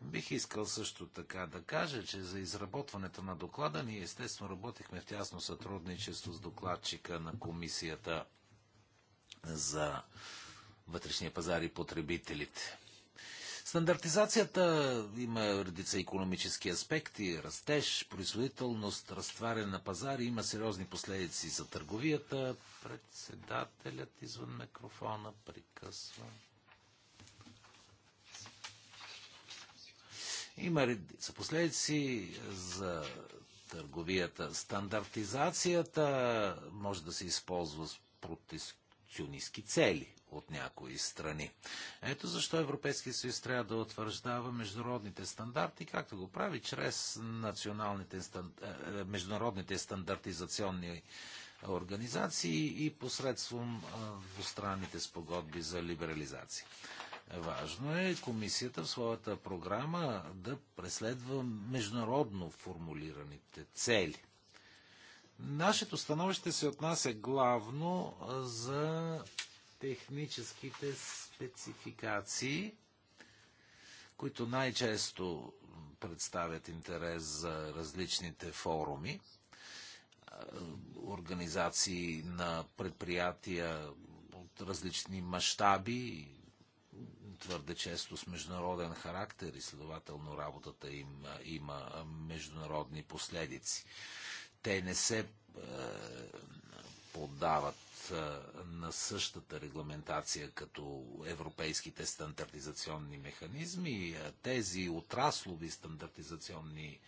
Бих искал също така да кажа, че за изработването на доклада ние естествено работихме в тясно сътрудничество с докладчика на комисията за вътрешния пазар и потребителите. Стандартизацията има редица економически аспекти, растеж, производителност, разтваряне на пазари, има сериозни последици за търговията. Председателят извън микрофона прекъсва. Има редица последици за търговията. Стандартизацията може да се използва с протекционистки цели от някои страни. Ето защо Европейския съюз трябва да утвърждава международните стандарти, както го прави чрез националните, е, е, международните стандартизационни организации и посредством е, двустранните спогодби за либерализация. Важно е комисията в своята програма да преследва международно формулираните цели. Нашето становище се отнася главно за техническите спецификации, които най-често представят интерес за различните форуми, организации на предприятия от различни мащаби, твърде често с международен характер и следователно работата им има международни последици. Те не се е, поддават на същата регламентация като европейските стандартизационни механизми. Тези отраслови стандартизационни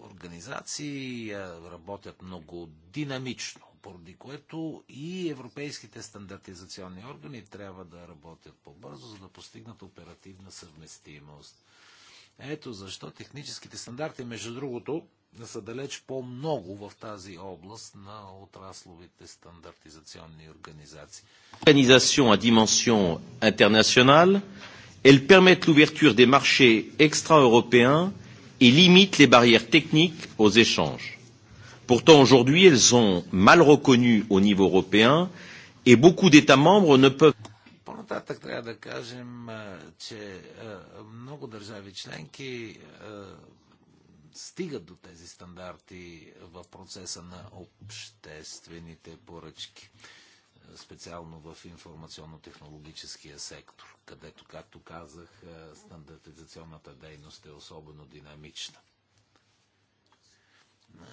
организации работят много динамично, поради което и европейските стандартизационни органи трябва да работят по-бързо, за да постигнат оперативна съвместимост. Ето защо техническите стандарти, между другото, са далеч по-много в тази област на отрасловите стандартизационни организации. Организация на dimension интернационал, elle permet l'ouverture des marchés extra-européens et limite les barrières techniques aux échanges. Pourtant, aujourd'hui, elles sont mal reconnues au niveau européen et beaucoup d'États membres ne peuvent По-нататък трябва да кажем, че много държави членки стигат до тези стандарти в процеса на обществените поръчки, специално в информационно-технологическия сектор, където, както казах, е, стандартизационната дейност е особено динамична.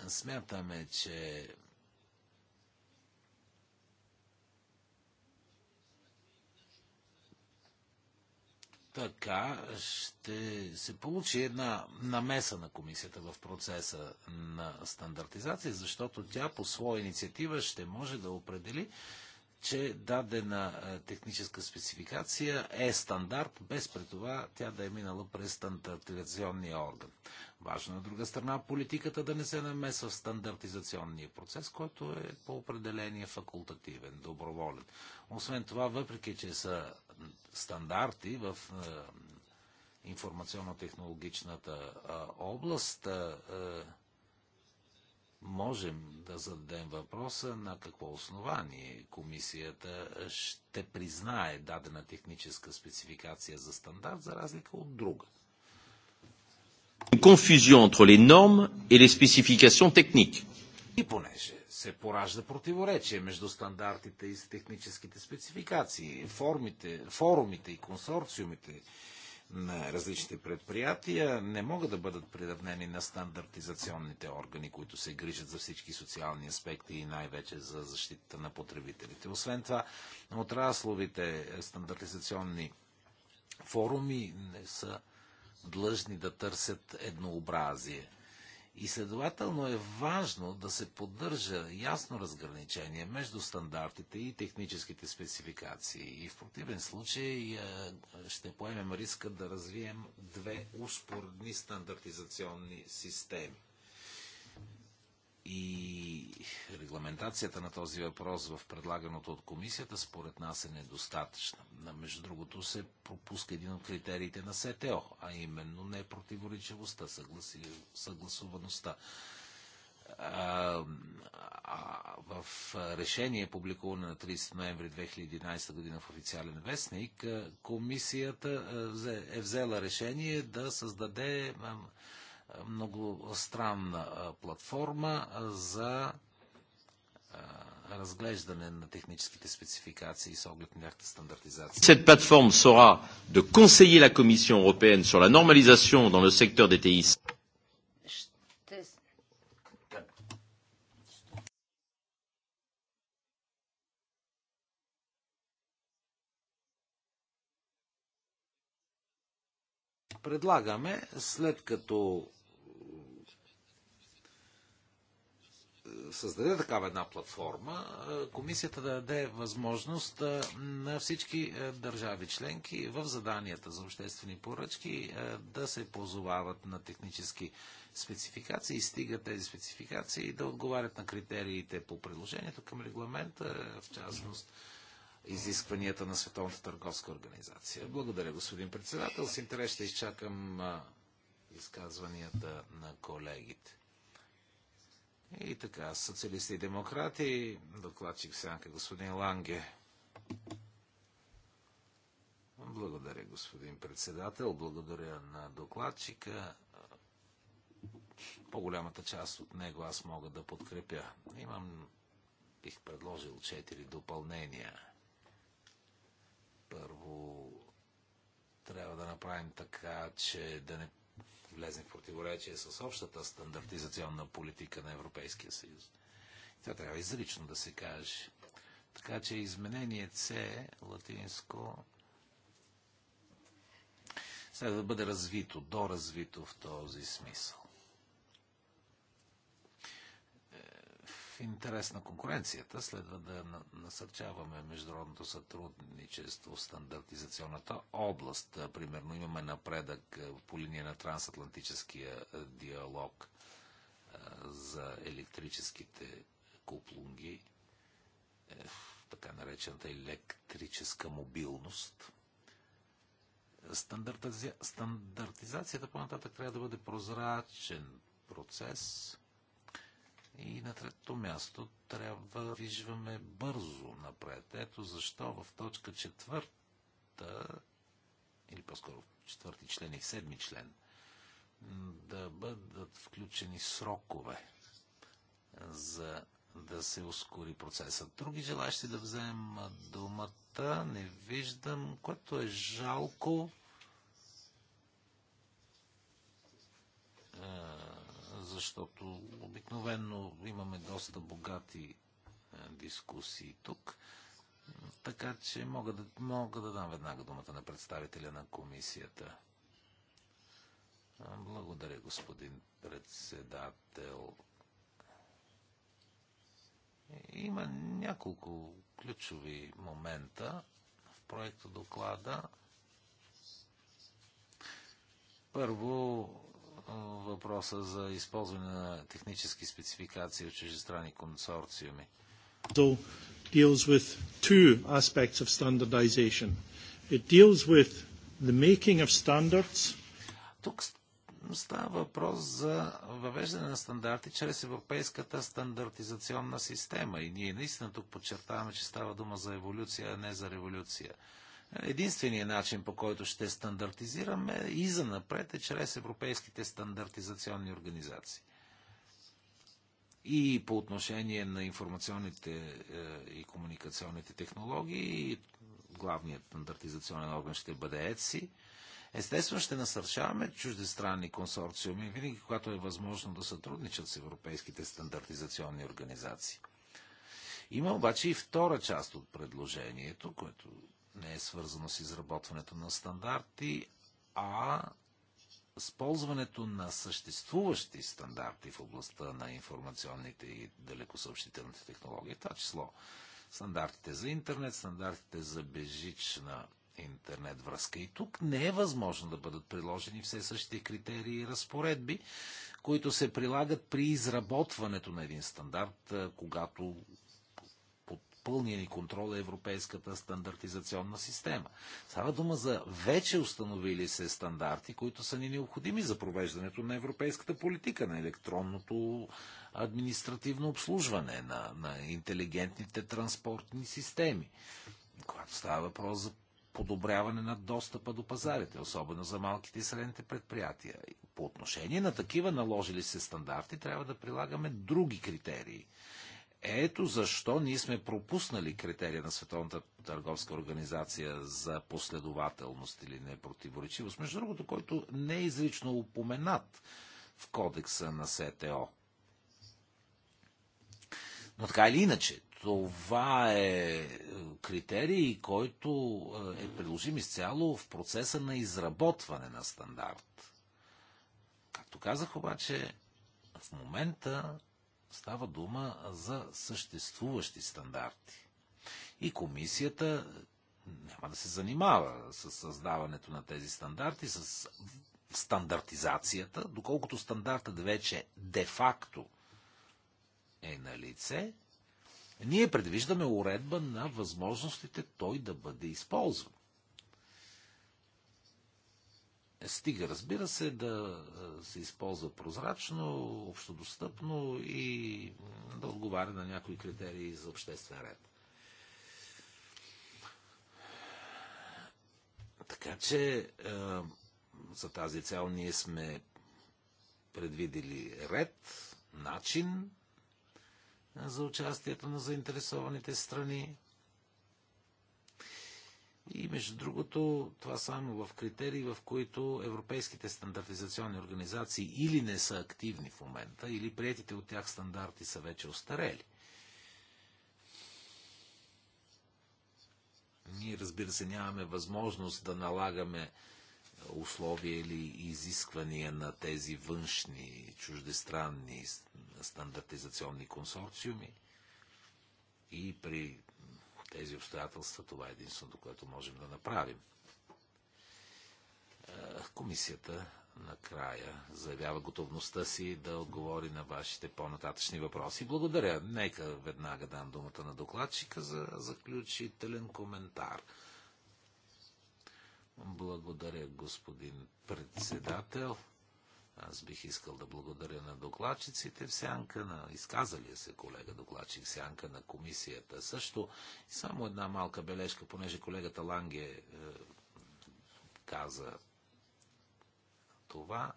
Смятаме, че така ще се получи една намеса на комисията в процеса на стандартизация, защото тя по своя инициатива ще може да определи, че дадена е, техническа спецификация е стандарт, без при това тя да е минала през стандартизационния орган. Важно от друга страна политиката да не се намесва в стандартизационния процес, който е по определение факултативен, доброволен. Освен това, въпреки че са стандарти в е, информационно-технологичната област, е, можем да зададем въпроса на какво основание комисията ще признае дадена техническа спецификация за стандарт, за разлика от друга – Une confusion entre les normes et les spécifications techniques. И понеже се поражда противоречие между стандартите и техническите спецификации, формите, форумите и консорциумите на различните предприятия не могат да бъдат приравнени на стандартизационните органи, които се грижат за всички социални аспекти и най-вече за защита на потребителите. Освен това, отрасловите стандартизационни форуми не са длъжни да търсят еднообразие. И следователно е важно да се поддържа ясно разграничение между стандартите и техническите спецификации. И в противен случай е, ще поемем риска да развием две успоредни стандартизационни системи и регламентацията на този въпрос в предлаганото от комисията според нас е недостатъчна. Между другото се пропуска един от критериите на СТО, а именно не противоречивостта, съгласуваността. А, а, в решение, публикувано на 30 ноември 2011 година в официален вестник, комисията е взела решение да създаде многостранна платформа за разглеждане на техническите спецификации с оглед на тяхната стандартизация. Cette plateforme sera de conseiller la Commission européenne sur la normalisation dans le secteur des TI. Предлагаме, след като създаде такава една платформа, е, комисията да даде възможност е, на всички е, държави членки в заданията за обществени поръчки да се позовават на технически спецификации и стига тези спецификации да отговарят на критериите по приложението към регламента, в частност изискванията на Световната търговска организация. Благодаря, господин председател. С интерес ще изчакам изказванията на колегите. И така, социалисти и демократи, докладчик Сянка, господин Ланге. Благодаря, господин председател. Благодаря на докладчика. По-голямата част от него аз мога да подкрепя. Имам, бих предложил четири допълнения. Първо, трябва да направим така, че да не влезе в противоречие с общата стандартизационна политика на Европейския съюз. Това трябва изрично да се каже. Така че изменение С, латинско, следва да бъде развито, доразвито в този смисъл. интерес на конкуренцията следва да насърчаваме международното сътрудничество в стандартизационната област. Примерно имаме напредък по линия на трансатлантическия диалог за електрическите куплунги, е, така наречената електрическа мобилност. Стандартизацията по-нататък трябва да бъде прозрачен процес, и на трето място трябва да виждаме бързо напред. Ето защо в точка четвърта, или по-скоро в четвърти член и в седми член, да бъдат включени срокове за да се ускори процесът. Други желащи да вземем думата не виждам, което е жалко. А, е, защото обикновено имаме доста богати е, дискусии тук. Така че мога да, мога да дам веднага думата на представителя на комисията. Благодаря, господин председател. Има няколко ключови момента в проекта доклада. Първо, въпроса за използване на технически спецификации от чуждестранни консорциуми. deals with two aspects of standardization. It deals with the making of standards. Тук става въпрос за въвеждане на стандарти чрез европейската стандартизационна система. И ние наистина тук подчертаваме, че става дума за еволюция, а не за революция. Единственият начин, по който ще стандартизираме и за напред е чрез европейските стандартизационни организации. И по отношение на информационните е, и комуникационните технологии, главният стандартизационен орган ще бъде ЕЦИ. Естествено ще насърчаваме чуждестранни консорциуми, винаги когато е възможно да сътрудничат с европейските стандартизационни организации. Има обаче и втора част от предложението, което не е свързано с изработването на стандарти, а с ползването на съществуващи стандарти в областта на информационните и далекосъобщителните технологии, това число стандартите за интернет, стандартите за бежична интернет връзка. И тук не е възможно да бъдат приложени все същите критерии и разпоредби, които се прилагат при изработването на един стандарт, когато пълния контрол контрола е европейската стандартизационна система. Става дума за вече установили се стандарти, които са ни необходими за провеждането на европейската политика, на електронното административно обслужване, на, на интелигентните транспортни системи. Когато става въпрос за подобряване на достъпа до пазарите, особено за малките и средните предприятия. По отношение на такива наложили се стандарти, трябва да прилагаме други критерии. Ето защо ние сме пропуснали критерия на Световната търговска организация за последователност или непротиворечивост, между другото, който не е изрично упоменат в кодекса на СТО. Но така или иначе, това е критерий, който е, е приложим изцяло в процеса на изработване на стандарт. Както казах обаче, в момента Става дума за съществуващи стандарти. И комисията няма да се занимава с създаването на тези стандарти, с стандартизацията, доколкото стандартът вече де-факто е на лице, ние предвиждаме уредба на възможностите той да бъде използван. Стига, разбира се, да се използва прозрачно, общодостъпно и да отговаря на някои критерии за обществен ред. Така че е, за тази цел ние сме предвидели ред, начин за участието на заинтересованите страни. И между другото, това само в критерии, в които европейските стандартизационни организации или не са активни в момента, или приятите от тях стандарти са вече остарели. Ние, разбира се, нямаме възможност да налагаме условия или изисквания на тези външни, чуждестранни стандартизационни консорциуми. И при тези обстоятелства това е единственото, което можем да направим. Е, комисията накрая заявява готовността си да отговори на вашите по-нататъчни въпроси. Благодаря. Нека веднага дам думата на докладчика за заключителен коментар. Благодаря, господин председател. Аз бих искал да благодаря на докладчиците в сянка, на изказалия се колега докладчик в сянка на комисията също. И само една малка бележка, понеже колегата Ланге е, каза това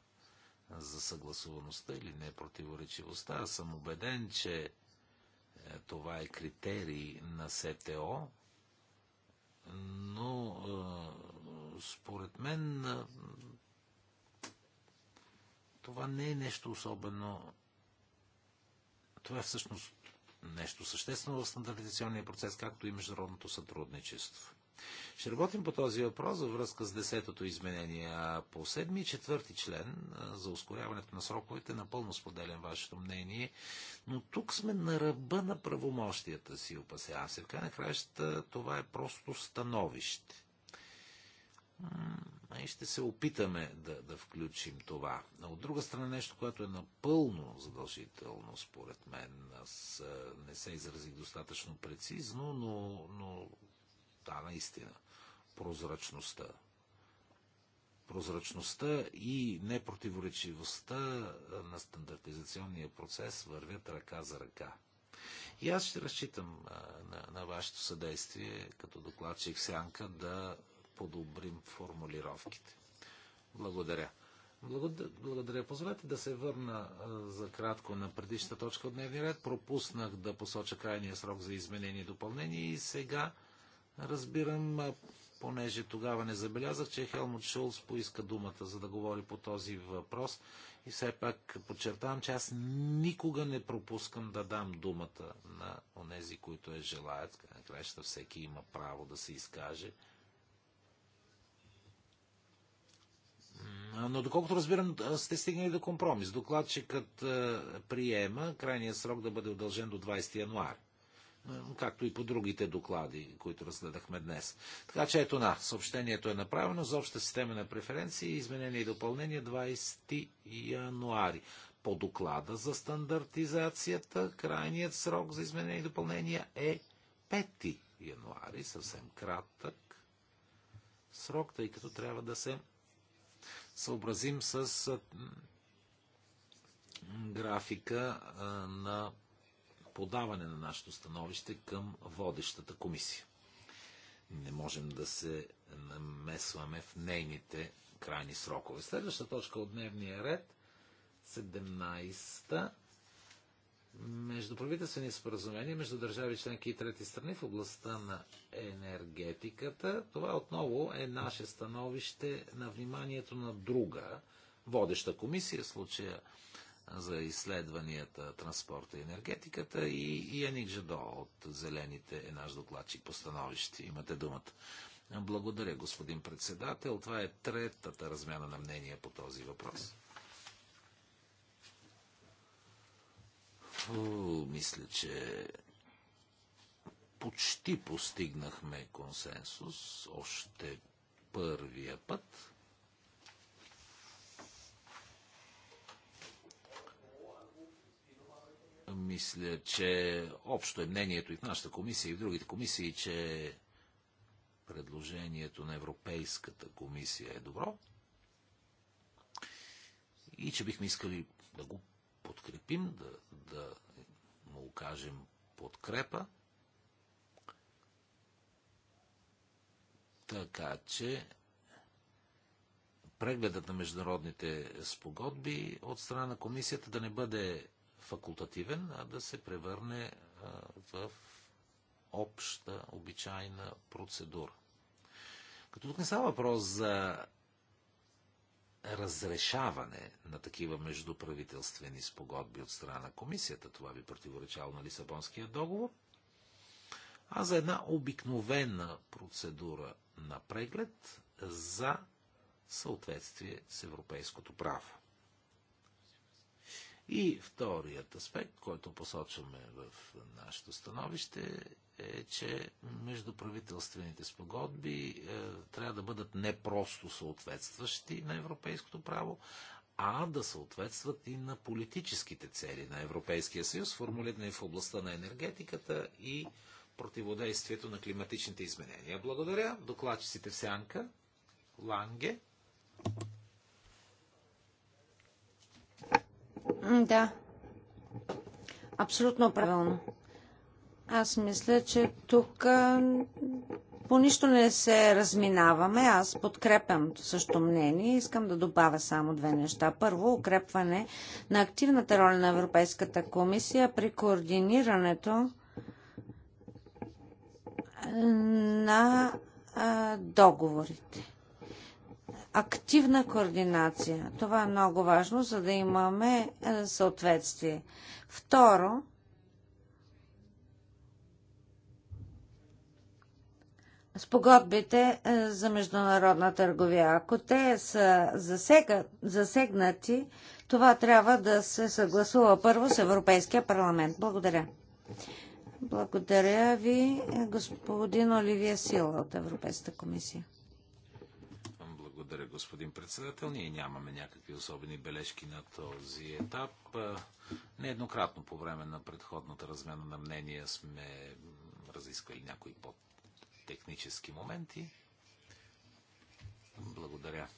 за съгласуваността или не противоречивостта, Аз съм убеден, че е, това е критерий на СТО, но е, според мен е, това не е нещо особено. Това е всъщност нещо съществено в стандартизационния процес, както и международното сътрудничество. Ще работим по този въпрос във връзка с десетото изменение. А по седми и четвърти член за ускоряването на сроковете напълно споделям вашето мнение, но тук сме на ръба на правомощията си, опасявам се. В край на краищата това е просто становище. И ще се опитаме да, да включим това. От друга страна, нещо, което е напълно задължително, според мен, аз не се изразих достатъчно прецизно, но, но да, наистина, прозрачността. Прозрачността и непротиворечивостта на стандартизационния процес вървят ръка за ръка. И аз ще разчитам на, на вашето съдействие като докладчик Сянка да подобрим формулировките. Благодаря. Благодаря. Позволете да се върна за кратко на предишната точка от дневния ред. Пропуснах да посоча крайния срок за изменение и допълнение и сега разбирам, понеже тогава не забелязах, че Хелмут Шулц поиска думата, за да говори по този въпрос. И все пак подчертавам, че аз никога не пропускам да дам думата на онези, които е желаят. Краща всеки има право да се изкаже Но доколкото разбирам, сте стигнали до компромис. Докладчикът приема крайния срок да бъде удължен до 20 януари. Както и по другите доклади, които разгледахме днес. Така че ето на, съобщението е направено за обща система на преференции, изменение и допълнение 20 януари. По доклада за стандартизацията, крайният срок за изменение и допълнение е 5 януари, съвсем кратък срок, тъй като трябва да се съобразим с графика на подаване на нашето становище към водещата комисия. Не можем да се намесваме в нейните крайни срокове. Следваща точка от дневния ред 17-та междуправителствени споразумения между държави членки и трети страни в областта на енергетиката. Това отново е наше становище на вниманието на друга водеща комисия, в случая за изследванията, транспорта и енергетиката и Яник Жадо от Зелените е наш докладчик по становище. Имате думата. Благодаря, господин председател. Това е третата размяна на мнения по този въпрос. мисля, че почти постигнахме консенсус още първия път. Мисля, че общо е мнението и в нашата комисия, и в другите комисии, че предложението на Европейската комисия е добро и че бихме искали да го подкрепим, да, да му окажем подкрепа. Така че прегледът на международните спогодби от страна на комисията да не бъде факултативен, а да се превърне в обща, обичайна процедура. Като тук не става въпрос за разрешаване на такива междуправителствени спогодби от страна на комисията. Това би противоречало на Лисабонския договор. А за една обикновена процедура на преглед за съответствие с европейското право. И вторият аспект, който посочваме в нашето становище, е, че междуправителствените спогодби е, трябва да бъдат не просто съответстващи на европейското право, а да съответстват и на политическите цели на Европейския съюз, формулирани в областта на енергетиката и противодействието на климатичните изменения. Благодаря. Докладчиците в сянка. Ланге. Да. Абсолютно правилно. Аз мисля, че тук по нищо не се разминаваме. Аз подкрепям също мнение. Искам да добавя само две неща. Първо, укрепване на активната роля на Европейската комисия при координирането на а, договорите. Активна координация. Това е много важно, за да имаме а, съответствие. Второ, спогодбите е, за международна търговия. Ако те са засега, засегнати, това трябва да се съгласува първо с Европейския парламент. Благодаря. Благодаря ви, господин Оливия Сила от Европейската комисия. Благодаря, господин председател. Ние нямаме някакви особени бележки на този етап. Нееднократно по време на предходната размяна на мнения сме разисквали някои под технически моменти. Благодаря.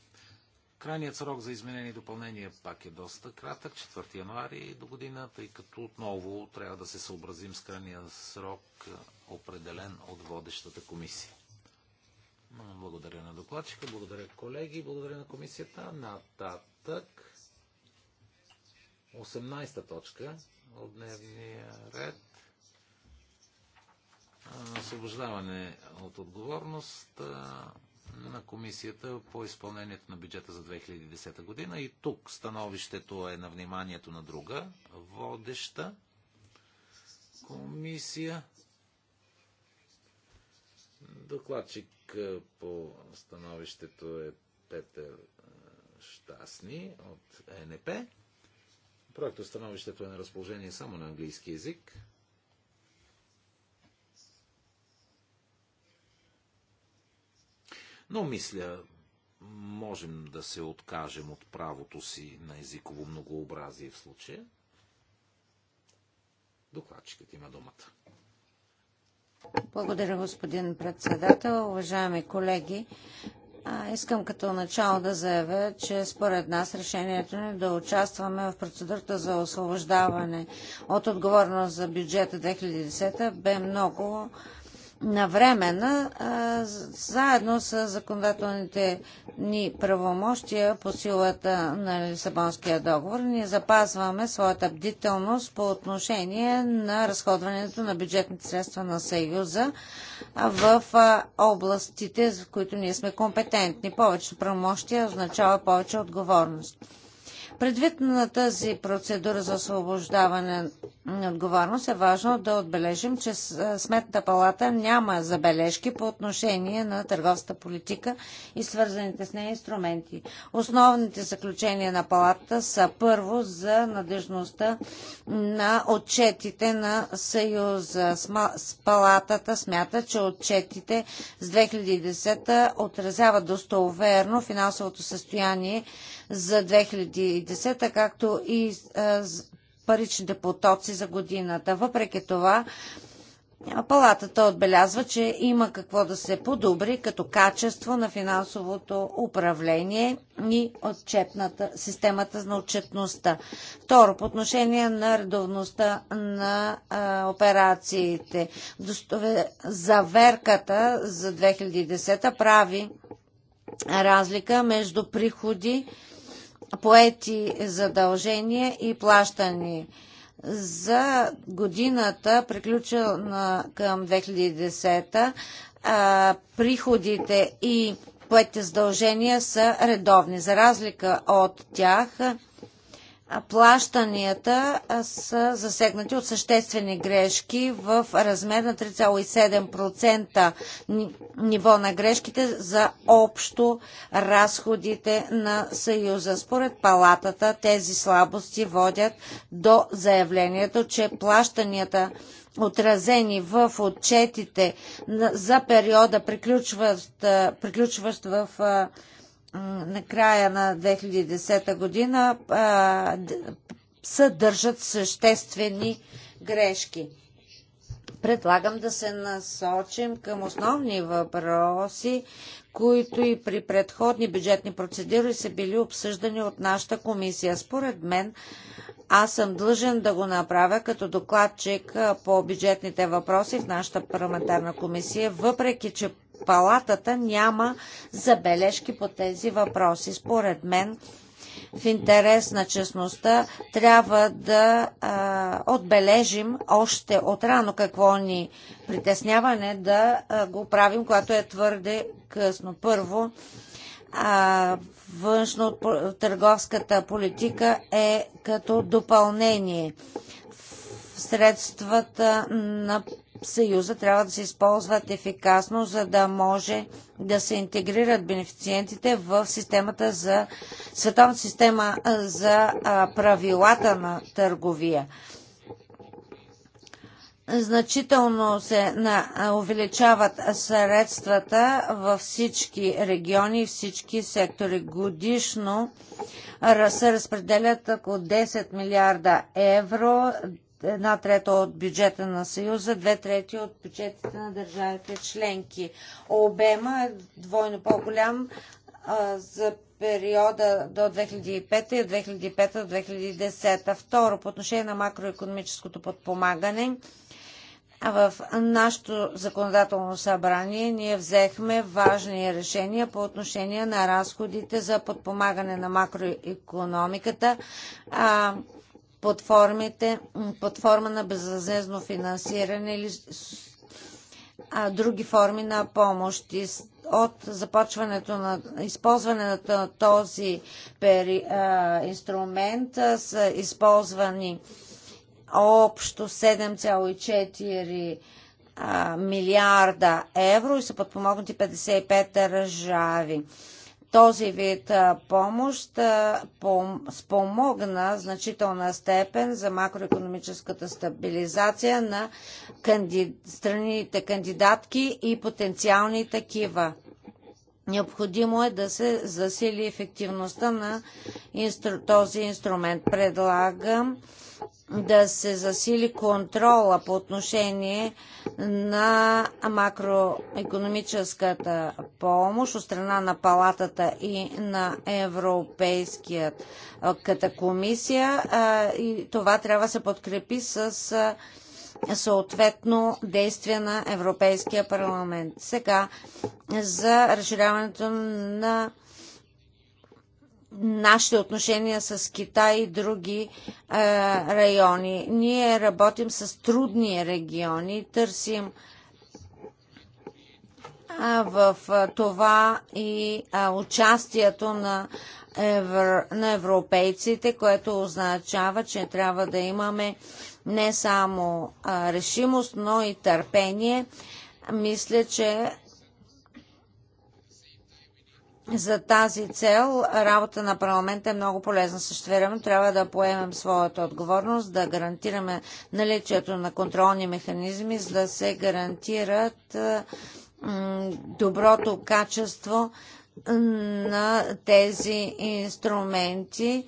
Крайният срок за изменение и допълнение пак е доста кратък, 4 януари до година, тъй като отново трябва да се съобразим с крайния срок, е, определен от водещата комисия. Благодаря на докладчика, благодаря колеги, благодаря на комисията. Нататък 18-та точка от дневния ред освобождаване от отговорност на комисията по изпълнението на бюджета за 2010 година. И тук становището е на вниманието на друга водеща комисия. Докладчик по становището е Петър Штасни от ЕНП. Проектостановището е на разположение само на английски язик. Но мисля, можем да се откажем от правото си на езиково многообразие в случая. Докладчикът има думата. Благодаря, господин председател. Уважаеми колеги, искам като начало да заявя, че според нас решението ни е да участваме в процедурата за освобождаване от отговорност за бюджета 2010 бе много времена, заедно с законодателните ни правомощия по силата на Лисабонския договор. Ние запазваме своята бдителност по отношение на разходването на бюджетните средства на Съюза в областите, в които ние сме компетентни. Повечето правомощия означава повече отговорност. Предвид на тази процедура за освобождаване на отговорност е важно да отбележим, че Сметната палата няма забележки по отношение на търговската политика и свързаните с нея инструменти. Основните заключения на палата са първо за надежността на отчетите на Съюза. С палатата смята, че отчетите с 2010 отразяват достоверно финансовото състояние за 2010, както и е, паричните потоци за годината. Въпреки това, Палатата отбелязва, че има какво да се подобри като качество на финансовото управление и отчетната, системата на отчетността. Второ, по отношение на редовността на а, е, операциите. Достове, заверката за 2010 прави разлика между приходи поети задължения и плащани. За годината, приключена към 2010, приходите и поети задължения са редовни. За разлика от тях, плащанията са засегнати от съществени грешки в размер на 3,7% ниво на грешките за общо разходите на Съюза. Според палатата тези слабости водят до заявлението, че плащанията отразени в отчетите за периода, приключващ в на края на 2010 година а, съдържат съществени грешки. Предлагам да се насочим към основни въпроси, които и при предходни бюджетни процедури са били обсъждани от нашата комисия. Според мен, аз съм длъжен да го направя като докладчик по бюджетните въпроси в нашата парламентарна комисия, въпреки че палатата няма забележки по тези въпроси. Според мен, в интерес на честността, трябва да а, отбележим още от рано какво ни притесняване да а, го правим, което е твърде късно. Първо, а, външно търговската политика е като допълнение средствата на Съюза трябва да се използват ефикасно, за да може да се интегрират бенефициентите в системата за световната система за правилата на търговия. Значително се увеличават средствата във всички региони и всички сектори. Годишно се разпределят около 10 милиарда евро една трета от бюджета на Съюза, две трети от бюджетите на държавите членки. Обема е двойно по-голям за периода до 2005 и от 2005 до 2010. Второ, по отношение на макроекономическото подпомагане, в нашето законодателно събрание ние взехме важни решения по отношение на разходите за подпомагане на макроекономиката под, формите, под форма на безвъзмезно финансиране или а, други форми на помощ. От започването на използването на този пери, а, инструмент а, са използвани общо 7,4 милиарда евро и са подпомогнати 55 държави. Този вид помощ спомогна значителна степен за макроекономическата стабилизация на канди... страните кандидатки и потенциални такива. Необходимо е да се засили ефективността на инстру... този инструмент. Предлагам да се засили контрола по отношение на макроекономическата помощ от страна на палатата и на Европейската комисия. И това трябва да се подкрепи с съответно действие на Европейския парламент. Сега за разширяването на нашите отношения с Китай и други а, е, райони. Ние работим с трудни региони, търсим а, в а, това и а, участието на, евр, на европейците, което означава, че трябва да имаме не само а, решимост, но и търпение. Мисля, че за тази цел работа на парламента е много полезна. Също време трябва да поемем своята отговорност, да гарантираме наличието на контролни механизми, за да се гарантират доброто качество на тези инструменти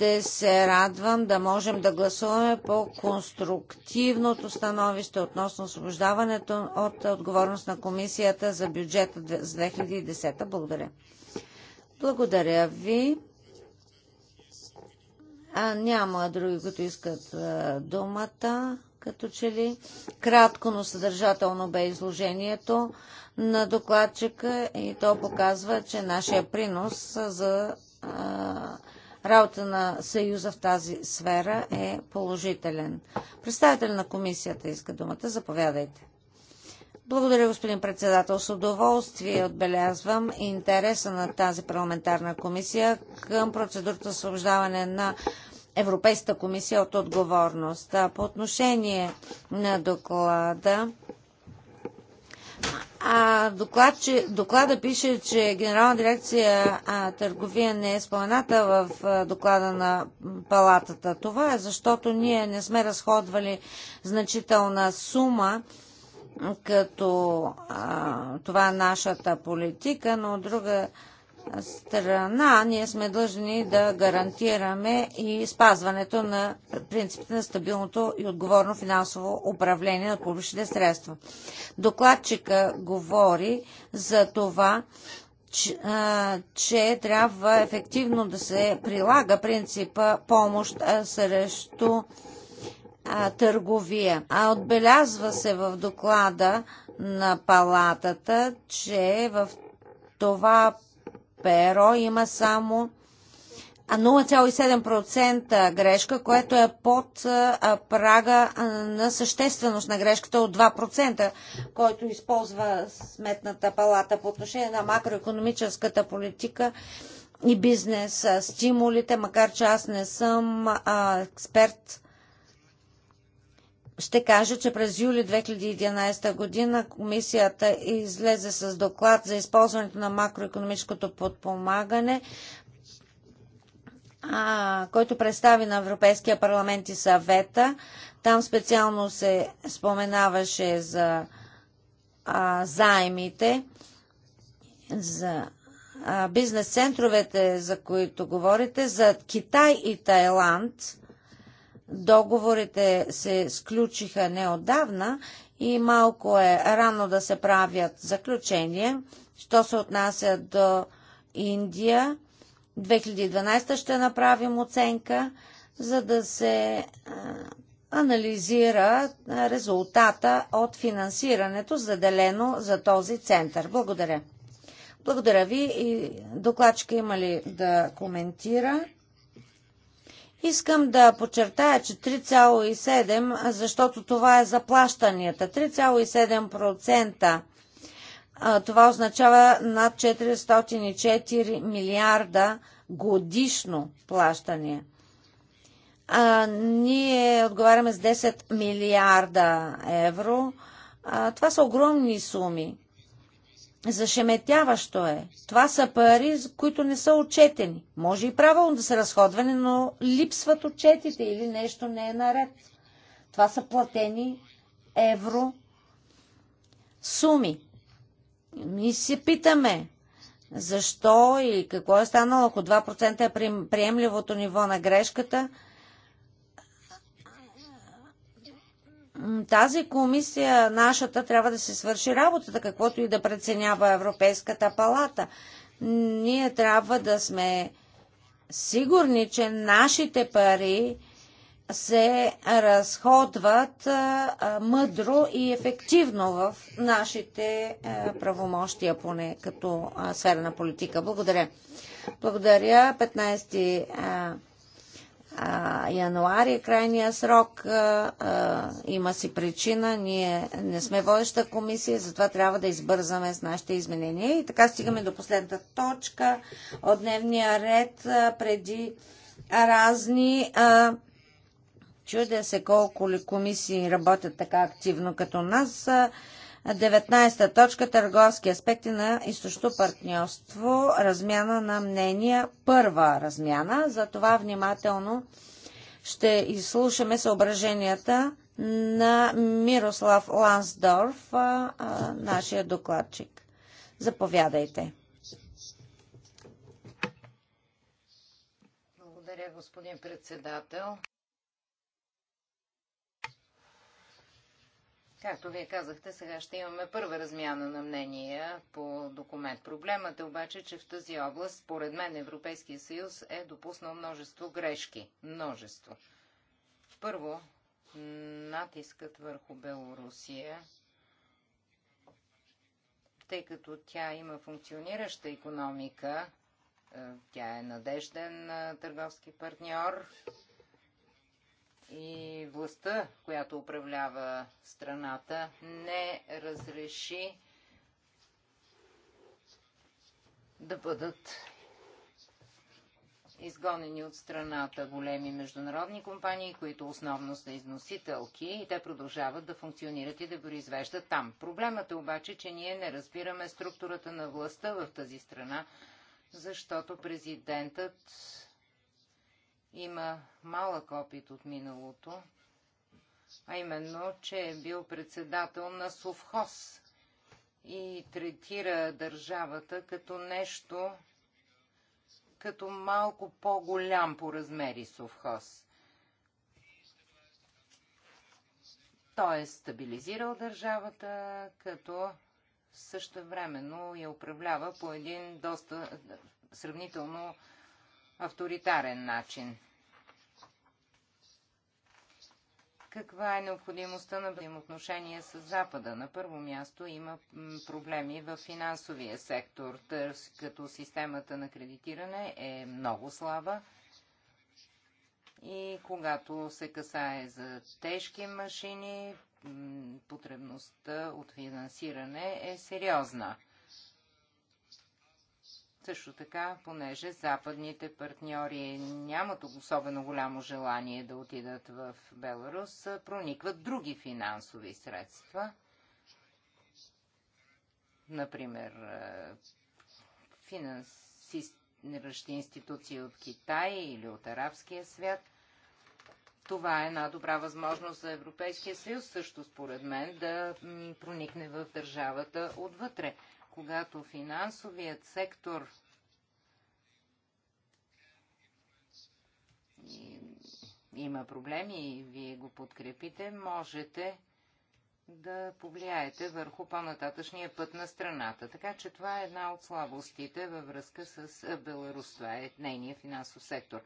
ще се радвам да можем да гласуваме по конструктивното становище относно освобождаването от отговорност на комисията за бюджета за 2010. Благодаря. Благодаря ви. А, няма други, които искат а, думата, като че ли. Кратко, но съдържателно бе изложението на докладчика и то показва, че нашия принос за а, работа на Съюза в тази сфера е положителен. Представител на комисията иска думата. Заповядайте. Благодаря, господин председател. С удоволствие отбелязвам интереса на тази парламентарна комисия към процедурата освобождаване на Европейската комисия от отговорност. По отношение на доклада, а, доклад, че, доклада пише, че Генерална дирекция а, търговия не е спомената в а, доклада на палатата. Това е защото ние не сме разходвали значителна сума като а, това е нашата политика, но от друга страна, ние сме длъжни да гарантираме и спазването на принципите на стабилното и отговорно финансово управление на публичните средства. Докладчика говори за това, че, а, че трябва ефективно да се прилага принципа помощ срещу а, търговия. А отбелязва се в доклада на палатата, че в това перо има само 0,7% грешка, което е под прага на същественост на грешката от 2%, който използва сметната палата по отношение на макроекономическата политика и бизнес стимулите, макар че аз не съм експерт ще кажа, че през юли 2011 година комисията излезе с доклад за използването на макроекономическото подпомагане, а, който представи на Европейския парламент и съвета. Там специално се споменаваше за а, заемите, за бизнес центровете, за които говорите, за Китай и Тайланд – Договорите се сключиха неодавна и малко е рано да се правят заключения. Що се отнася до Индия, 2012 ще направим оценка, за да се анализира резултата от финансирането, заделено за този център. Благодаря. Благодаря ви и докладчика има ли да коментира? Искам да подчертая, че 3,7, защото това е заплащанията. 3,7% това означава над 404 милиарда годишно плащания. А, ние отговаряме с 10 милиарда евро. А, това са огромни суми. Зашеметяващо е. Това са пари, които не са отчетени. Може и правилно да са разходвани, но липсват отчетите или нещо не е наред. Това са платени евро суми. Ние се питаме, защо и какво е станало, ако 2% е приемливото ниво на грешката – тази комисия, нашата, трябва да се свърши работата, каквото и да преценява Европейската палата. Ние трябва да сме сигурни, че нашите пари се разходват мъдро и ефективно в нашите правомощия, поне като сфера на политика. Благодаря. Благодаря. 15 а, януари е крайния срок. има си причина. Ние не сме водеща комисия, затова трябва да избързаме с нашите изменения. И така стигаме до последната точка от дневния ред преди разни. Чудя се колко ли комисии работят така активно като нас. 19 точка Търговски аспекти на източното партньорство. Размяна на мнения. Първа размяна. За това внимателно ще изслушаме съображенията на Мирослав Лансдорф, нашия докладчик. Заповядайте. Благодаря, господин председател. Както вие казахте, сега ще имаме първа размяна на мнения по документ. Проблемът е обаче, че в тази област, според мен, Европейския съюз е допуснал множество грешки. Множество. Първо, натискът върху Белорусия, тъй като тя има функционираща економика, е, тя е надежден е, търговски партньор, и властта, която управлява страната, не разреши да бъдат изгонени от страната големи международни компании, които основно са износителки и те продължават да функционират и да произвеждат там. Проблемът е обаче, че ние не разбираме структурата на властта в тази страна, защото президентът има малък опит от миналото, а именно, че е бил председател на Совхоз и третира държавата като нещо, като малко по-голям по размери Совхоз. Той е стабилизирал държавата, като същевременно я управлява по един доста сравнително авторитарен начин. Каква е необходимостта на взаимоотношения с Запада? На първо място има проблеми в финансовия сектор, търс, като системата на кредитиране е много слаба. И когато се касае за тежки машини, потребността от финансиране е сериозна. Също така, понеже западните партньори нямат особено голямо желание да отидат в Беларус, проникват други финансови средства, например е, финансиращи институции от Китай или от арабския свят – това е една добра възможност за Европейския съюз също, според мен, да проникне в държавата отвътре когато финансовият сектор има проблеми и вие го подкрепите, можете да повлияете върху по-нататъчния път на страната. Така че това е една от слабостите във връзка с Беларус. Това е нейния финансов сектор.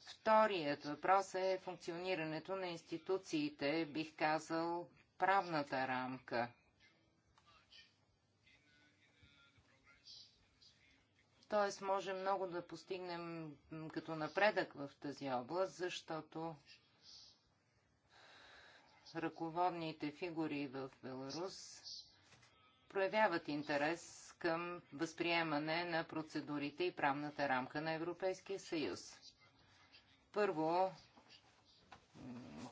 Вторият въпрос е функционирането на институциите, бих казал, правната рамка – Тоест, може много да постигнем като напредък в тази област, защото ръководните фигури в Беларус проявяват интерес към възприемане на процедурите и правната рамка на Европейския съюз. Първо,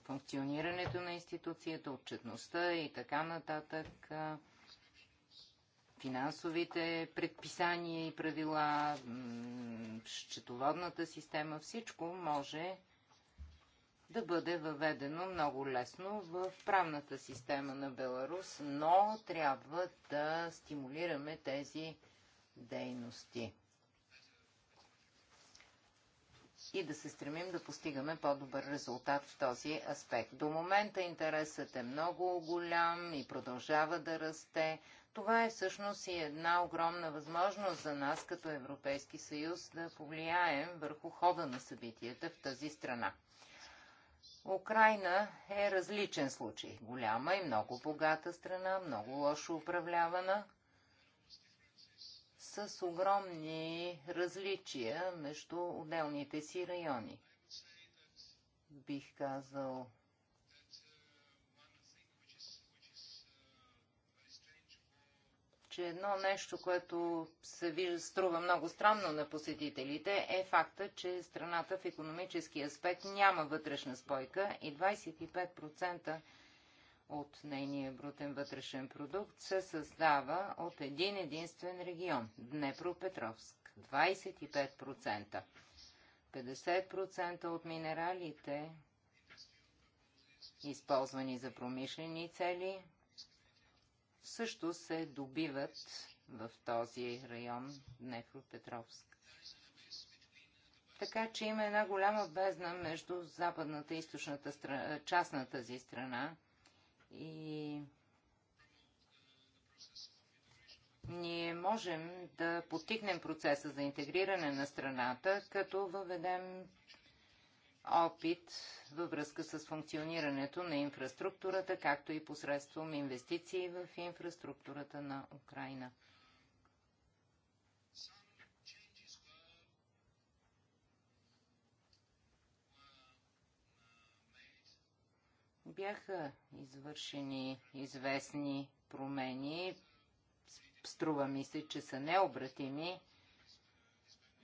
функционирането на институцията, отчетността и така нататък – финансовите предписания и правила, счетоводната система, всичко може да бъде въведено много лесно в правната система на Беларус, но трябва да стимулираме тези дейности и да се стремим да постигаме по-добър резултат в този аспект. До момента интересът е много голям и продължава да расте, това е всъщност и една огромна възможност за нас като Европейски съюз да повлияем върху хода на събитията в тази страна. Украина е различен случай. Голяма и много богата страна, много лошо управлявана, с огромни различия между отделните си райони. Бих казал, че едно нещо, което се вижда, струва много странно на посетителите, е факта, че страната в економически аспект няма вътрешна спойка и 25% от нейния брутен вътрешен продукт се създава от един единствен регион – Днепропетровск. 25%. 50% от минералите, използвани за промишлени цели, също се добиват в този район Днепропетровск. Така че има една голяма бездна между западната и източната страна, част на тази страна и ние можем да потикнем процеса за интегриране на страната, като въведем опит във връзка с функционирането на инфраструктурата, както и посредством инвестиции в инфраструктурата на Украина. Бяха извършени известни промени, струва ми се, че са необратими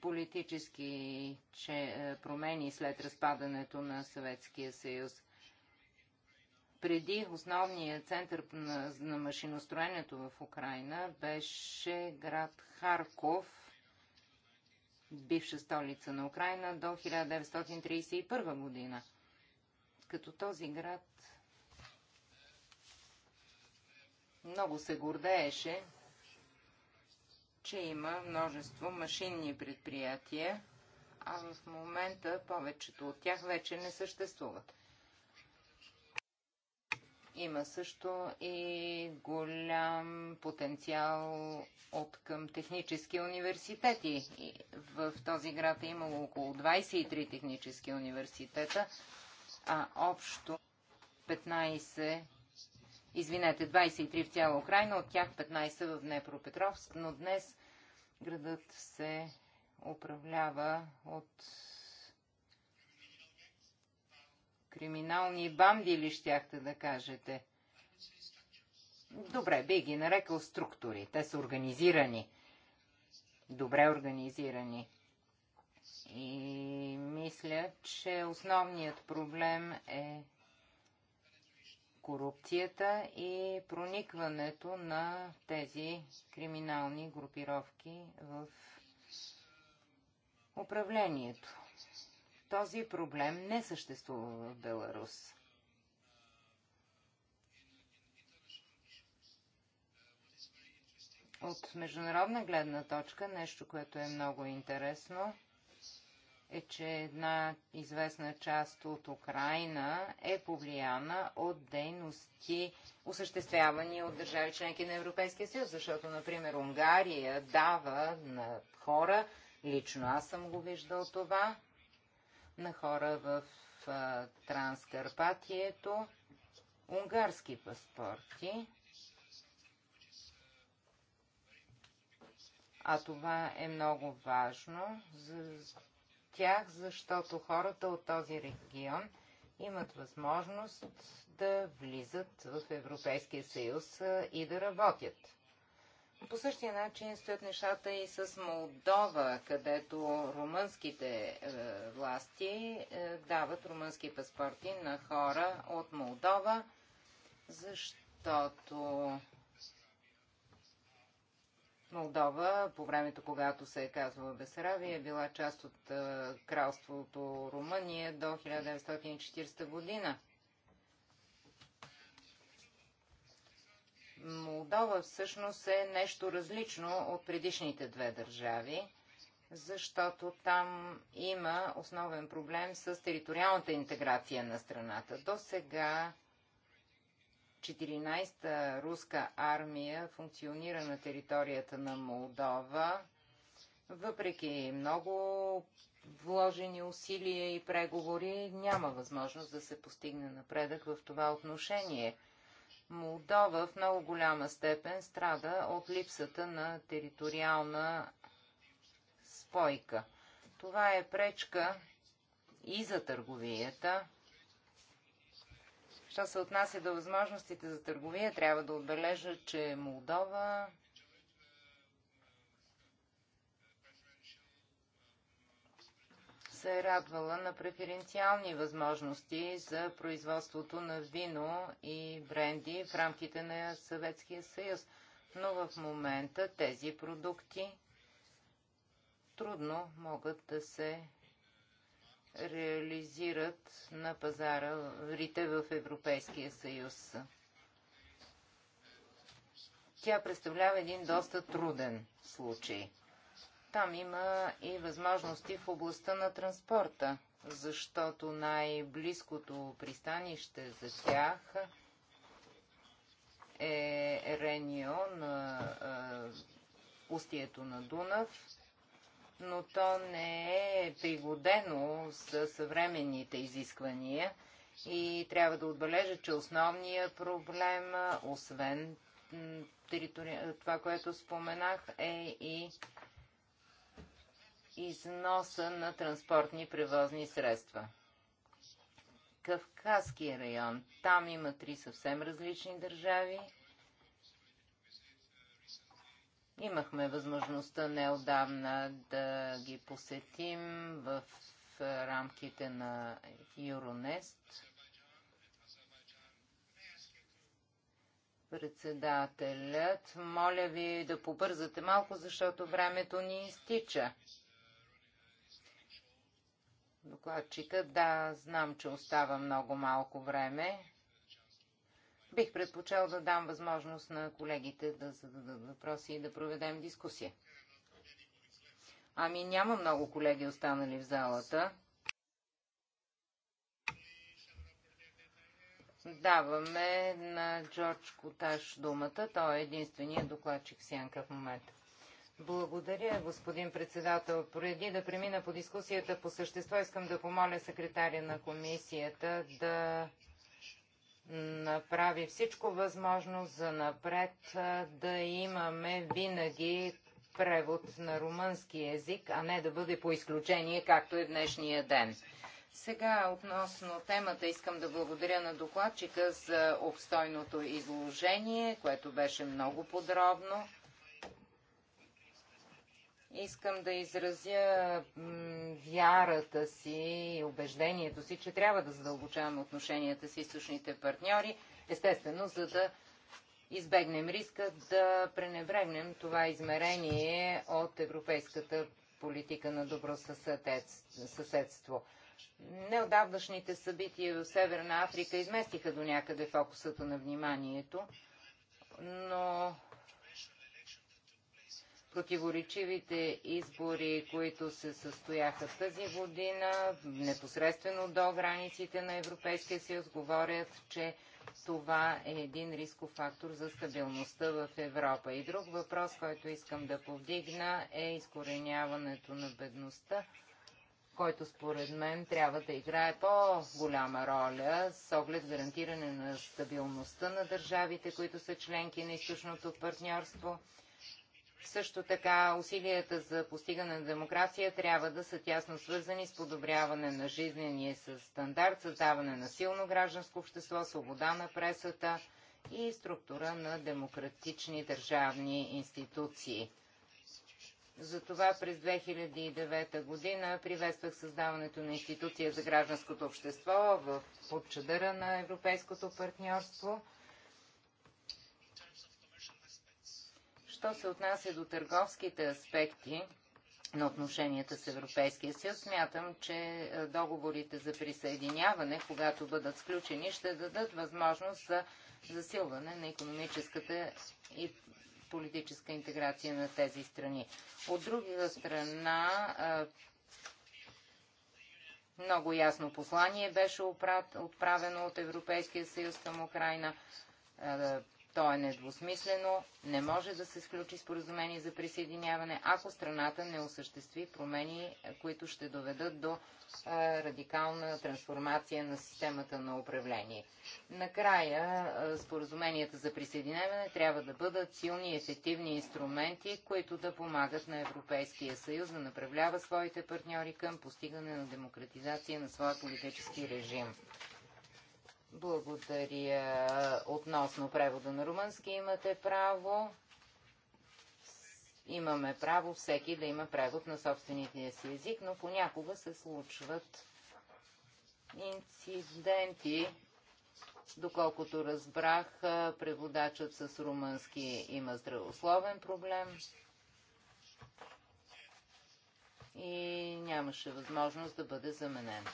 политически че, е, промени след разпадането на Съветския съюз. Преди основният център на, на машиностроенето в Украина беше град Харков, бивша столица на Украина, до 1931 година. Като този град много се гордееше че има множество машинни предприятия, а в момента повечето от тях вече не съществуват. Има също и голям потенциал от към технически университети. В този град е имало около 23 технически университета, а общо 15, извинете, 23 в цяла Украина, от тях 15 в Днепропетровск, но днес Градът се управлява от криминални банди ли щяхте да кажете? Добре, би ги нарекал структури. Те са организирани. Добре организирани. И мисля, че основният проблем е корупцията и проникването на тези криминални групировки в управлението. Този проблем не съществува в Беларус. От международна гледна точка, нещо, което е много интересно – е, че една известна част от Украина е повлияна от дейности, осъществявани от държави членки на Европейския съюз, защото, например, Унгария дава на хора, лично аз съм го виждал това, на хора в Транскарпатието, унгарски паспорти. А това е много важно, за, тях, защото хората от този регион имат възможност да влизат в Европейския съюз и да работят. По същия начин стоят нещата и с Молдова, където румънските е, власти е, дават румънски паспорти на хора от Молдова, защото Молдова, по времето когато се е казвала Бесаравия, е била част от е, кралството Румъния до 1940 година. Молдова всъщност е нещо различно от предишните две държави, защото там има основен проблем с териториалната интеграция на страната. До сега 14-та руска армия функционира на територията на Молдова, въпреки много вложени усилия и преговори, няма възможност да се постигне напредък в това отношение. Молдова в много голяма степен страда от липсата на териториална спойка. Това е пречка и за търговията, Що се отнася до възможностите за търговия, трябва да отбележа, че Молдова се е радвала на преференциални възможности за производството на вино и бренди в рамките на Съветския съюз. Но в момента тези продукти трудно могат да се реализират на пазара рите в Европейския съюз. Тя представлява един доста труден случай. Там има и възможности в областта на транспорта, защото най-близкото пристанище за тях е Ренио на а, устието на Дунав но то не е пригодено с съвременните изисквания и трябва да отбележа, че основният проблем, освен територи... това, което споменах, е и износа на транспортни превозни средства. Кавказския район. Там има три съвсем различни държави Имахме възможността неодавна да ги посетим в рамките на Юронест. Председателят, моля ви да побързате малко, защото времето ни изтича. Докладчика, да, знам, че остава много малко време. Бих предпочел да дам възможност на колегите да зададат въпроси и да проведем дискусия. Ами няма много колеги останали в залата. Даваме на Джордж Коташ думата. Той е единственият докладчик Сянка в момента. Благодаря, господин председател. Преди да премина по дискусията по същество, искам да помоля секретаря на комисията да направи всичко възможно за напред да имаме винаги превод на румънски язик, а не да бъде по изключение, както е днешния ден. Сега относно темата искам да благодаря на докладчика за обстойното изложение, което беше много подробно. Искам да изразя вярата си и убеждението си, че трябва да задълбочаваме отношенията с източните партньори, естествено, за да избегнем риска да пренебрегнем това измерение от европейската политика на добро съседство. Неодавнашните събития в Северна Африка изместиха до някъде фокусата на вниманието, но противоречивите избори, които се състояха тази година, непосредствено до границите на Европейския съюз, говорят, че това е един рисков фактор за стабилността в Европа. И друг въпрос, който искам да повдигна, е изкореняването на бедността който според мен трябва да играе по-голяма роля с оглед гарантиране на стабилността на държавите, които са членки на източното партньорство също така усилията за постигане на демокрация трябва да са тясно свързани с подобряване на жизнения стандарт, създаване на силно гражданско общество, свобода на пресата и структура на демократични държавни институции. Затова през 2009 година приветствах създаването на институция за гражданското общество в подчадъра на европейското партньорство – що се отнася до търговските аспекти на отношенията с Европейския съюз, смятам, че е, договорите за присъединяване, когато бъдат сключени, ще дадат възможност за засилване на економическата и политическа интеграция на тези страни. От друга страна, е, много ясно послание беше отправено от Европейския съюз към Украина. Е, то е недвусмислено, не може да се сключи споразумение за присъединяване, ако страната не осъществи промени, които ще доведат до радикална трансформация на системата на управление. Накрая, споразуменията за присъединяване трябва да бъдат силни и ефективни инструменти, които да помагат на Европейския съюз да направлява своите партньори към постигане на демократизация на своя политически режим. Благодаря. Относно превода на румънски имате право. Имаме право всеки да има превод на собствения си език, но понякога се случват инциденти. Доколкото разбрах, преводачът с румънски има здравословен проблем и нямаше възможност да бъде заменен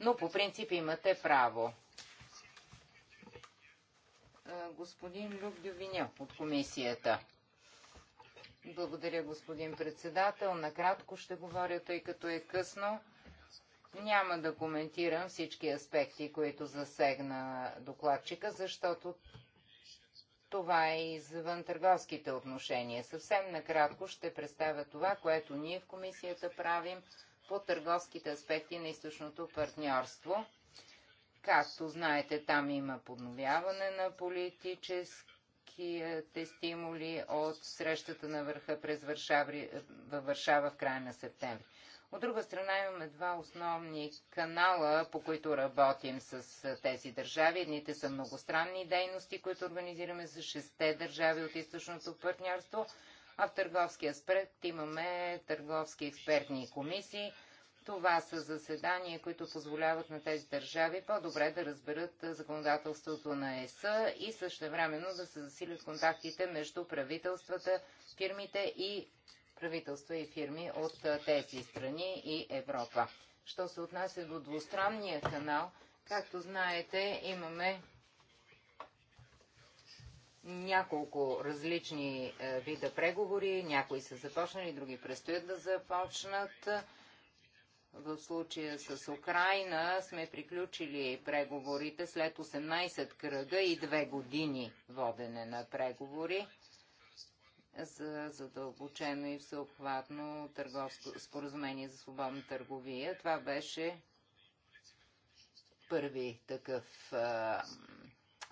но по принцип имате право. Господин Люк Дювиня от комисията. Благодаря, господин председател. Накратко ще говоря, тъй като е късно. Няма да коментирам всички аспекти, които засегна докладчика, защото това е извън търговските отношения. Съвсем накратко ще представя това, което ние в комисията правим по търговските аспекти на източното партньорство. Както знаете, там има подновяване на политическите стимули от срещата на върха през Варшава, във Варшава в края на септември. От друга страна имаме два основни канала, по които работим с тези държави. Едните са многостранни дейности, които организираме за шесте държави от източното партньорство – а в търговския аспект имаме търговски експертни комисии. Това са заседания, които позволяват на тези държави по-добре да разберат законодателството на ЕС и също времено да се засилят контактите между правителствата, фирмите и правителства и фирми от тези страни и Европа. Що се отнася до двустранния канал, както знаете, имаме няколко различни е, вида преговори, някои са започнали, други предстоят да започнат. В случая с Украина сме приключили преговорите след 18 кръга и 2 години водене на преговори за задълбочено и всеобхватно търговско споразумение за свободна търговия. Това беше първи такъв а, е,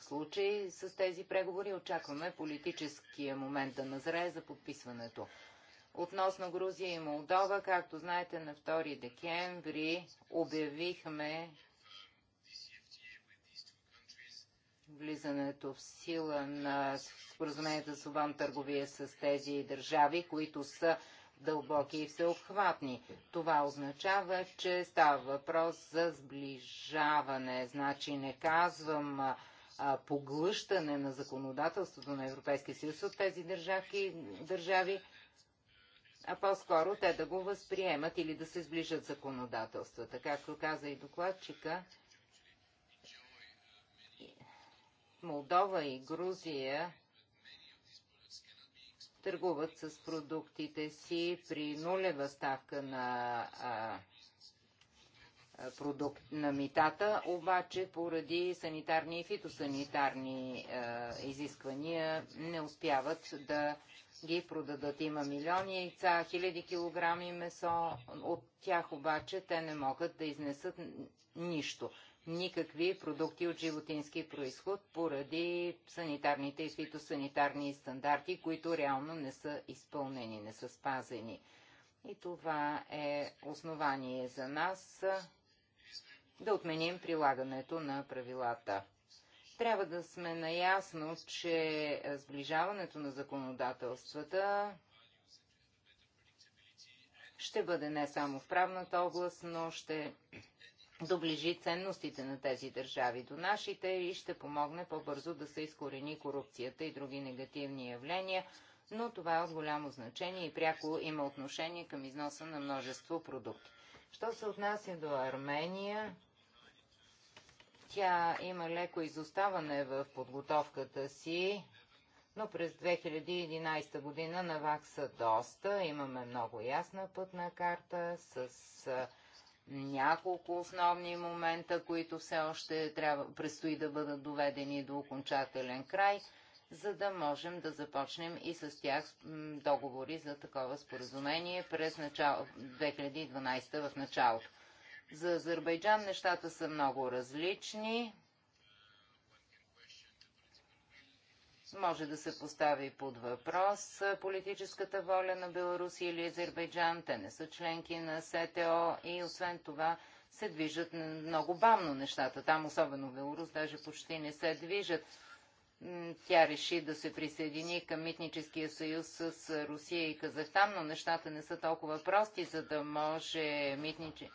случай с тези преговори очакваме политическия момент да назрее за подписването. Относно Грузия и Молдова, както знаете, на 2 декември обявихме влизането в сила на споразумението за свободна търговия с тези държави, които са дълбоки и всеобхватни. Това означава, че става въпрос за сближаване. Значи не казвам поглъщане на законодателството на Европейския съюз от тези държавки, държави, а по-скоро те да го възприемат или да се сближат законодателствата. Както каза и докладчика, Молдова и Грузия търгуват с продуктите си при нулева ставка на а, продукт на митата, обаче поради санитарни и фитосанитарни е, изисквания не успяват да ги продадат. Има милиони яйца, хиляди килограми месо, от тях обаче те не могат да изнесат нищо. Никакви продукти от животински происход поради санитарните и фитосанитарни стандарти, които реално не са изпълнени, не са спазени. И това е основание за нас да отменим прилагането на правилата. Трябва да сме наясно, че сближаването на законодателствата ще бъде не само в правната област, но ще доближи ценностите на тези държави до нашите и ще помогне по-бързо да се изкорени корупцията и други негативни явления, но това е от голямо значение и пряко има отношение към износа на множество продукти. Що се отнася до Армения, тя има леко изоставане в подготовката си, но през 2011 година навакса доста. Имаме много ясна пътна карта с няколко основни момента, които все още трябва, предстои да бъдат доведени до окончателен край, за да можем да започнем и с тях договори за такова споразумение през начало, 2012 в началото. За Азербайджан нещата са много различни. Може да се постави под въпрос политическата воля на Беларусия или Азербайджан. Те не са членки на СТО и освен това се движат много бавно нещата. Там, особено Беларус, даже почти не се движат. Тя реши да се присъедини към Митническия съюз с Русия и Казахстан, но нещата не са толкова прости, за да може Митническия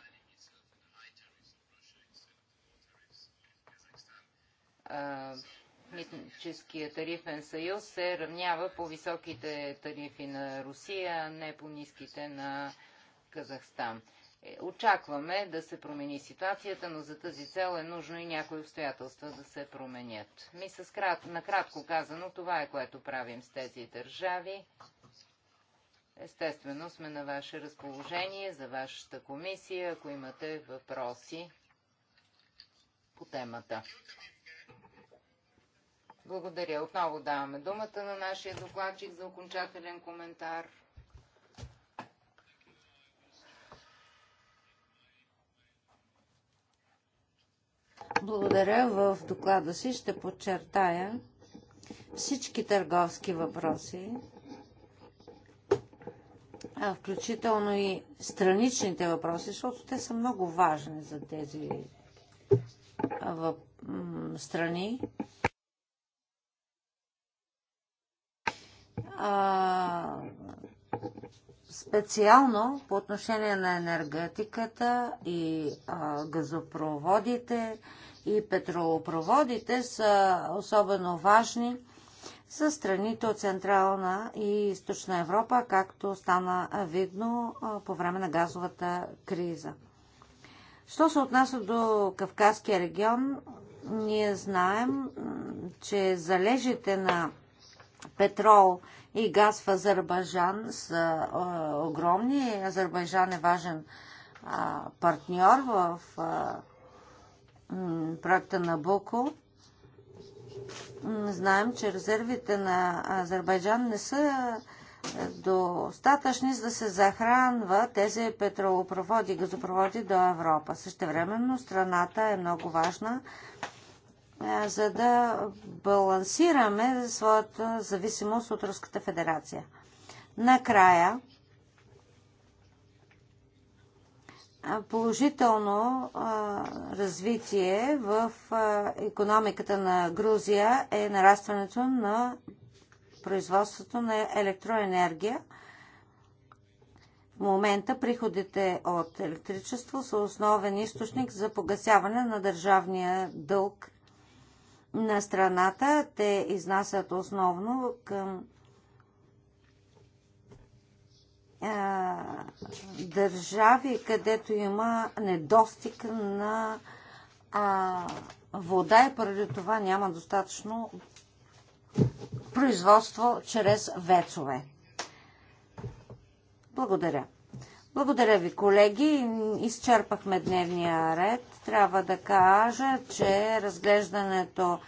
митническия тарифен съюз се равнява по високите тарифи на Русия, а не по ниските на Казахстан. Е, очакваме да се промени ситуацията, но за тази цел е нужно и някои обстоятелства да се променят. Ми с крат... накратко казано, това е което правим с тези държави. Естествено сме на ваше разположение, за вашата комисия, ако имате въпроси по темата. Благодаря. Отново даваме думата на нашия докладчик за окончателен коментар. Благодаря. В доклада си ще подчертая всички търговски въпроси, а включително и страничните въпроси, защото те са много важни за тези страни. специално по отношение на енергетиката и газопроводите и петролопроводите са особено важни за страните от Централна и Източна Европа, както стана видно по време на газовата криза. Що се отнася до Кавказския регион, ние знаем, че залежите на петрол и газ в Азербайджан са огромни. Азербайджан е важен партньор в проекта на Буко. Знаем, че резервите на Азербайджан не са достатъчни, за да се захранва тези петролопроводи и газопроводи до Европа. Същевременно страната е много важна е, за да балансираме своята зависимост от Руската федерация. Накрая, е, положително е, развитие в економиката на Грузия е нарастването на производството на електроенергия. В момента приходите от електричество са основен източник за погасяване на държавния дълг на страната. Те изнасят основно към а, държави, където има недостиг на а, вода и поради това няма достатъчно производство чрез вецове. Благодаря. Благодаря ви, колеги. Изчерпахме дневния ред. Трябва да кажа, че разглеждането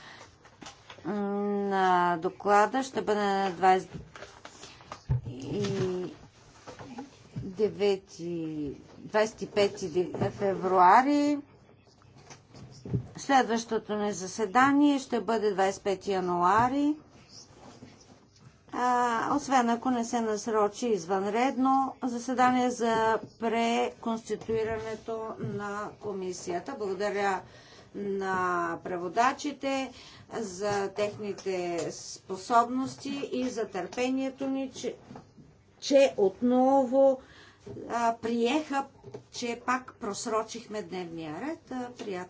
на доклада ще бъде на 25 февруари. Следващото ни заседание ще бъде 25 януари а, освен ако не се насрочи извънредно заседание за преконституирането на комисията. Благодаря на преводачите за техните способности и за търпението ни, че, че отново а, приеха, че пак просрочихме дневния ред. А, приятно.